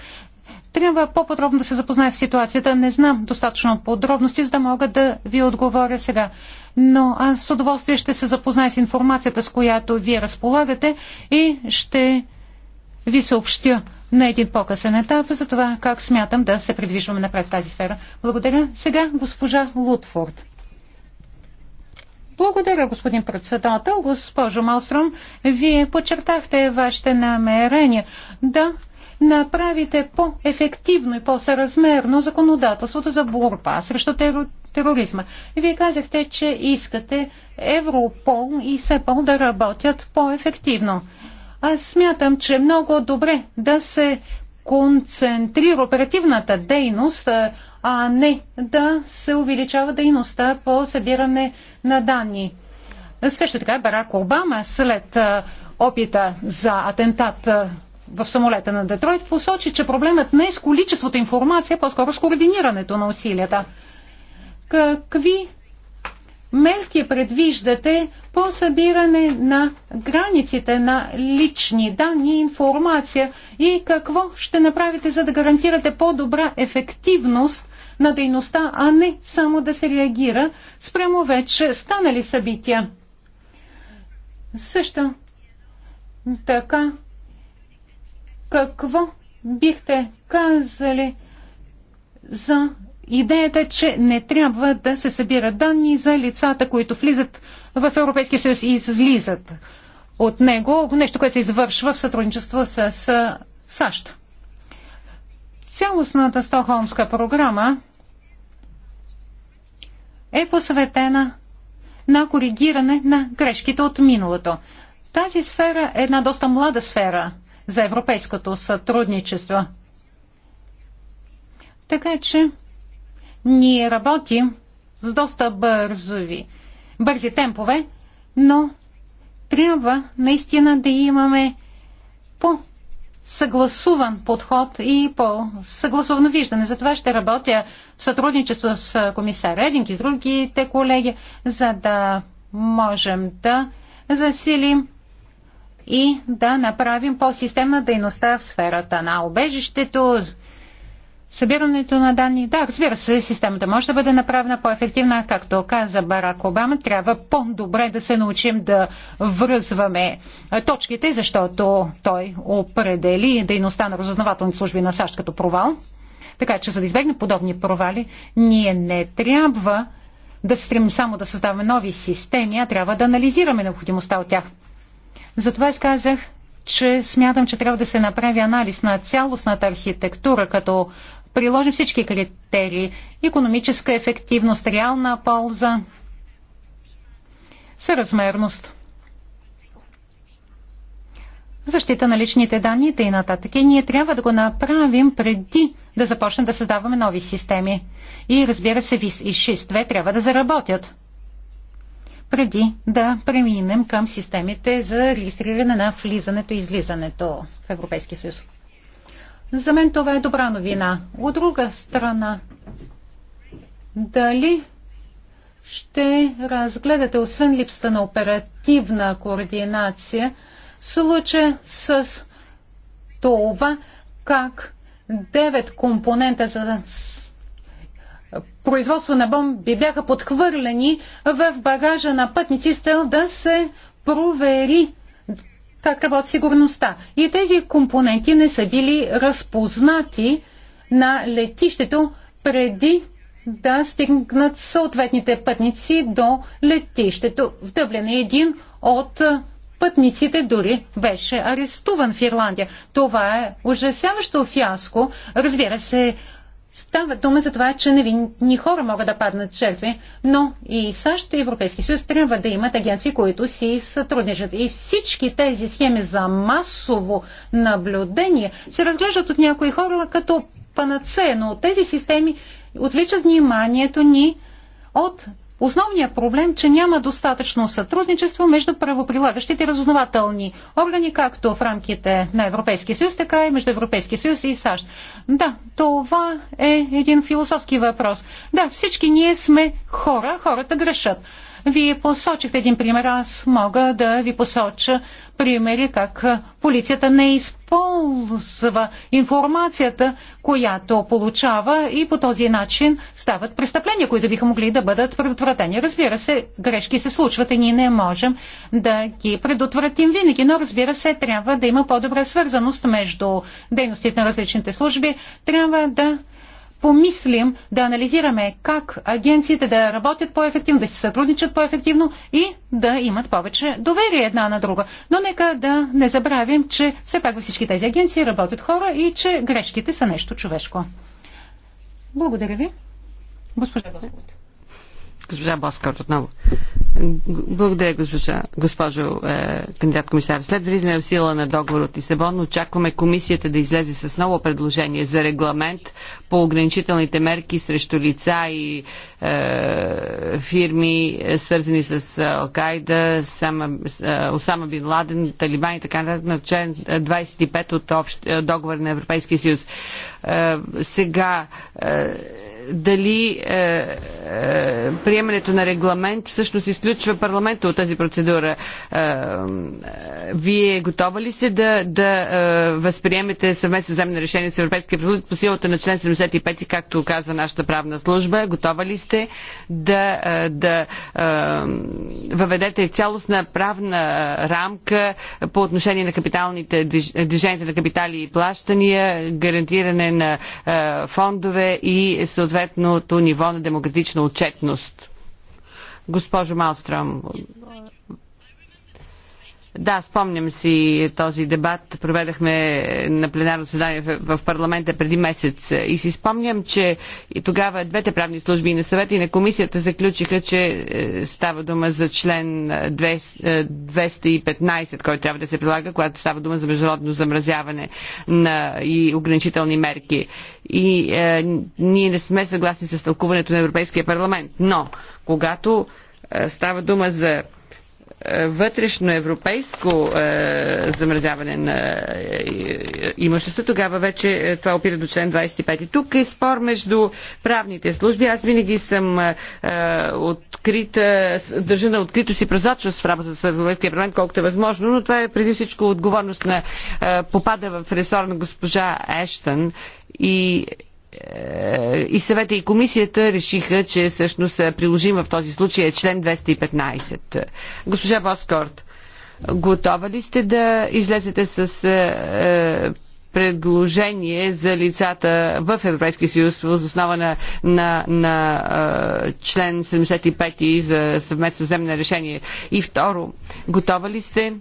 Трябва по-подробно да се запозная с ситуацията. Не знам достатъчно подробности, за да мога да ви отговоря сега. Но аз с удоволствие ще се запозная с информацията, с която вие разполагате и ще ви съобщя на един по-късен етап за това как смятам да се придвижваме напред в тази сфера. Благодаря. Сега госпожа Лутфорд. Благодаря, господин председател. Госпожо Малстром, вие подчертахте вашите намерения да направите по-ефективно и по-съразмерно законодателството за борба срещу тероризма. Вие казахте, че искате Европол и СЕПОЛ да работят по-ефективно. Аз смятам, че е много добре да се концентрира оперативната дейност а не да се увеличава дейността по събиране на данни. Също така Барак Обама след опита за атентат в самолета на Детройт посочи, че проблемът не е с количеството информация, по-скоро с координирането на усилията. Какви мерки предвиждате по събиране на границите на лични данни и информация и какво ще направите, за да гарантирате по-добра ефективност на дейността, а не само да се реагира спрямо вече станали събития. Също така, какво бихте казали за идеята, че не трябва да се събират данни за лицата, които влизат в Европейския съюз и излизат от него, нещо, което се извършва в сътрудничество с САЩ? Цялостната Стохолмска програма е посветена на коригиране на грешките от миналото. Тази сфера е една доста млада сфера за европейското сътрудничество. Така че ние работим с доста бързови, бързи темпове, но трябва наистина да имаме по съгласуван подход и по-съгласувано виждане. Затова ще работя в сътрудничество с комисар Рединг и с другите колеги, за да можем да засилим и да направим по-системна дейността в сферата на обежището, събирането на данни. Да, разбира се, системата може да бъде направена по-ефективна, както каза Барак Обама. Трябва по-добре да се научим да връзваме точките, защото той определи дейността на разузнавателните служби на САЩ като провал. Така че, за да избегне подобни провали, ние не трябва да се стремим само да създаваме нови системи, а трябва да анализираме необходимостта от тях. Затова изказах, че смятам, че трябва да се направи анализ на цялостната архитектура, като приложим всички критерии. Економическа ефективност, реална полза, съразмерност, защита на личните данни и нататък. И ние трябва да го направим преди да започнем да създаваме нови системи. И разбира се, ВИС и ШИС, 2 трябва да заработят преди да преминем към системите за регистриране на влизането и излизането в Европейския съюз. За мен това е добра новина. От друга страна, дали ще разгледате, освен липсата на оперативна координация, случая с това, как девет компонента за производство на бомби бяха подхвърлени в багажа на пътници с цел да се провери как работи сигурността. И тези компоненти не са били разпознати на летището преди да стигнат съответните пътници до летището. В Дъблен. един от пътниците дори беше арестуван в Ирландия. Това е ужасяващо фиаско. Разбира се, Става дума за това, че невинни хора могат да паднат жертви, но и САЩ и Европейски съюз трябва да имат агенции, които си сътрудничат. И всички тези схеми за масово наблюдение се разглеждат от някои хора като панацея, но тези системи отвличат вниманието ни от Основният проблем, че няма достатъчно сътрудничество между правоприлагащите разузнавателни органи, както в рамките на Европейския съюз, така и между Европейския съюз и САЩ. Да, това е един философски въпрос. Да, всички ние сме хора, хората грешат. Вие посочихте един пример, аз мога да ви посоча примери как полицията не използва информацията, която получава и по този начин стават престъпления, които биха могли да бъдат предотвратени. Разбира се, грешки се случват и ние не можем да ги предотвратим винаги, но разбира се, трябва да има по-добра свързаност между дейностите на различните служби. Трябва да помислим, да анализираме как агенциите да работят по-ефективно, да си сътрудничат по-ефективно и да имат повече доверие една на друга. Но нека да не забравим, че все пак всички тези агенции работят хора и че грешките са нещо човешко. Благодаря ви. Госпожа Господ. Госпожа Баскар отново. Благодаря, госпожа, госпожо е, кандидат комисар. След влизане в сила на договор от Лисабон, очакваме комисията да излезе с ново предложение за регламент по ограничителните мерки срещу лица и е, фирми, е, свързани с е, Алкайда, е, Осама Бин Ладен, Талибан и така нататък, на член 25 от общ, договор на Европейския съюз. Е, сега. Е, дали е, е, приемането на регламент всъщност изключва парламента от тази процедура. Е, е вие готова ли сте да, да е, възприемете съвместно вземане решение с Европейския парламент по силата на член 75, както казва нашата правна служба? Готова ли сте да, е, да е, въведете цялостна правна рамка по отношение на капиталните движенията на капитали и плащания, гарантиране на е, фондове и съответно съответното ниво на демократична отчетност. Госпожо Малстрам, да, спомням си този дебат. Проведахме на пленарно съдание в парламента преди месец и си спомням, че и тогава двете правни служби и на съвета и на комисията заключиха, че е, става дума за член 215, е, е, който трябва да се прилага, когато става дума за международно замразяване на и ограничителни мерки. И е, ние не сме съгласни с тълкуването на Европейския парламент. Но, когато е, става дума за вътрешно европейско е, замразяване на е, имущество, тогава вече е, това опира до член 25. тук е спор между правните служби. Аз винаги съм открита, държа на открито си прозрачност в работата с Европейския парламент, колкото е възможно, но това е преди всичко отговорност на попада в ресор на госпожа Ештън и е, и съвета и комисията решиха, че всъщност е, приложим в този случай е член 215. Госпожа Боскорт, готова ли сте да излезете с е, предложение за лицата в Европейския съюз въз основа на, на, на е, член 75 за съвместно земно решение? И второ, готова ли сте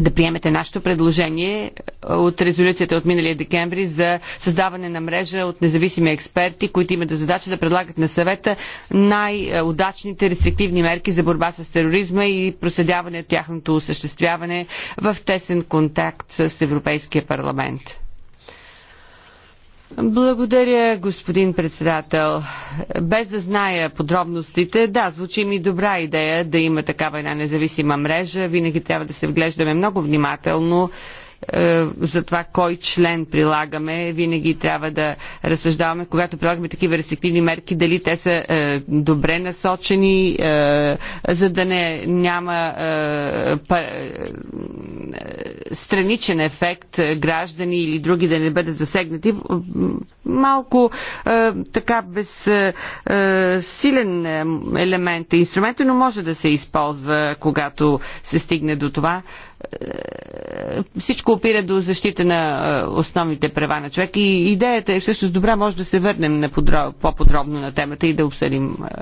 да приемете нашето предложение е, от резолюцията от миналия декември за създаване на мрежа от независими експерти, които имат да задача да предлагат на съвета най-удачните рестриктивни мерки за борба с тероризма и проследяване от тяхното осъществяване в тесен контакт с Европейския парламент. Благодаря, господин председател. Без да зная подробностите, да, звучи ми добра идея да има такава една независима мрежа. Винаги трябва да се вглеждаме много внимателно е, за това кой член прилагаме. Винаги трябва да разсъждаваме, когато прилагаме такива рестриктивни мерки, дали те са е, добре насочени, е, за да не няма страничен ефект граждани или други да не бъдат засегнати. Малко така без силен елемент е инструмент, но може да се използва, когато се стигне до това. Е, всичко опира до защита на е, основните права на човек и идеята е всъщност добра, може да се върнем на подро... по-подробно на темата и да обсъдим е,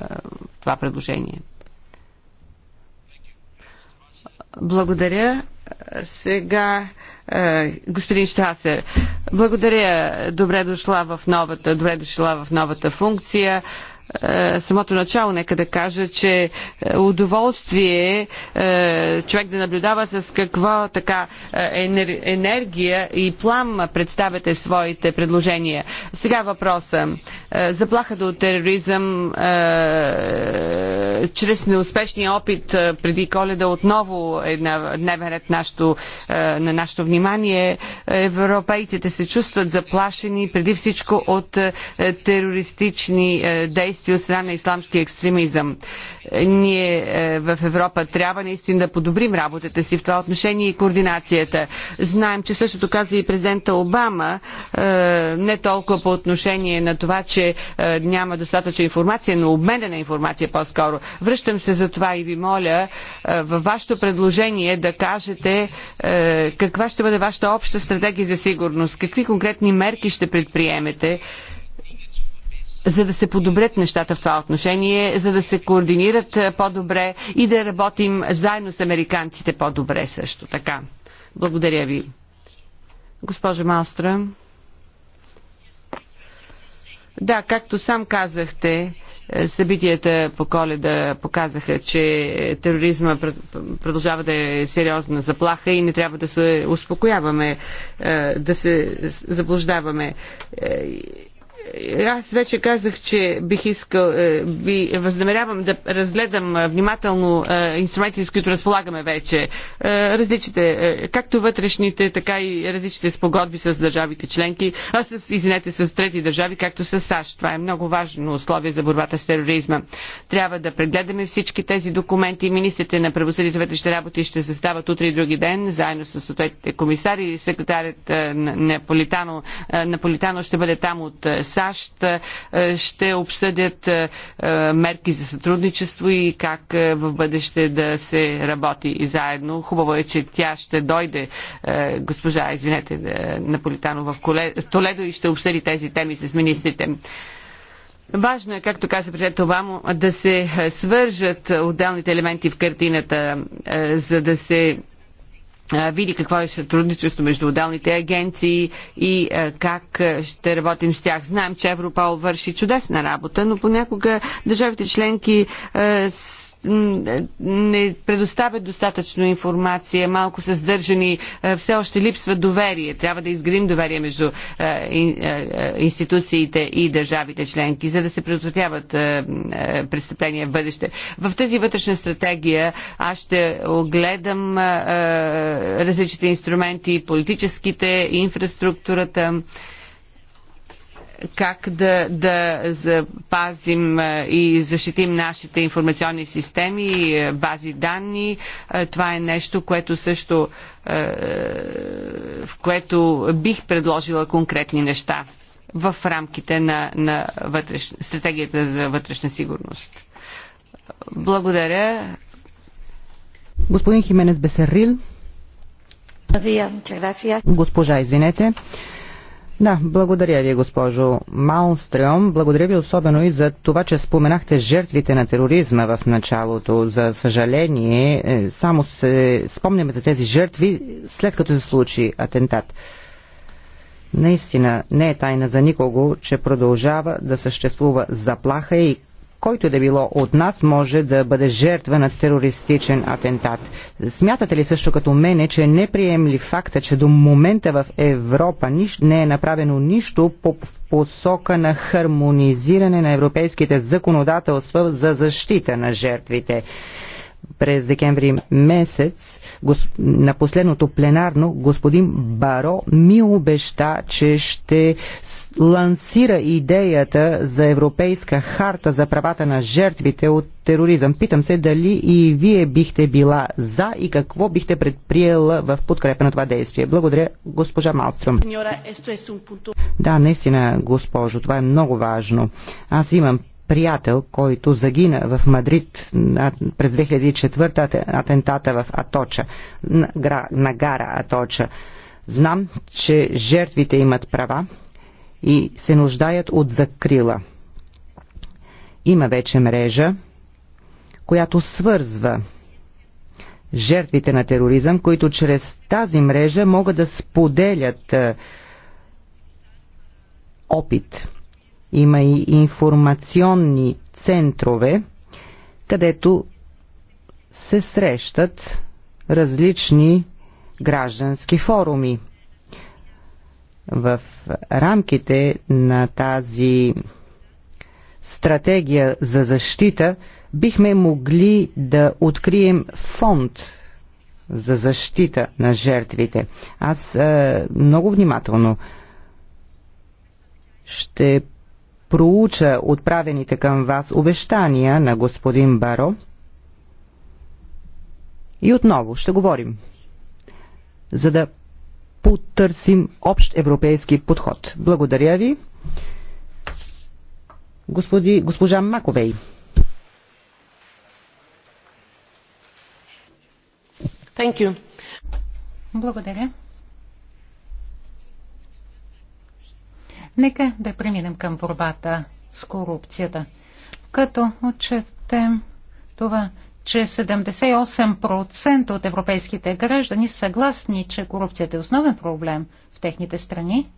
това предложение. Благодаря. Сега господин Штасер, благодаря. Добре дошла в новата, добре дошла в новата функция. Е, самото начало нека да кажа, че е, удоволствие е човек да наблюдава с каква така е, енергия и плам представяте своите предложения. Сега въпроса. Заплахата от тероризъм е, чрез неуспешния опит преди коледа отново е на дневен ред нашото, е, на нашето внимание. Европейците се чувстват заплашени преди всичко от терористични действия действия от страна на исламския екстремизъм. Ние е, в Европа трябва наистина да подобрим работата си в това отношение и координацията. Знаем, че същото каза и президента Обама, е, не толкова по отношение на това, че е, няма достатъчно информация, но обмена на информация по-скоро. Връщам се за това и ви моля във вашето предложение да кажете каква ще бъде вашата обща стратегия за сигурност, какви конкретни мерки ще предприемете, за да се подобрят нещата в това отношение, за да се координират по-добре и да работим заедно с американците по-добре също така. Благодаря ви. Госпожа Малстра. Да, както сам казахте, е, събитията по коледа показаха, че тероризма продължава да е сериозна заплаха и не трябва да се успокояваме, е, да се заблуждаваме. Е, аз вече казах, че бих искал, е, би, възнамерявам да разгледам е, внимателно е, инструментите, с които разполагаме вече. Различните, както вътрешните, така и различните спогодби с държавите членки, а с, извинете, с трети държави, както с САЩ. Това е много важно условие за борбата с тероризма. Трябва да прегледаме всички тези документи. Министрите на правосъдието вътрешни работи ще се стават утре и други ден, заедно с съответните комисари. Секретарят Наполитано, Наполитано ще бъде там от САЩ ще обсъдят мерки за сътрудничество и как в бъдеще да се работи и заедно. Хубаво е, че тя ще дойде, госпожа, извинете, Наполитано в Толедо и ще обсъди тези теми с министрите. Важно е, както каза президент Обамо, да се свържат отделните елементи в картината, за да се види какво е сътрудничество между отделните агенции и как ще работим с тях. Знаем, че Европол върши чудесна работа, но понякога държавите членки не предоставят достатъчно информация, малко са сдържани, е, все още липсва доверие. Трябва да изградим доверие между е, е, институциите и държавите членки, за да се предотвратяват престъпления в бъдеще. В тази вътрешна стратегия аз ще огледам различните инструменти, политическите, инфраструктурата, как да, да запазим и защитим нашите информационни системи, бази данни. Това е нещо, което също в което бих предложила конкретни неща в рамките на, на вътреш... стратегията за вътрешна сигурност. Благодаря. Господин Хименес Бесерил. Госпожа, извинете. Да, благодаря ви, госпожо Малстрем. Благодаря ви особено и за това, че споменахте жертвите на тероризма в началото. За съжаление, е, само се спомняме за тези жертви след като се случи атентат. Наистина не е тайна за никого, че продължава да съществува заплаха и който да било от нас може да бъде жертва на терористичен атентат. Смятате ли също като мене, че е не приемли факта, че до момента в Европа не е направено нищо по посока на хармонизиране на европейските законодателства за защита на жертвите? през декември месец гос... на последното пленарно господин Баро ми обеща, че ще лансира идеята за Европейска харта за правата на жертвите от тероризъм. Питам се дали и вие бихте била за и какво бихте предприела в подкрепа на това действие. Благодаря, госпожа Малстрюм. Да, наистина, госпожо, това е много важно. Аз имам приятел, който загина в Мадрид през 2004 атентата в Аточа, на гара Аточа. Знам, че жертвите имат права и се нуждаят от закрила. Има вече мрежа, която свързва жертвите на тероризъм, които чрез тази мрежа могат да споделят е, опит има и информационни центрове, където се срещат различни граждански форуми. В рамките на тази стратегия за защита бихме могли да открием фонд за защита на жертвите. Аз е, много внимателно ще проуча отправените към вас обещания на господин Баро. И отново ще говорим, за да потърсим общ европейски подход. Благодаря ви. Господи, госпожа Маковей. Thank you. Благодаря. Нека да преминем към борбата с корупцията, като отчетем това, че 78% от европейските граждани са съгласни, че корупцията е основен проблем в техните страни.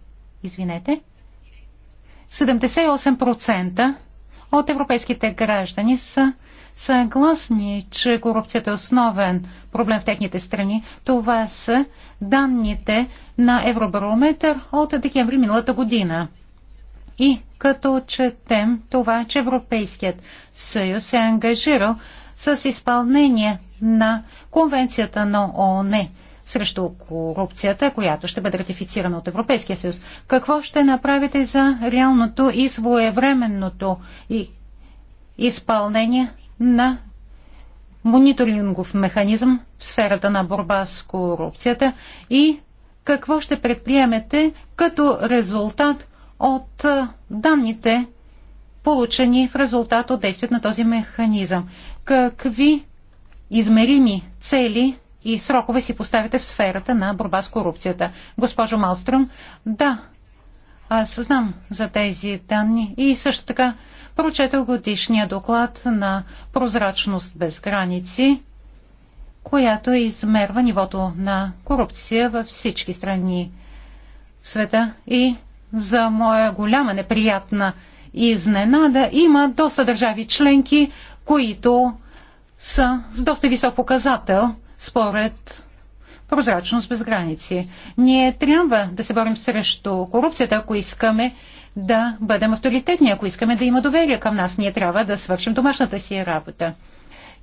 Извинете. 78% от европейските граждани са съгласни, че корупцията е основен проблем в техните страни. Това са данните на Евробарометър от декември миналата година. И като четем това, че Европейският съюз се е ангажирал с изпълнение на Конвенцията на ООН срещу корупцията, която ще бъде ратифицирана от Европейския съюз. Какво ще направите за реалното и своевременното изпълнение на мониторингов механизъм в сферата на борба с корупцията и какво ще предприемете като резултат от данните, получени в резултат от действието на този механизъм? Какви измерими цели и срокове си поставяте в сферата на борба с корупцията? Госпожо Малстрюм, да, аз знам за тези данни и също така прочетох годишния доклад на Прозрачност без граници, която измерва нивото на корупция във всички страни в света и за моя голяма неприятна изненада има доста държави членки, които са с доста висок показател според прозрачност без граници. Ние трябва да се борим срещу корупцията, ако искаме да бъдем авторитетни. Ако искаме да има доверие към нас, ние трябва да свършим домашната си работа.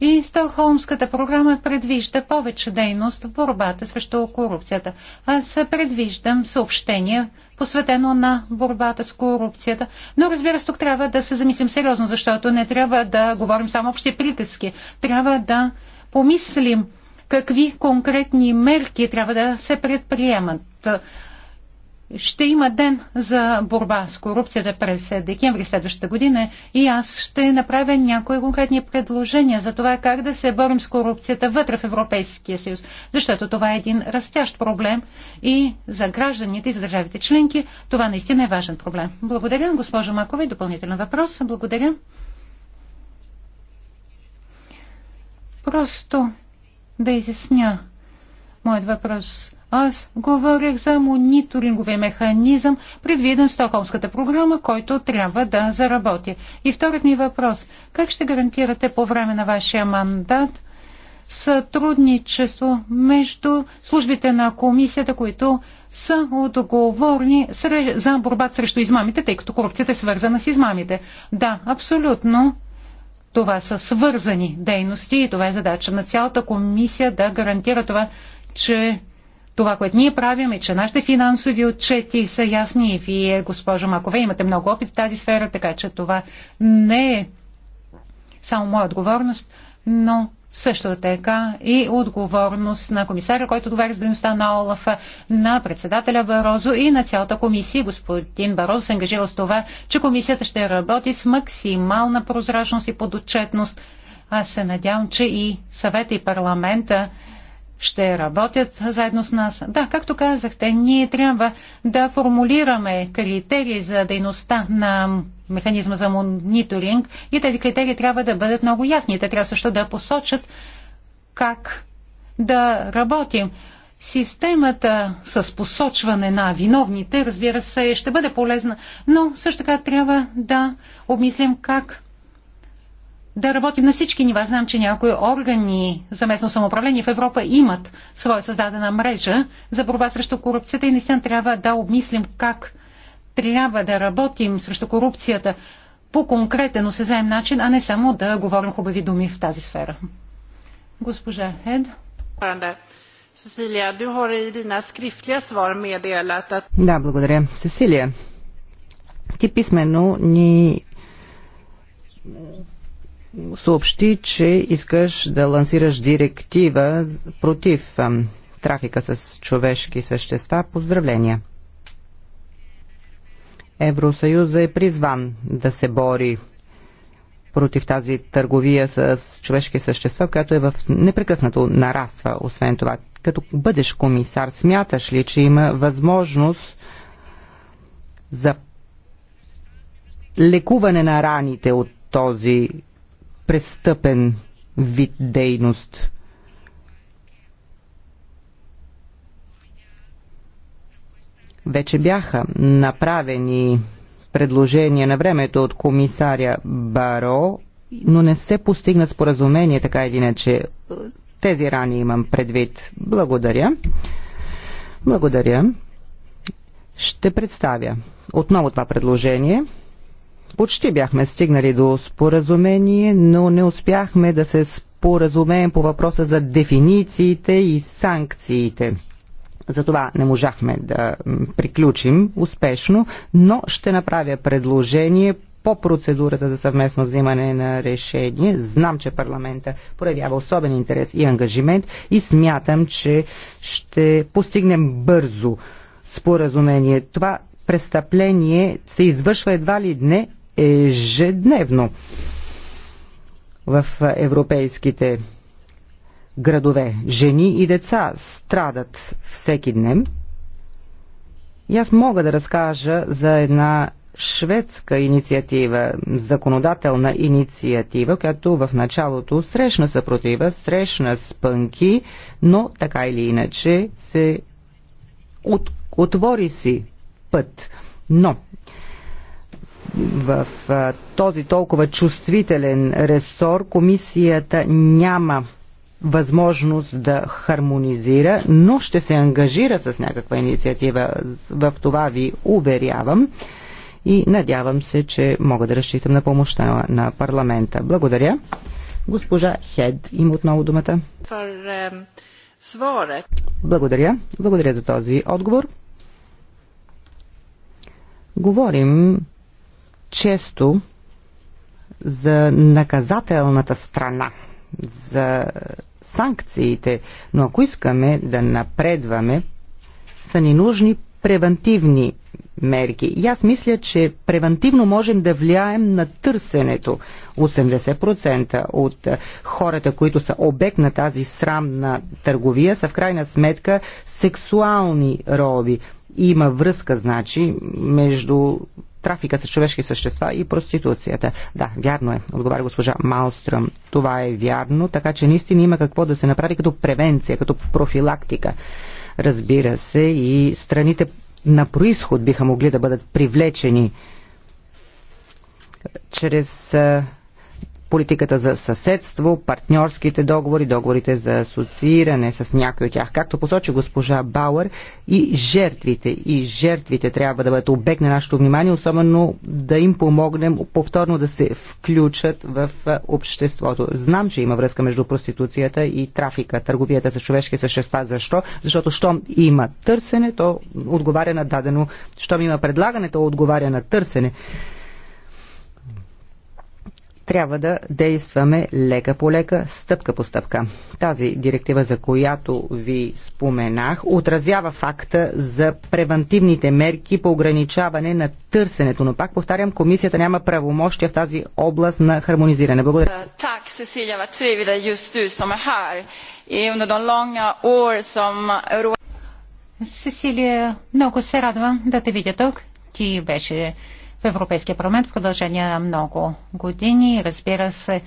И Стокхолмската програма предвижда повече дейност в борбата срещу корупцията. Аз предвиждам съобщение, посветено на борбата с корупцията. Но разбира се, тук трябва да се замислим сериозно, защото не трябва да говорим само общи приказки. Трябва да помислим какви конкретни мерки трябва да се предприемат ще има ден за борба с корупцията през декември следващата година и аз ще направя някои конкретни предложения за това как да се борим с корупцията вътре в Европейския съюз, защото това е един растящ проблем и за гражданите и за държавите членки това наистина е важен проблем. Благодаря, госпожо Макова и допълнителен въпрос. Благодаря. Просто да изясня моят въпрос аз говорех за мониторинговия механизъм, предвиден в Стокхолмската програма, който трябва да заработи. И вторият ми въпрос. Как ще гарантирате по време на вашия мандат сътрудничество между службите на комисията, които са отговорни за борбата срещу измамите, тъй като корупцията е свързана с измамите. Да, абсолютно. Това са свързани дейности и това е задача на цялата комисия да гарантира това, че това, което ние правим е, че нашите финансови отчети са ясни и вие, госпожо Макове, имате много опит в тази сфера, така че това не е само моя отговорност, но също така и отговорност на комисаря, който отговаря за дейността на ОЛАФ, на председателя Барозо и на цялата комисия. Господин Барозо се ангажира с това, че комисията ще работи с максимална прозрачност и подотчетност. Аз се надявам, че и съвета и парламента ще работят заедно с нас. Да, както казахте, ние трябва да формулираме критерии за дейността на механизма за мониторинг и тези критерии трябва да бъдат много ясни. Те трябва също да посочат как да работим. Системата с посочване на виновните, разбира се, ще бъде полезна, но също така трябва да обмислим как да работим на всички нива. Знам, че някои органи за местно самоуправление в Европа имат своя създадена мрежа за борба срещу корупцията и наистина трябва да обмислим как трябва да работим срещу корупцията по конкретен осезаем начин, а не само да говорим хубави думи в тази сфера. Госпожа Хед. Да, благодаря. Сесилия, ти писменно ни съобщи, че искаш да лансираш директива против трафика с човешки същества. Поздравления! Евросъюза е призван да се бори против тази търговия с човешки същества, която е в непрекъснато нараства. Освен това, като бъдеш комисар, смяташ ли, че има възможност за лекуване на раните от този престъпен вид дейност. Вече бяха направени предложения на времето от комисаря Баро, но не се постигна споразумение, така или иначе. Тези рани имам предвид. Благодаря. Благодаря. Ще представя отново това предложение. Почти бяхме стигнали до споразумение, но не успяхме да се споразумеем по въпроса за дефинициите и санкциите. Затова не можахме да приключим успешно, но ще направя предложение по процедурата за съвместно взимане на решение. Знам, че парламента проявява особен интерес и ангажимент и смятам, че ще постигнем бързо споразумение. Това престъпление се извършва едва ли дне ежедневно в европейските градове. Жени и деца страдат всеки днем. И аз мога да разкажа за една шведска инициатива, законодателна инициатива, която в началото срещна съпротива, срещна спънки, но така или иначе се от, отвори си път. Но в този толкова чувствителен ресор комисията няма възможност да хармонизира, но ще се ангажира с някаква инициатива. В това ви уверявам и надявам се, че мога да разчитам на помощта на парламента. Благодаря. Госпожа Хед има отново думата. Благодаря. Благодаря за този отговор. Говорим често за наказателната страна, за санкциите, но ако искаме да напредваме, са ни нужни превентивни мерки. И аз мисля, че превентивно можем да влияем на търсенето. 80% от хората, които са обект на тази срамна търговия, са в крайна сметка сексуални роби. Има връзка, значи, между трафика с човешки същества и проституцията. Да, вярно е, отговаря госпожа Малстръм. Това е вярно, така че наистина има какво да се направи като превенция, като профилактика. Разбира се, и страните на происход биха могли да бъдат привлечени чрез политиката за съседство, партньорските договори, договорите за асоцииране с някои от тях. Както посочи госпожа Бауер, и жертвите, и жертвите трябва да бъдат обект на нашето внимание, особено да им помогнем повторно да се включат в обществото. Знам, че има връзка между проституцията и трафика, търговията с човешки същества. Защо? Защото щом има търсене, то отговаря на дадено. Щом има предлагане, то отговаря на търсене трябва да действаме лека по лека, стъпка по стъпка. Тази директива, за която ви споменах, отразява факта за превентивните мерки по ограничаване на търсенето. Но пак повтарям, комисията няма правомощия в тази област на хармонизиране. Благодаря. Е, так, Сесилия Ватревида, just du som är er här. Under de långa år som... Сесилия, много се радвам да те видя тук. Ти беше Европейския парламент в продължение на много години. Разбира се,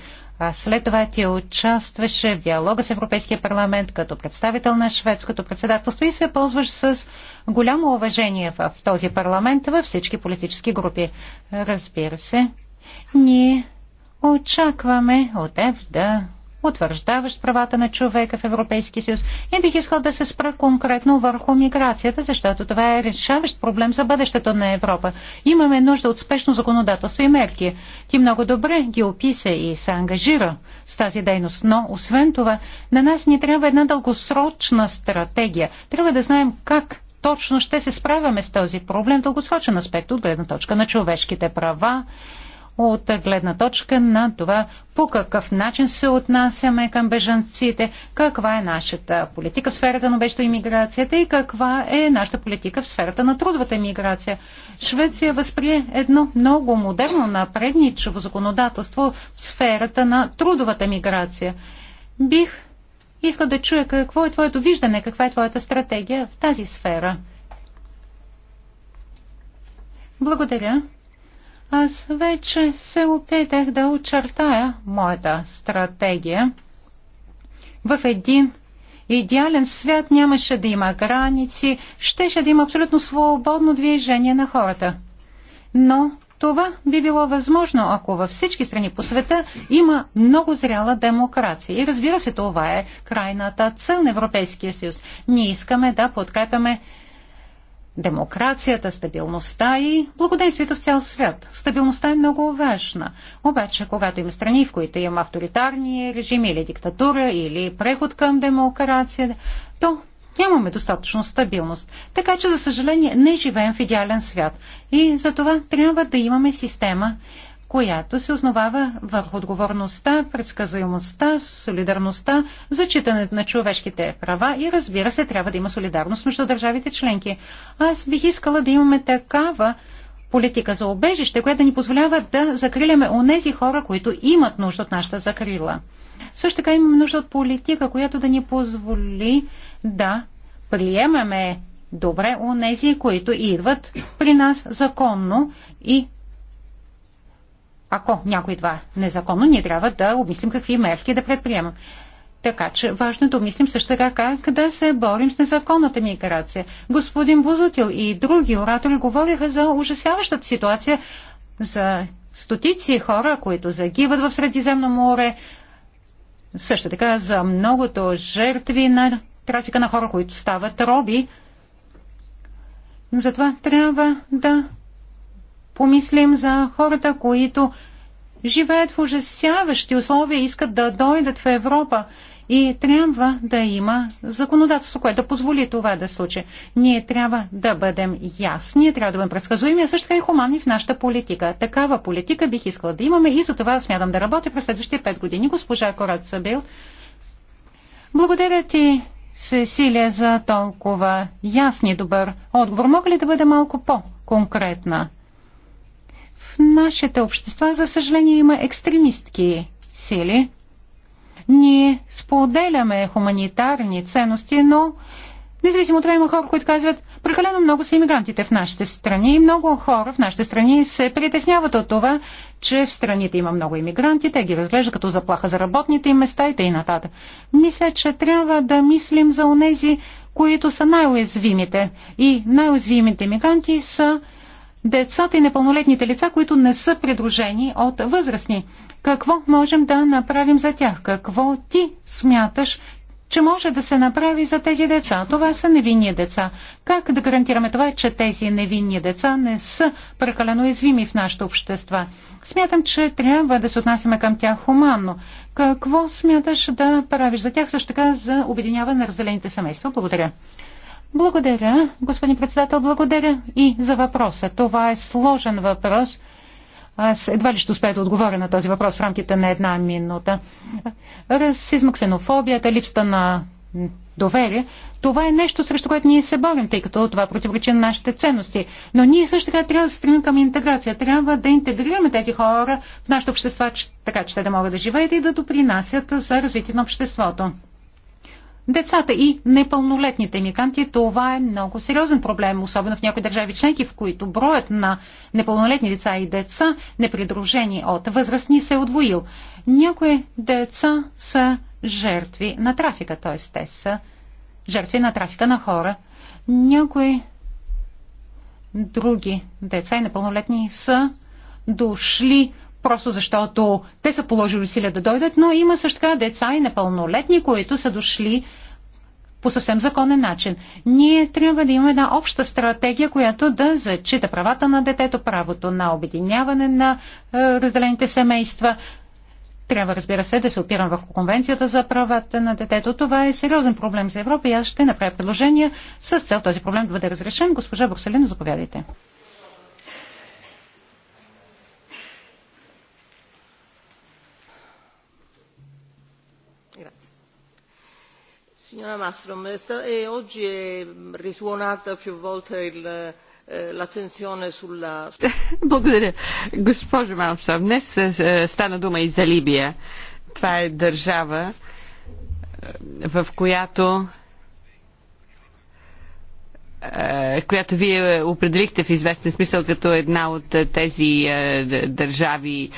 след това ти участваше в диалога с Европейския парламент като представител на шведското председателство и се ползваш с голямо уважение в този парламент във всички политически групи. Разбира се, ние очакваме от теб да утвърждаващ правата на човека в Европейския съюз. И бих искал да се спра конкретно върху миграцията, защото това е решаващ проблем за бъдещето на Европа. Имаме нужда от спешно законодателство и мерки. Ти много добре ги описа и се ангажира с тази дейност, но освен това на нас ни трябва една дългосрочна стратегия. Трябва да знаем как точно ще се справяме с този проблем дългосрочен аспект от гледна точка на човешките права, от гледна точка на това по какъв начин се отнасяме към бежанците, каква е нашата политика в сферата на бежата иммиграцията и каква е нашата политика в сферата на трудовата иммиграция. Швеция възприе едно много модерно напредничево законодателство в сферата на трудовата миграция. Бих искал да чуя какво е твоето виждане, каква е твоята стратегия в тази сфера. Благодаря. Аз вече се опитах да очертая моята стратегия. В един идеален свят нямаше да има граници, щеше да има абсолютно свободно движение на хората. Но това би било възможно, ако във всички страни по света има много зряла демокрация. И разбира се, това е крайната цел на Европейския съюз. Ние искаме да подкрепяме демокрацията, стабилността и благодействието в цял свят. Стабилността е много важна. Обаче, когато има страни, в които има авторитарни режими или диктатура, или преход към демокрация, то нямаме достатъчно стабилност. Така че, за съжаление, не живеем в идеален свят. И за това трябва да имаме система, която се основава върху отговорността, предсказуемостта, солидарността, зачитането на човешките права и разбира се, трябва да има солидарност между държавите членки. Аз бих искала да имаме такава политика за обежище, която ни позволява да закриляме онези хора, които имат нужда от нашата закрила. Също така имаме нужда от политика, която да ни позволи да приемаме добре онези, които идват при нас законно и ако някой това незаконно, ние трябва да обмислим какви мерки да предприемам. Така че важно е да обмислим също така как да се борим с незаконната миграция. Господин Бузотил и други оратори говориха за ужасяващата ситуация за стотици хора, които загиват в Средиземно море, също така за многото жертви на трафика на хора, които стават роби. Затова трябва да помислим за хората, които живеят в ужасяващи условия, искат да дойдат в Европа и трябва да има законодателство, което да позволи това да случи. Ние трябва да бъдем ясни, трябва да бъдем предсказуеми, а също така и хуманни в нашата политика. Такава политика бих искала да имаме и за това смятам да работя през следващите пет години. Госпожа Корат Сабил, благодаря ти, Сесилия, за толкова ясни добър отговор. Мога ли да бъде малко по-конкретна? В нашите общества, за съжаление, има екстремистки сили. Ние споделяме хуманитарни ценности, но независимо от това има хора, които казват, прекалено много са иммигрантите в нашите страни и много хора в нашите страни се притесняват от това, че в страните има много иммигранти, те ги разглеждат като заплаха за работните им места и т.н. Мисля, че трябва да мислим за онези, които са най-уязвимите. И най-уязвимите иммигранти са децата и непълнолетните лица, които не са придружени от възрастни. Какво можем да направим за тях? Какво ти смяташ, че може да се направи за тези деца. Това са невинни деца. Как да гарантираме това, че тези невинни деца не са прекалено извими в нашите общества? Смятам, че трябва да се отнасяме към тях хуманно. Какво смяташ да правиш за тях, също така за обединяване на разделените семейства? Благодаря. Благодаря, господин председател, благодаря и за въпроса. Това е сложен въпрос. Аз едва ли ще успея да отговоря на този въпрос в рамките на една минута. Расизма, ксенофобията, липсата на доверие, това е нещо, срещу което ние се борим, тъй като това противоречи на нашите ценности. Но ние също така трябва да стремим към интеграция. Трябва да интегрираме тези хора в нашето общество, така че те да могат да живеят и да допринасят за развитие на обществото децата и непълнолетните мигранти. Това е много сериозен проблем, особено в някои държави членки, в които броят на непълнолетни деца и деца, непридружени от възрастни, се е отвоил. Някои деца са жертви на трафика, т.е. те са жертви на трафика на хора. Някои други деца и непълнолетни са дошли просто защото те са положили усилия да дойдат, но има също така деца и непълнолетни, които са дошли по съвсем законен начин. Ние трябва да имаме една обща стратегия, която да зачита правата на детето, правото на обединяване на е, разделените семейства. Трябва, разбира се, да се опирам в Конвенцията за правата на детето. Това е сериозен проблем за Европа и аз ще направя предложения с цел този проблем да бъде разрешен. Госпожа Бурселина, заповядайте. Signora Malmström, oggi è mm, risuonata più volte il, eh, l'attenzione sulla... Благодаря. Госпожо Малмстром, днес е, е, стана дума и за Либия. Това е държава, е, в която която вие определихте в известен смисъл като една от тези държави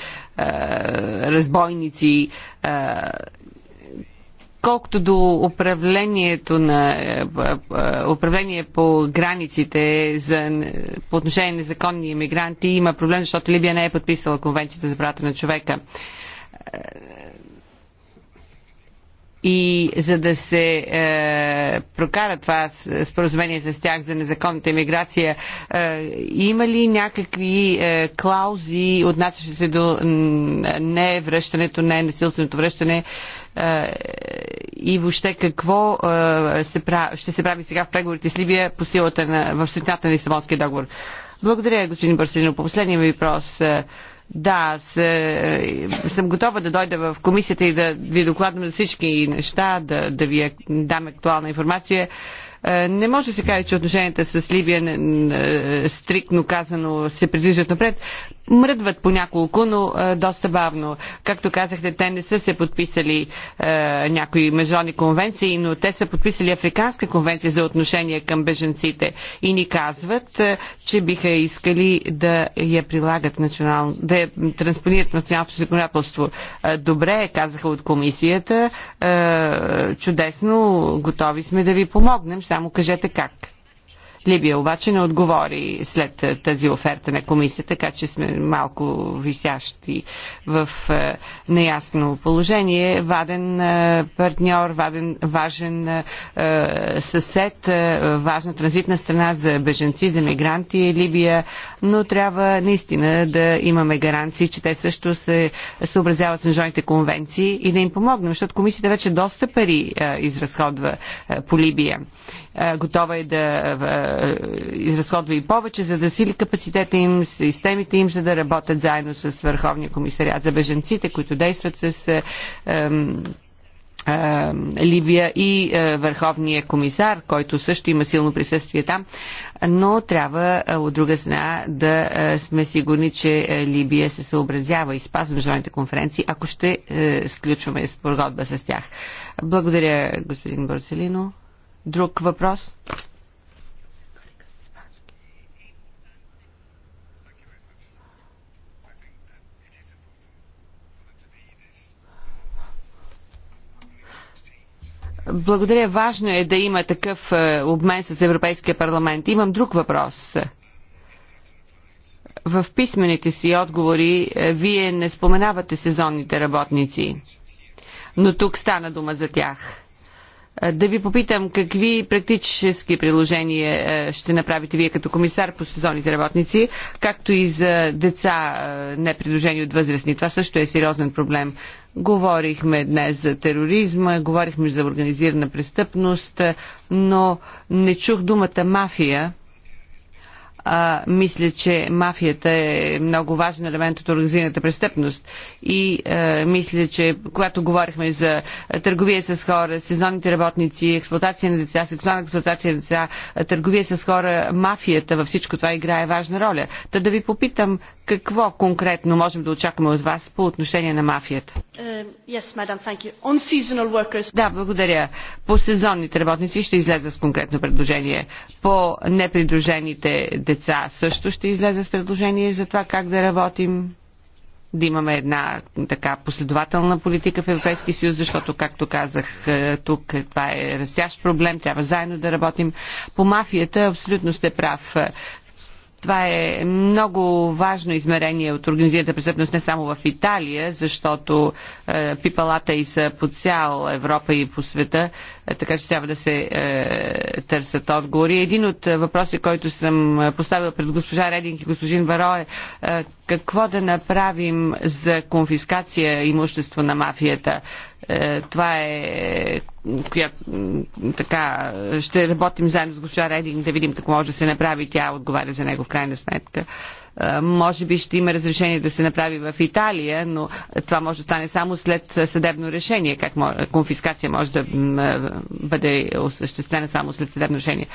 разбойници Колкото до управлението на е, е, е, управление по границите за, по отношение на незаконни иммигранти има проблем, защото Либия не е подписала конвенцията за правата на човека и за да се е, прокара това споразумение с тях за незаконната иммиграция, е, има ли някакви е, клаузи, отнасящи се до не връщането, не насилственото връщане е, и въобще какво е, се прави, ще се прави сега в преговорите с Либия по силата на, в светната на Лисамонския договор? Благодаря, господин Барселино. По последния ми въпрос. Е, да, се, съм готова да дойда в комисията и да ви докладвам за всички неща, да, да ви е- дам актуална информация. Е, не може да се каже, че отношенията с Либия е, е, стриктно казано се придвижат напред. Мръдват по няколко, но доста бавно. Както казахте, те не са се подписали някои международни конвенции, но те са подписали Африканска конвенция за отношение към беженците и ни казват, че биха искали да я прилагат национално, да я транспонират националното законодателство. Добре, казаха от комисията. Чудесно, готови сме да ви помогнем само кажете как. Либия обаче не отговори след е, тази оферта на комисията, така че сме малко висящи в е, неясно положение. Ваден е, партньор, ваден, важен съсед, важна транзитна страна за беженци, за мигранти е Либия, но трябва наистина да имаме гаранции, че те също се съобразяват с международните конвенции и да им помогнем, защото комисията вече доста пари изразходва по Либия. Е, готова е да е, е, изразходва и повече, за да сили капацитета им, системите им, за да работят заедно с Върховния комисариат за беженците, които действат с Либия и Върховния комисар, който също има силно присъствие там, но трябва от друга страна да сме сигурни, че Либия се съобразява и спазва международните конференции, ако ще сключваме спогодба с тях. Благодаря, господин Борселино. Друг въпрос? Благодаря. Важно е да има такъв е, обмен с Европейския парламент. Имам друг въпрос. В писмените си отговори е, вие не споменавате сезонните работници, но тук стана дума за тях да ви попитам какви практически приложения ще направите вие като комисар по сезонните работници, както и за деца непридружени от възрастни. Това също е сериозен проблем. Говорихме днес за тероризма, говорихме за организирана престъпност, но не чух думата мафия а, мисля, че мафията е много важен елемент от организираната престъпност. И а, е, мисля, че когато говорихме за търговия с хора, сезонните работници, експлуатация на деца, сексуална експлуатация на деца, е, търговия с хора, мафията във всичко това играе важна роля. Та да ви попитам какво конкретно можем да очакваме от вас по отношение на мафията. Um, да, благодаря. По сезонните работници ще излеза с конкретно предложение. По непридружените деца също ще излеза с предложение за това как да работим да имаме една така последователна политика в Европейския съюз, защото, както казах е, тук, това е растящ проблем, трябва заедно да работим. По мафията абсолютно сте прав. Това е много важно измерение от организираната престъпност не само в Италия, защото е, пипалата и са по цял Европа и по света. Е, така че трябва да се е, търсят отговори. Един от е, въпроси, който съм е, поставил пред госпожа Рединг и господин Варо е, е какво да направим за конфискация имущество на мафията. Е, това е коя, така, ще работим заедно с госпожа Рединг да видим какво може да се направи. Тя отговаря за него в крайна сметка. Е, е, може би ще има разрешение да се направи в Италия, но това може да стане само след съдебно решение. Как конфискация може да е, бъде осъществена само след съдебно решение.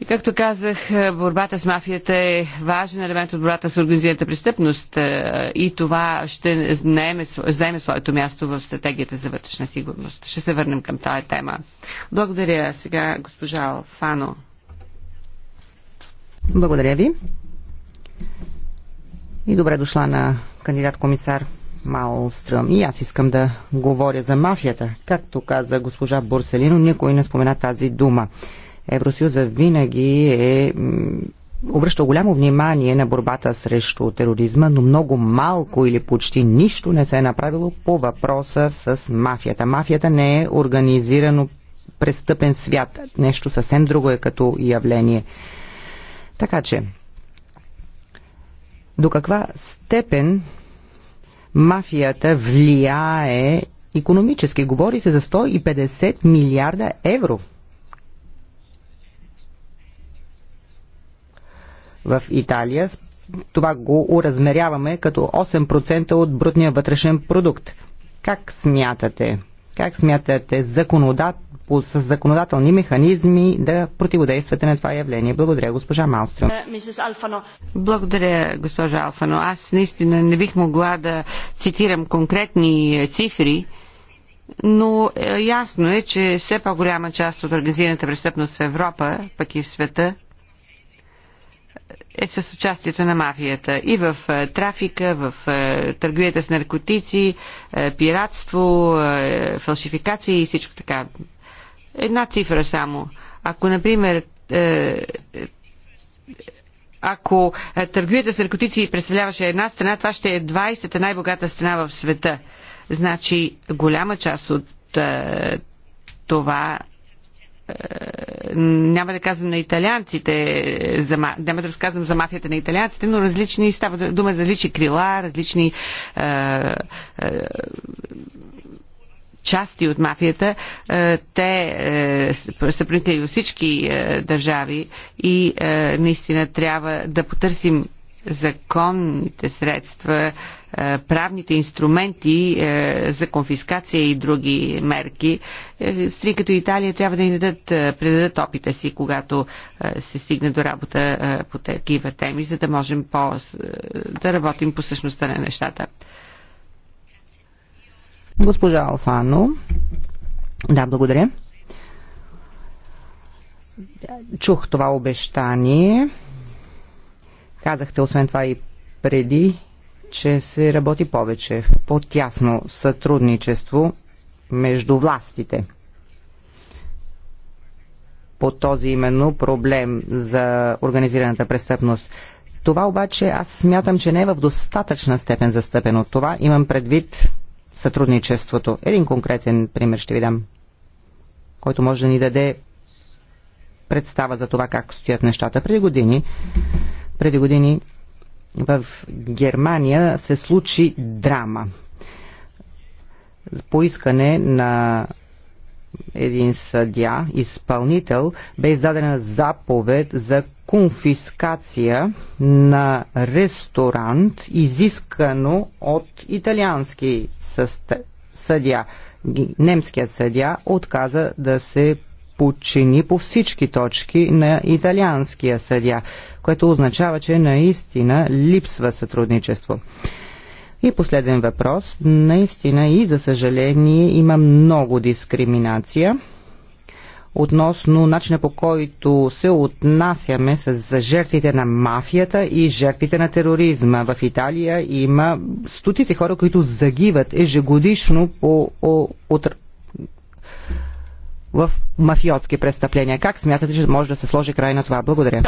И както казах, е, борбата с мафията е важен елемент от борбата с организираната престъпност и това ще заеме своето място в стратегията за вътрешна сигурност. Ще се върнем към тази тема. Благодаря сега госпожа Алфано. Благодаря ви. И добре дошла на кандидат-комисар Малстръм. И аз искам да говоря за мафията. Както каза госпожа Борселино, никой не спомена тази дума. Евросъюза винаги е обръща голямо внимание на борбата срещу тероризма, но много малко или почти нищо не се е направило по въпроса с мафията. Мафията не е организирано престъпен свят. Нещо съвсем друго е като явление. Така че, до каква степен мафията влияе економически. Говори се за 150 милиарда евро. В Италия това го уразмеряваме като 8% от брутния вътрешен продукт. Как смятате? Как смятате законодат с законодателни механизми да противодействате на това явление. Благодаря, госпожа Малстрюм. Благодаря, госпожа Алфано. Аз наистина не бих могла да цитирам конкретни цифри, но е, ясно е, че все по-голяма част от организираната престъпност в Европа, пък и в света, е с участието на мафията и в е, трафика, в е, търговията с наркотици, пиратство, фалшификации и всичко така Една цифра само. Ако, например, е, ако е, търговията с наркотици представляваше една страна, това ще е 20-та най-богата страна в света. Значи голяма част от е, това няма да казвам на италианците, за, няма да разказвам за мафията на италианците, но различни, става дума за различни крила, различни е, е, части от мафията, е, те е, са проникнали във всички е, държави и наистина трябва да потърсим законните средства, правните инструменти за конфискация и други мерки. Стри като Италия трябва да ни дадат, предадат опита си, когато се стигне до работа по такива теми, за да можем по, да работим по същността на нещата. Госпожа Алфано. Да, благодаря. Чух това обещание. Казахте, освен това и преди, че се работи повече в по-тясно сътрудничество между властите. По този именно проблем за организираната престъпност. Това обаче аз смятам, че не е в достатъчна степен застъпено. Това имам предвид сътрудничеството. Един конкретен пример ще ви дам, който може да ни даде представа за това как стоят нещата. Преди години, преди години в Германия се случи драма. Поискане на един съдя, изпълнител, бе издадена заповед за конфискация на ресторант, изискано от италиански съдя. Немският съдя отказа да се подчини по всички точки на италианския съдя, което означава, че наистина липсва сътрудничество. И последен въпрос. Наистина и за съжаление има много дискриминация относно начина по който се отнасяме с, жертвите на мафията и жертвите на тероризма. В Италия има стотици хора, които загиват ежегодишно по, о, от, в мафиотски престъпления. Как смятате, че може да се сложи край на това? Благодаря.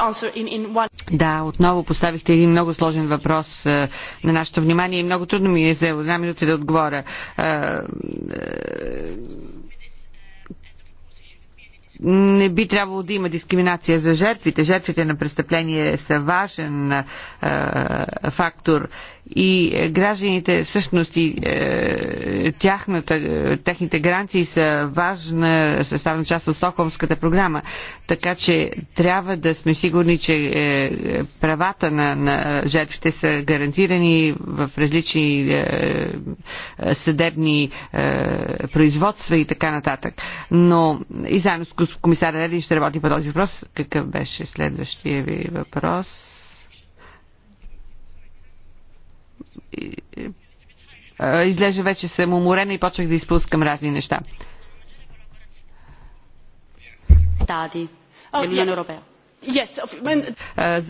Да, отново поставихте един много сложен въпрос е, на нашето внимание и много трудно ми е за една минута да отговоря е, е, не би трябвало да има дискриминация за жертвите. Жертвите на престъпление са важен е, фактор и е, гражданите, всъщност и е, тяхната, е, техните гаранции са важна съставна част от Стокхолмската програма. Така че трябва да сме сигурни, че е, правата на, на жертвите са гарантирани в различни е, съдебни е, производства и така нататък. Но и заедно с комисаря Редин ще работи по този въпрос. Какъв беше следващия ви въпрос? Е, изглежда вече съм уморена и почнах да изпускам разни неща. Тати. Е,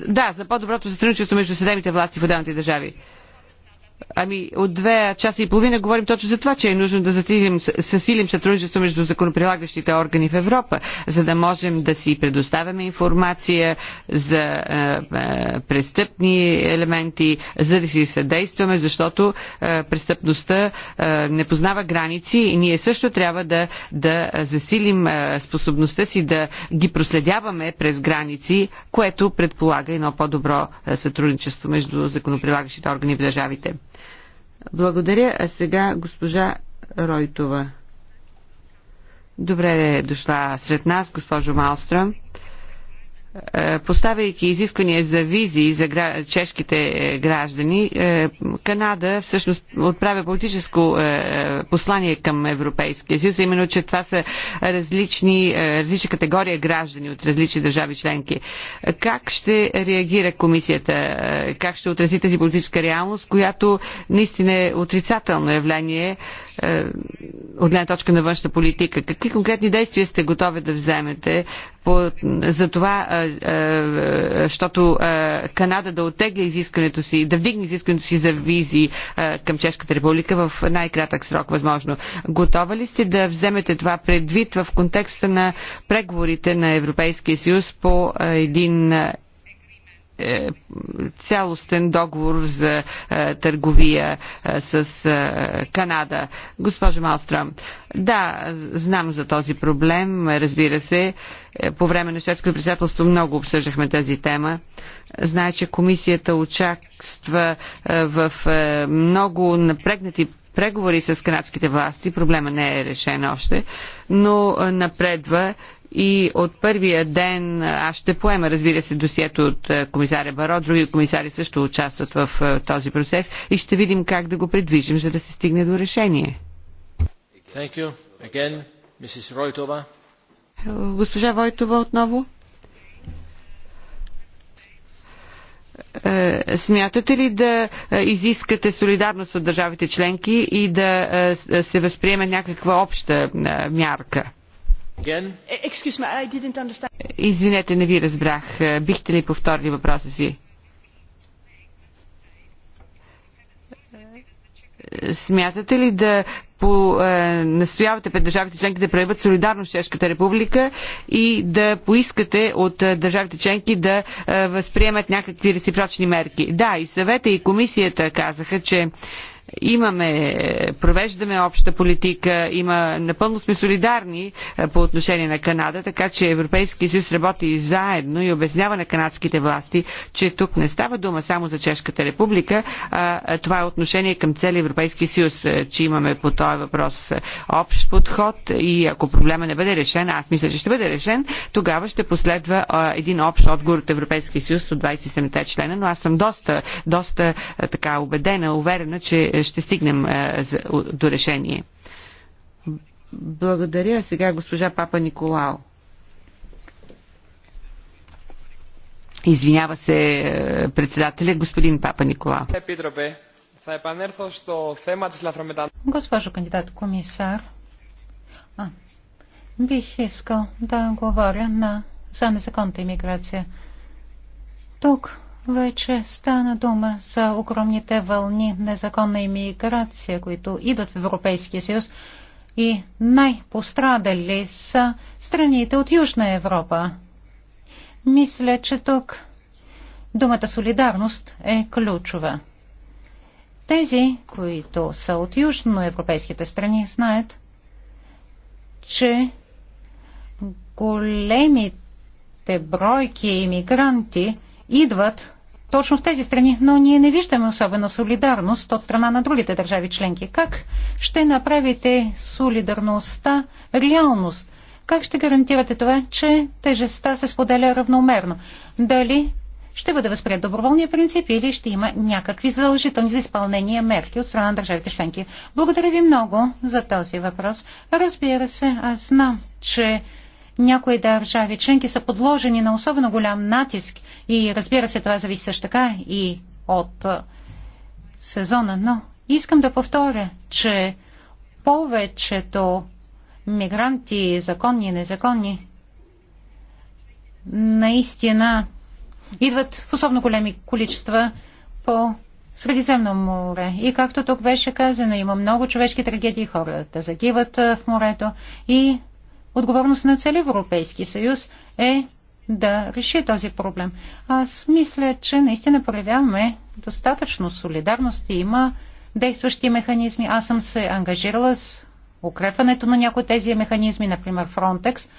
да, за по-доброто сътрудничество между съдебните власти в отделните държави. Ами от две часа и половина говорим точно за това, че е нужно да затизим, съсилим сътрудничество между законоприлагащите органи в Европа, за да можем да си предоставяме информация за е, е, престъпни елементи, за да си съдействаме, защото е, престъпността е, не познава граници и ние също трябва да, да засилим е, способността си да ги проследяваме през граници, което предполага едно по-добро е, сътрудничество между законоприлагащите органи в държавите. Благодаря, а сега госпожа Ройтова. Добре е дошла сред нас, госпожо Малстрам. Е, поставяйки изисквания за визи за чешките е, граждани, е, Канада всъщност отправя политическо послание към Европейския съюз, именно, че това са различни, различни категория граждани от различни държави членки. Как ще реагира комисията? Как ще отрази тази политическа реалност, която наистина е отрицателно явление? Е, от гледна точка на външна политика. Какви конкретни действия сте готови да вземете по, за това, защото е, е, Канада да отегля изискването си, да вдигне изискването си за визи към Чешката република в най-кратък срок, възможно. Готова ли сте да вземете това предвид в контекста на преговорите на Европейския съюз по един е, цялостен договор за е, търговия е, с Канада. Госпожо Малстрам, да, знам за този проблем, разбира се. по време на шведското председателство много обсъждахме тази тема. Знае, че комисията участва в много напрегнати преговори с канадските власти. Проблема не е решен още, но напредва и от първия ден аз ще поема, разбира се, досието от комисаря Баро, други комисари също участват в този процес и ще видим как да го предвижим, за да се стигне до решение. Thank you. Again, Mrs. Ройтова. Госпожа Войтова отново. Е, смятате ли да е, изискате солидарност от държавите членки и да е, се възприеме някаква обща мярка? Е, Извинете, не ви разбрах. Е, бихте ли повторили въпроса си? Е, смятате ли да по, е, настоявате пред държавите членки да проявят солидарност с Чешката република и да поискате от е, държавите членки да е, възприемат някакви реципрочни мерки? Да, и съвета и комисията казаха, че е, Имаме, провеждаме обща политика, има, напълно сме солидарни е, по отношение на Канада, така че Европейския съюз работи заедно и обяснява на канадските власти, че тук не става дума само за Чешката република, а това е отношение към целия Европейски съюз, е, че имаме по този въпрос е, общ подход и ако проблема не бъде решен, аз мисля, че ще бъде решен, тогава ще последва един общ отговор от Европейския съюз от 27-те члена, но аз съм доста, доста така убедена, уверена, че ще стигнем е, до решение. Благодаря. Сега госпожа Папа Николао. Извинява се е, председателя, господин Папа Николао. Госпожо кандидат комисар, а, бих искал да говоря на, за незаконната иммиграция. Тук вече стана дума за огромните вълни незаконна иммиграция, които идват в Европейския съюз и най-пострадали са страните от Южна Европа. Мисля, че тук думата солидарност е ключова. Тези, които са от южноевропейските страни, знаят, че големите бройки иммигранти идват точно в тези страни, но ние не виждаме особена солидарност от страна на другите държави членки. Как ще направите солидарността реалност? Как ще гарантирате това, че тежестта се споделя равномерно? Дали ще бъде възприят доброволния принцип или ще има някакви задължителни за изпълнение мерки от страна на държавите членки? Благодаря ви много за този въпрос. Разбира се, аз знам, че някои държави членки са подложени на особено голям натиск и разбира се, това зависи също така и от сезона. Но искам да повторя, че повечето мигранти, законни и незаконни, наистина идват в особено големи количества по Средиземно море. И както тук беше казано, има много човешки трагедии, хората загиват в морето и отговорност на цели Европейски съюз е да реши този проблем. Аз мисля, че наистина проявяваме достатъчно солидарност и има действащи механизми. Аз съм се ангажирала с укрепването на някои тези механизми, например Frontex.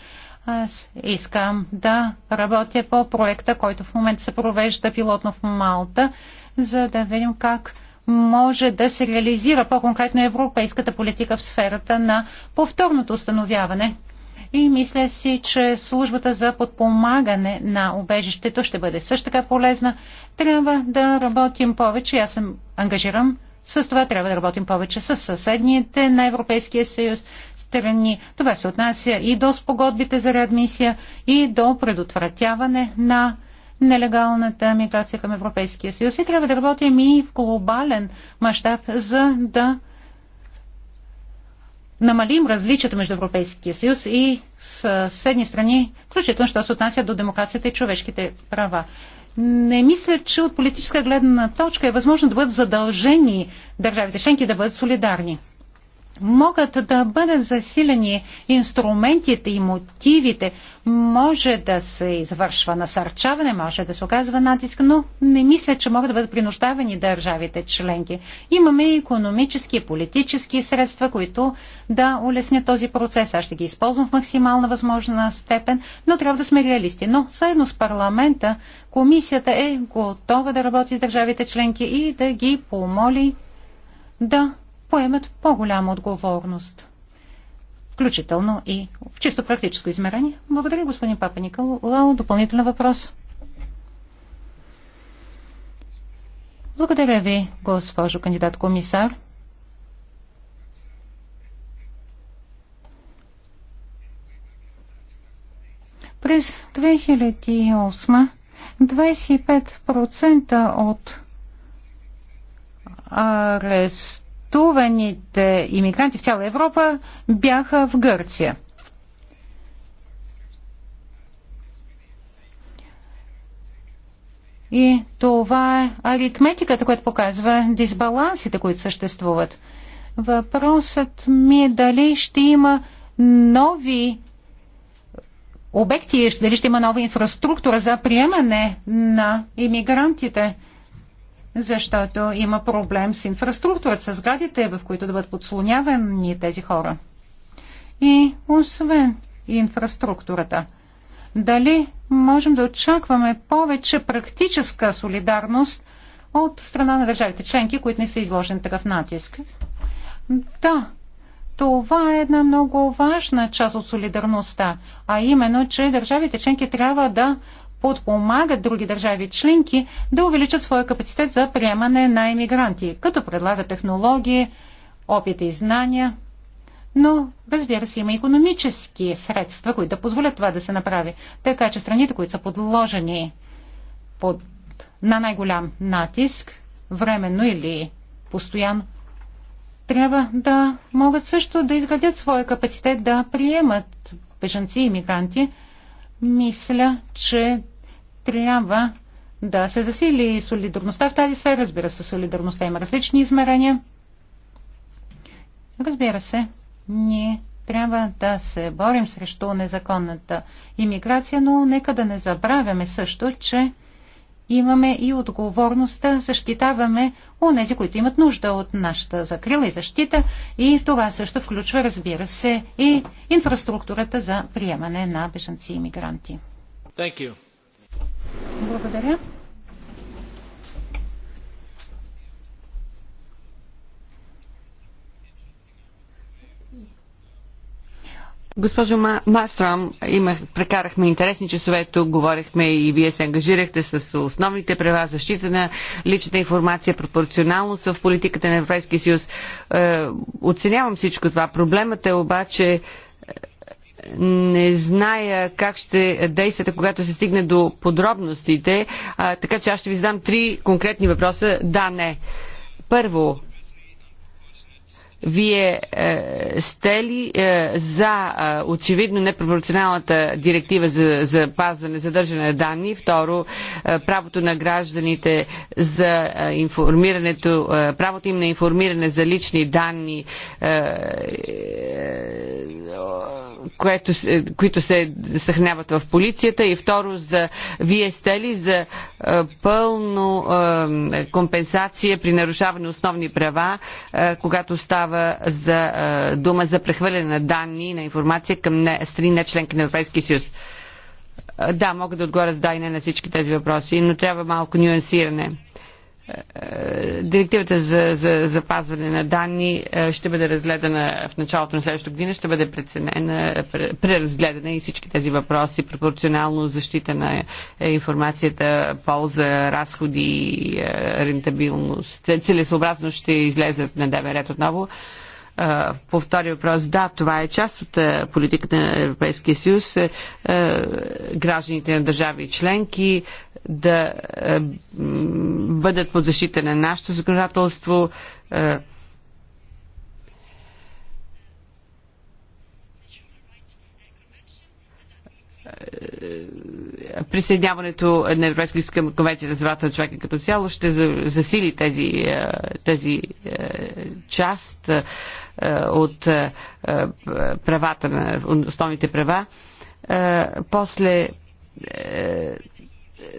Аз искам да работя по проекта, който в момента се провежда пилотно в Малта, за да видим как може да се реализира по-конкретно европейската политика в сферата на повторното установяване и мисля си, че службата за подпомагане на убежището ще бъде също така полезна. Трябва да работим повече, аз съм ангажирам с това трябва да работим повече с съседните на Европейския съюз страни. Това се отнася и до спогодбите за реадмисия, и до предотвратяване на нелегалната миграция към Европейския съюз. И трябва да работим и в глобален мащаб, за да намалим различията между Европейския съюз и съседни страни, включително, що се отнася до демокрацията и човешките права. Не мисля, че от политическа гледна точка е възможно да бъдат задължени държавите членки да бъдат солидарни. Могат да бъдат засилени инструментите и мотивите, може да се извършва насърчаване, може да се оказва натиск, но не мисля, че могат да бъдат принуждавани държавите членки. Имаме и економически и политически средства, които да улеснят този процес. Аз ще ги използвам в максимална възможна степен, но трябва да сме реалисти. Но заедно с парламента комисията е готова да работи с държавите членки и да ги помоли да поемат по-голяма отговорност включително и в чисто практическо измерение. Благодаря, господин Папа Николао. Допълнителен въпрос. Благодаря ви, госпожо кандидат комисар. През 2008 25% от арест арестуваните иммигранти в цяла Европа бяха в Гърция. И това е аритметиката, която показва дисбалансите, които съществуват. Въпросът ми е дали ще има нови обекти, дали ще има нова инфраструктура за приемане на иммигрантите защото има проблем с инфраструктурата, с сградите, в които да бъдат подслонявани тези хора. И освен инфраструктурата, дали можем да очакваме повече практическа солидарност от страна на държавите членки, които не са изложени такъв натиск? Да, това е една много важна част от солидарността, а именно, че държавите членки трябва да подпомагат други държави членки да увеличат своя капацитет за приемане на иммигранти, като предлагат технологии, опит и знания. Но, разбира се, има економически средства, които да позволят това да се направи. Така че страните, които са подложени под, на най-голям натиск, временно или постоянно, трябва да могат също да изградят своя капацитет да приемат бежанци и мигранти. Мисля, че трябва да се засили солидарността в тази сфера. Разбира се, солидарността има различни измерения. Разбира се, ние трябва да се борим срещу незаконната иммиграция, но нека да не забравяме също, че имаме и отговорността, да защитаваме нези, които имат нужда от нашата закрила и защита и това също включва, разбира се, и инфраструктурата за приемане на бежанци и иммигранти. Thank you. Благодаря. Госпожо Мастрам, имах, прекарахме интересни часове тук, говорихме и вие се ангажирахте с основните права, защита на личната информация, пропорционалност в политиката на Европейския съюз. Е, оценявам всичко това. Проблемът е обаче не зная как ще действате, когато се стигне до подробностите, а, така че аз ще ви задам три конкретни въпроса. Да, не. Първо, вие е, сте ли е, за е, очевидно непропорционалната директива за, за пазване, задържане на данни? Второ, е, правото на гражданите за е, информирането, е, правото им на информиране за лични данни, е, е, което, е, които се съхняват в полицията. И второ, за, вие сте ли за е, пълно е, компенсация при нарушаване основни права, е, когато става става за а, е, дума за прехвърляне на данни на информация към не, страни не членки на Европейския съюз. Е, да, мога да отговоря с дайне не на всички тези въпроси, но трябва малко нюансиране. Директивата за, за запазване на данни е, ще бъде разгледана в началото на следващата година, ще бъде преценена, преразгледана и всички тези въпроси, пропорционално защита на е, информацията, полза, разходи, е, рентабилност, целесообразно ще излезат на дневен ред отново по втори въпрос, да, това е част от политиката на Европейския съюз. Гражданите на държави и членки да е, бъдат под защита на нашето законодателство. Е, е, присъединяването на Европейска конвенция за правата на човека като цяло ще засили тези, тези част от правата на основните права. После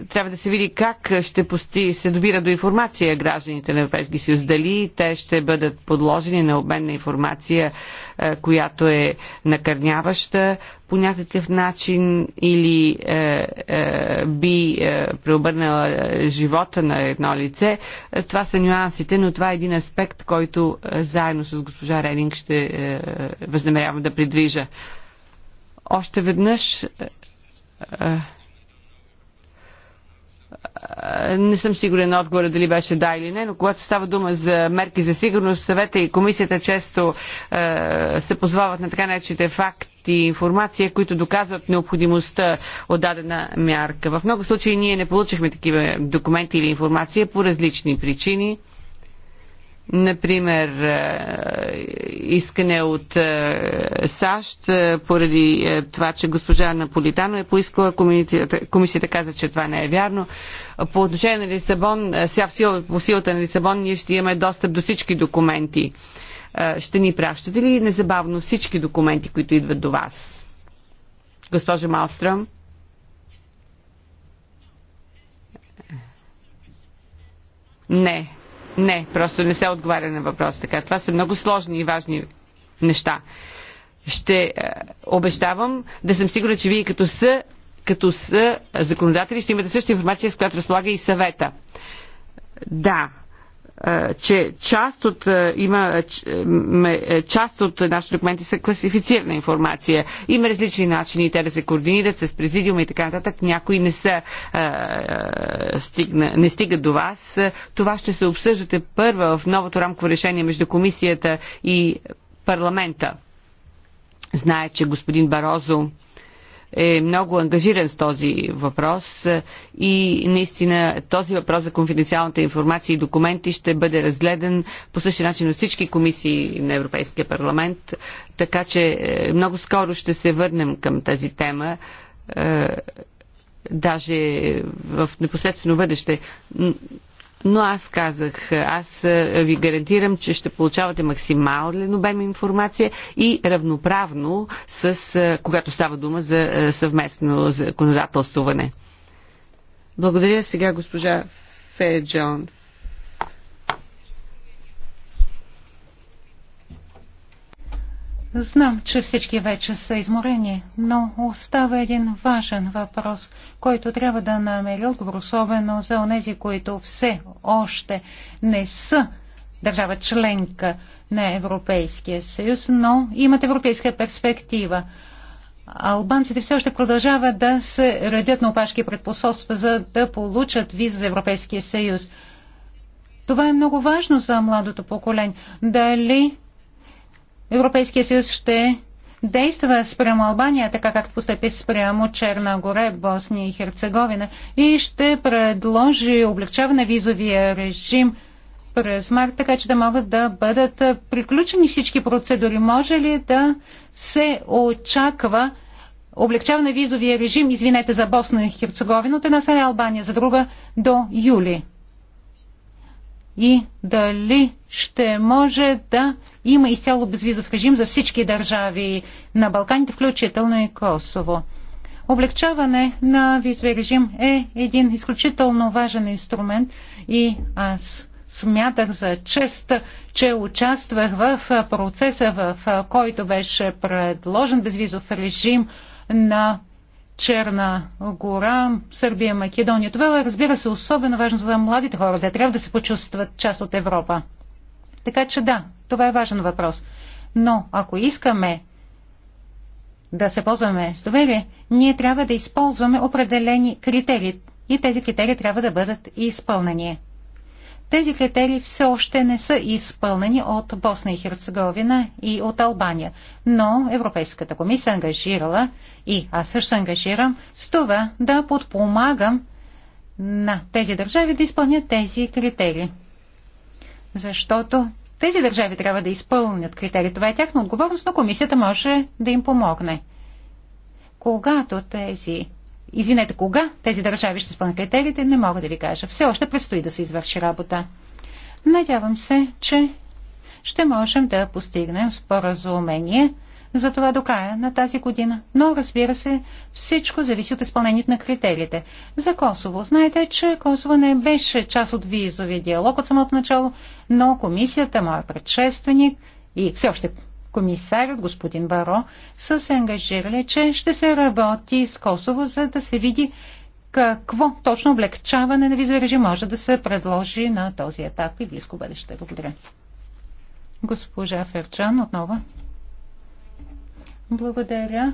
трябва да се види как ще пости, се добира до информация гражданите на Европейския съюз. Дали те ще бъдат подложени на обмен на информация, е, която е накърняваща по някакъв начин или е, е, би е, преобърнала живота на едно лице. Е, това са нюансите, но това е един аспект, който е, заедно с госпожа Ренинг ще е, възнамерявам да придвижа. Още веднъж. Е, е, е, не съм сигурен на отговора дали беше да или не, но когато става дума за мерки за сигурност, съвета и комисията често е, се позвават на така наречените факти и информация, които доказват необходимостта от дадена мярка. В много случаи ние не получихме такива документи или информация по различни причини например, е, искане от е, САЩ е, поради това, че госпожа Наполитано е поискала, комисията, комисията каза, че това не е вярно. По отношение на Лисабон, сега сила, по силата на Лисабон ние ще имаме достъп до всички документи. Ще ни пращате ли незабавно всички документи, които идват до вас? Госпожа Малстръм? Не. Не, просто не се отговаря на въпрос така. Това са много сложни и важни неща. Ще е, обещавам да съм сигурна, че вие като са, като са законодатели ще имате същата информация, с която разполага и съвета. Да, че част от, има, е, част от нашите документи са класифицирана информация. Има различни начини те да се координират с президиума и така нататък. Някои не, са, стигна, не стигат до вас. Това ще се обсъждате първа в новото рамково решение между комисията и парламента. Знае, че господин Барозо е много ангажиран с този въпрос е, и наистина този въпрос за конфиденциалната информация и документи ще бъде разгледан по същия начин от всички комисии на Европейския парламент, така че е, много скоро ще се върнем към тази тема е, даже в непосредствено бъдеще но аз казах, аз ви гарантирам, че ще получавате максимален обем информация и равноправно с, когато става дума за съвместно законодателствуване. Благодаря сега госпожа Феджон. Знам, че всички вече са изморени, но остава един важен въпрос, който трябва да намери отговор, особено за онези, които все още не са държава членка на Европейския съюз, но имат европейска перспектива. Албанците все още продължават да се редят на опашки пред посолствата, за да получат виза за Европейския съюз. Това е много важно за младото поколение. Дали Европейския съюз ще действа спрямо Албания, така както постъпи спрямо Черна горе, Босния и Херцеговина и ще предложи облегчаване визовия режим през март, така че да могат да бъдат приключени всички процедури. Може ли да се очаква облегчаване визовия режим, извинете за Босна и Херцеговина, от една страна Албания, за друга до юли? и дали ще може да има изцяло безвизов режим за всички държави на Балканите, включително и Косово. Облегчаване на визовия режим е един изключително важен инструмент и аз смятах за чест, че участвах в процеса, в който беше предложен безвизов режим на Черна гора, Сърбия, Македония. Това е, разбира се, е особено важно за младите хора. Те трябва да се почувстват част от Европа. Така че да, това е важен въпрос. Но ако искаме да се ползваме с доверие, ние трябва да използваме определени критерии. И тези критерии трябва да бъдат изпълнени. Тези критерии все още не са изпълнени от Босна и Херцеговина и от Албания, но Европейската комисия ангажирала и аз също ангажирам с това да подпомагам на тези държави да изпълнят тези критерии. Защото тези държави трябва да изпълнят критерии. Това е тяхна отговорност, но комисията може да им помогне. Когато тези Извинете, кога тези държави ще спънат критериите, не мога да ви кажа. Все още предстои да се извърши работа. Надявам се, че ще можем да постигнем споразумение за това до края на тази година. Но, разбира се, всичко зависи от изпълнението на критериите. За Косово. Знаете, че Косово не беше част от визовия диалог от самото начало, но комисията, моя предшественик и все още комисарят, господин Баро, са се ангажирали, че ще се работи с Косово, за да се види какво точно облегчаване на визови режим може да се предложи на този етап и близко бъдеще. Благодаря. Госпожа Ферчан отново. Благодаря.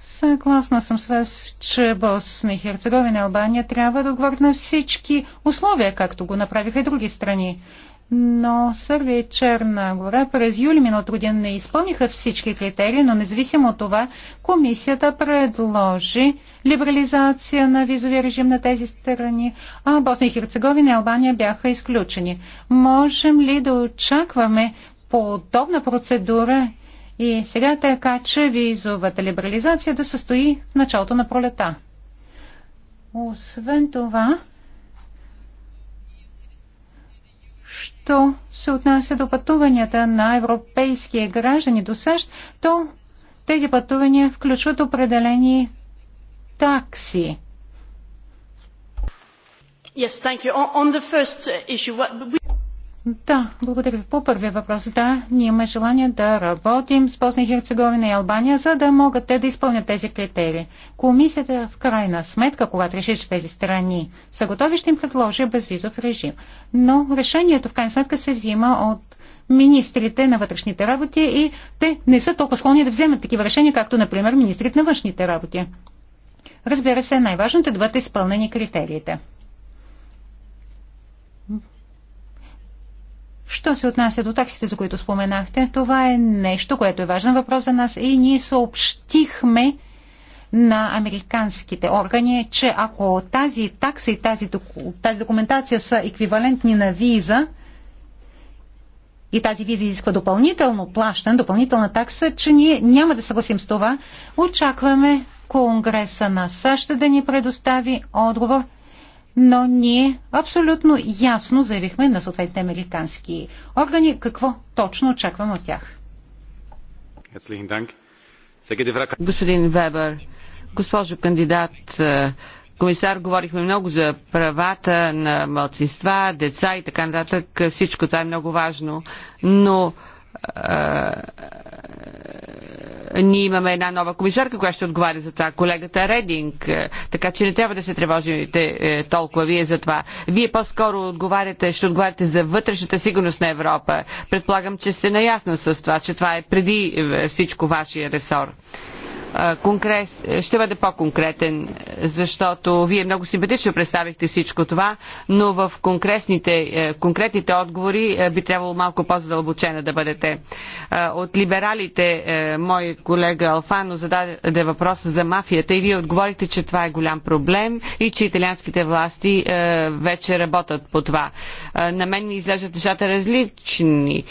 Съгласна съм с вас, че Босна и Херцеговина и Албания трябва да отговорят на всички условия, както го направиха и други страни но Сърви Черна гора през юли миналата година не изпълниха всички критерии, но независимо от това комисията предложи либерализация на визовия режим на тези страни, а Босна и Херцеговина и Албания бяха изключени. Можем ли да очакваме подобна процедура и сега е така, че визовата либерализация да състои в началото на пролета? Освен това, Що се отнася до пътуванията на европейски граждани до САЩ, то тези пътувания включват определени такси. Yes, thank you. On the first issue, what we... Да, благодаря ви. По първия въпрос, да, ние имаме желание да работим с Босния и Херцеговина и Албания, за да могат те да изпълнят тези критерии. Комисията в крайна сметка, когато реши, че тези страни са готови, ще им предложи безвизов режим. Но решението в крайна сметка се взима от министрите на вътрешните работи и те не са толкова склонни да вземат такива решения, както, например, министрите на външните работи. Разбира се, най-важното е да бъдат изпълнени критериите. Що се отнася до таксите, за които споменахте, това е нещо, което е важен въпрос за нас и ние съобщихме на американските органи, че ако тази такса и тази, тази документация са еквивалентни на виза, и тази виза изисква допълнително плащане, допълнителна такса, че ние няма да съгласим с това. Очакваме Конгреса на САЩ да ни предостави отговор но ние абсолютно ясно заявихме на съответните американски органи какво точно очакваме от тях. Господин Вебер, госпожо кандидат, е, комисар, говорихме много за правата на младсинства, деца и така нататък. Всичко това е много важно, но ние имаме една нова комисарка, която ще отговаря за това, колегата Рединг, така че не трябва да се тревожите е, толкова вие за това. Вие по-скоро отговаряте, ще отговаряте за вътрешната сигурност на Европа. Предполагам, че сте наясна с това, че това е преди е, всичко вашия ресор конкрес, ще бъде по-конкретен, защото вие много симпатично представихте всичко това, но в конкретните, е, конкретните отговори е, би трябвало малко по-задълбочена да бъдете. Е, от либералите, мой колега Алфано зададе въпрос за мафията и вие отговорихте, че това е голям проблем и че италианските власти вече работят по това. На мен ми изглеждат нещата различни.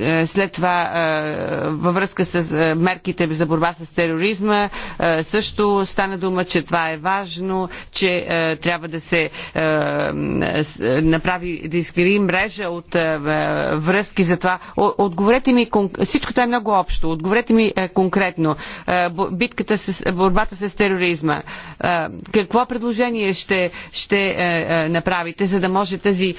Е, след това е, във връзка с е, мерките за борба с тероризма също стана дума, че това е важно, че трябва да се направи, да изкри мрежа от връзки за това. Отговорете ми, всичко това е много общо, отговорете ми конкретно. Битката с, борбата с тероризма. Какво предложение ще, ще направите, за да може тази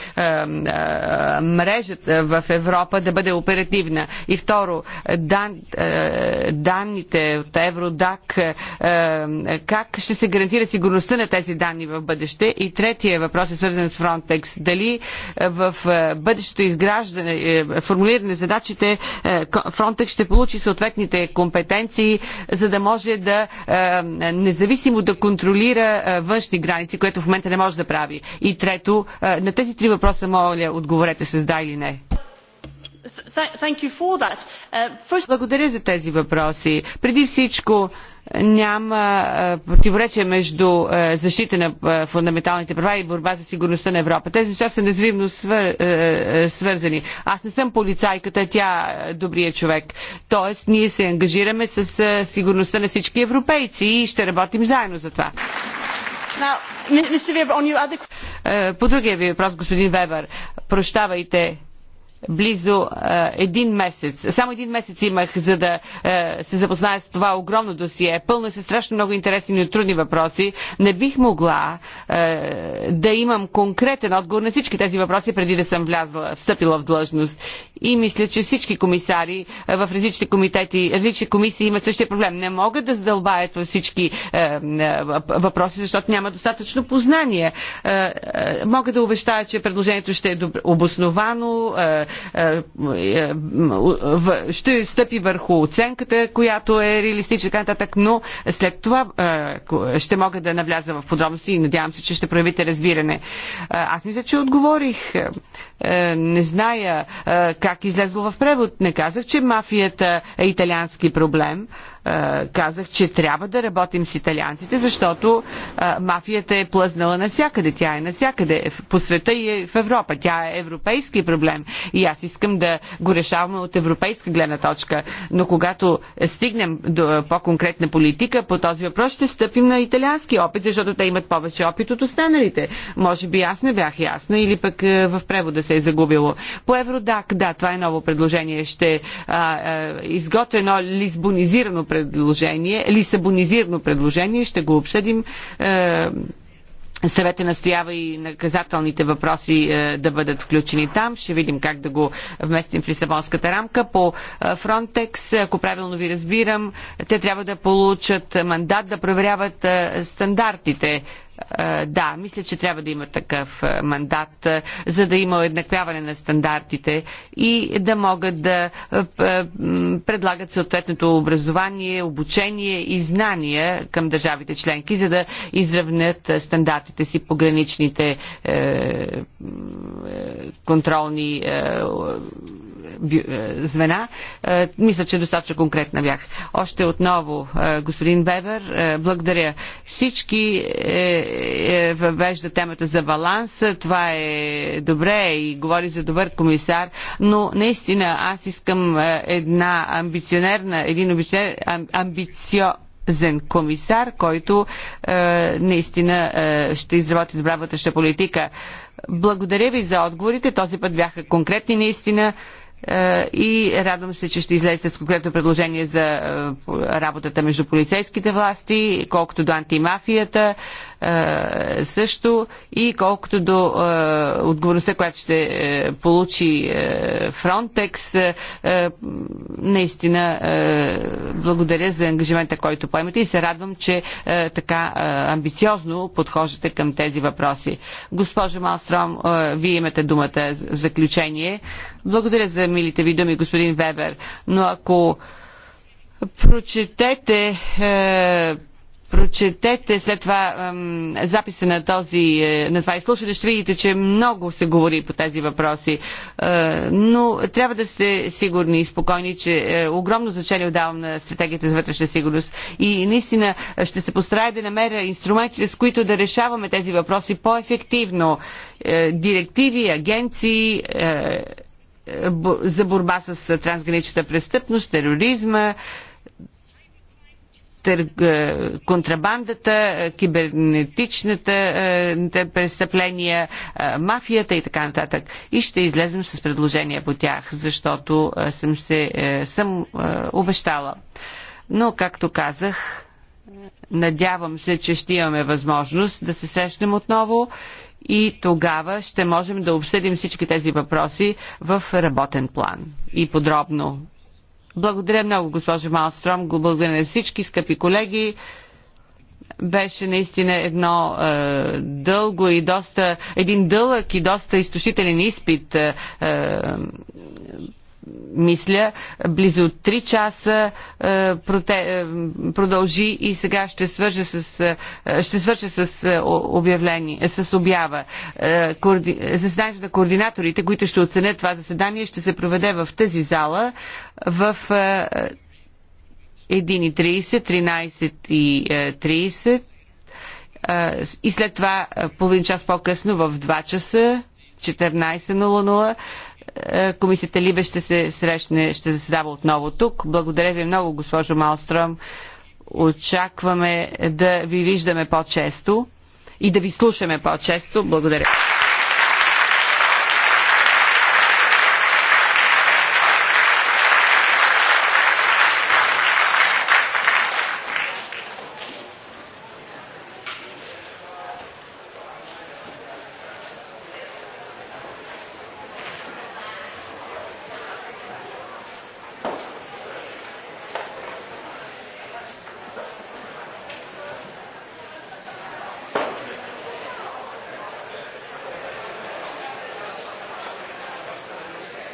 мрежа в Европа да бъде оперативна. И второ, дан, е, данните от Евродак, е, е, как ще се гарантира сигурността на тези данни в бъдеще? И третия въпрос е свързан с Frontex. Дали в бъдещето изграждане, формулиране на задачите, Frontex ще получи съответните компетенции, за да може да независимо да контролира външни граници, което в момента не може да прави. И трето, на тези три въпроса моля отговорете с да или не. Uh, Благодаря за тези въпроси. Преди всичко няма противоречие между защита на фундаменталните права и борба за сигурността на Европа. Тези неща са незривно свър... свързани. Аз не съм полицайката, тя е добрият човек. Тоест, ние се ангажираме с сигурността на всички европейци и ще работим заедно за това. Now, Weber, other... Е, по другия ви въпрос, господин Вебер, прощавайте, близо е, един месец. Само един месец имах, за да е, се запозная с това огромно досие. Пълно се страшно много интересни и трудни въпроси. Не бих могла е, да имам конкретен отговор на всички тези въпроси, преди да съм влязла, встъпила в длъжност. И мисля, че всички комисари е, в различни комитети, различни комисии имат същия проблем. Не могат да задълбаят във всички е, е, въпроси, защото няма достатъчно познание. Е, е, мога да обещая, че предложението ще е обосновано. Е, е, е, ще стъпи върху оценката, която е реалистична, така нататък, но след това е, ще мога да навляза в подробности и надявам се, че ще проявите разбиране. Аз мисля, че отговорих. Е, не зная е, как излезло в превод. Не казах, че мафията е италиански проблем. Е, казах, че трябва да работим с италианците, защото мафията е плъзнала навсякъде. Тя е навсякъде по света и е в Европа. Тя е европейски проблем. И аз искам да го решаваме от европейска гледна точка. Но когато стигнем до по-конкретна политика по този въпрос, ще стъпим на италиански опит, защото те имат повече опит от останалите. Може би аз не бях ясна или пък в превода се е загубило. По Евродак, да, това е ново предложение. Ще а, а, изготвя едно лисбонизирано предложение, лисабонизирано предложение, ще го обсъдим. А, е, Съвета настоява и наказателните въпроси е, да бъдат включени там. Ще видим как да го вместим в Лисабонската рамка. По Фронтекс, ако правилно ви разбирам, те трябва да получат мандат да проверяват е, стандартите да, мисля, че трябва да има такъв мандат, за да има еднаквяване на стандартите и да могат да предлагат съответното образование, обучение и знания към държавите членки, за да изравнят стандартите си по граничните е, е, контролни е, е, звена. Е, мисля, че достатъчно конкретна бях. Още отново, е, господин Бебер, благодаря. Всички въвежда темата за баланс. Това е добре и говори за добър комисар, но наистина аз искам една амбиционерна, един амбиционер, амбицио, зен комисар, който е, наистина е, ще изработи добра вътрешна политика. Благодаря ви за отговорите. Този път бяха конкретни наистина. Е, и радвам се, че ще излезе с конкретно предложение за е, работата между полицейските власти, колкото до антимафията е, също и колкото до отговорността, която ще получи Фронтекс. Наистина благодаря за ангажимента, който поемате и се радвам, че така амбициозно подхождате към тези въпроси. Госпожо Малстром, вие имате думата в заключение. Благодаря за милите ви думи, господин Вебер, но ако прочетете е, прочетете след това е, записа на, този, е, на това изслушване, ще видите, че много се говори по тези въпроси. Е, но трябва да сте сигурни и спокойни, че е, огромно значение отдавам на стратегията за вътрешна сигурност. И наистина ще се постарая да намеря инструменти, с които да решаваме тези въпроси по-ефективно. Е, директиви, агенции. Е, за борба с трансграничната престъпност, тероризма, контрабандата, кибернетичната престъпления, мафията и така нататък. И ще излезем с предложения по тях, защото съм се съм обещала. Но, както казах, надявам се, че ще имаме възможност да се срещнем отново и тогава ще можем да обсъдим всички тези въпроси в работен план и подробно. Благодаря много, госпожо Малстром. Благодаря на всички, скъпи колеги беше наистина едно е, дълго и доста, един дълъг и доста изтощителен изпит. Е, е, мисля. Близо 3 часа е, проте, е, продължи и сега ще свържа с, е, ще свържа с е, обявление, е, с обява. Е, коорди... Заседанието на координаторите, които ще оценят това заседание, ще се проведе в тази зала в е, 1.30, 13.30 е, и след това е, половин час по-късно в 2 часа 14.00 е, комисията Либе ще се срещне, ще заседава отново тук. Благодаря ви много, госпожо Малстром. Очакваме да ви виждаме по-често и да ви слушаме по-често. Благодаря.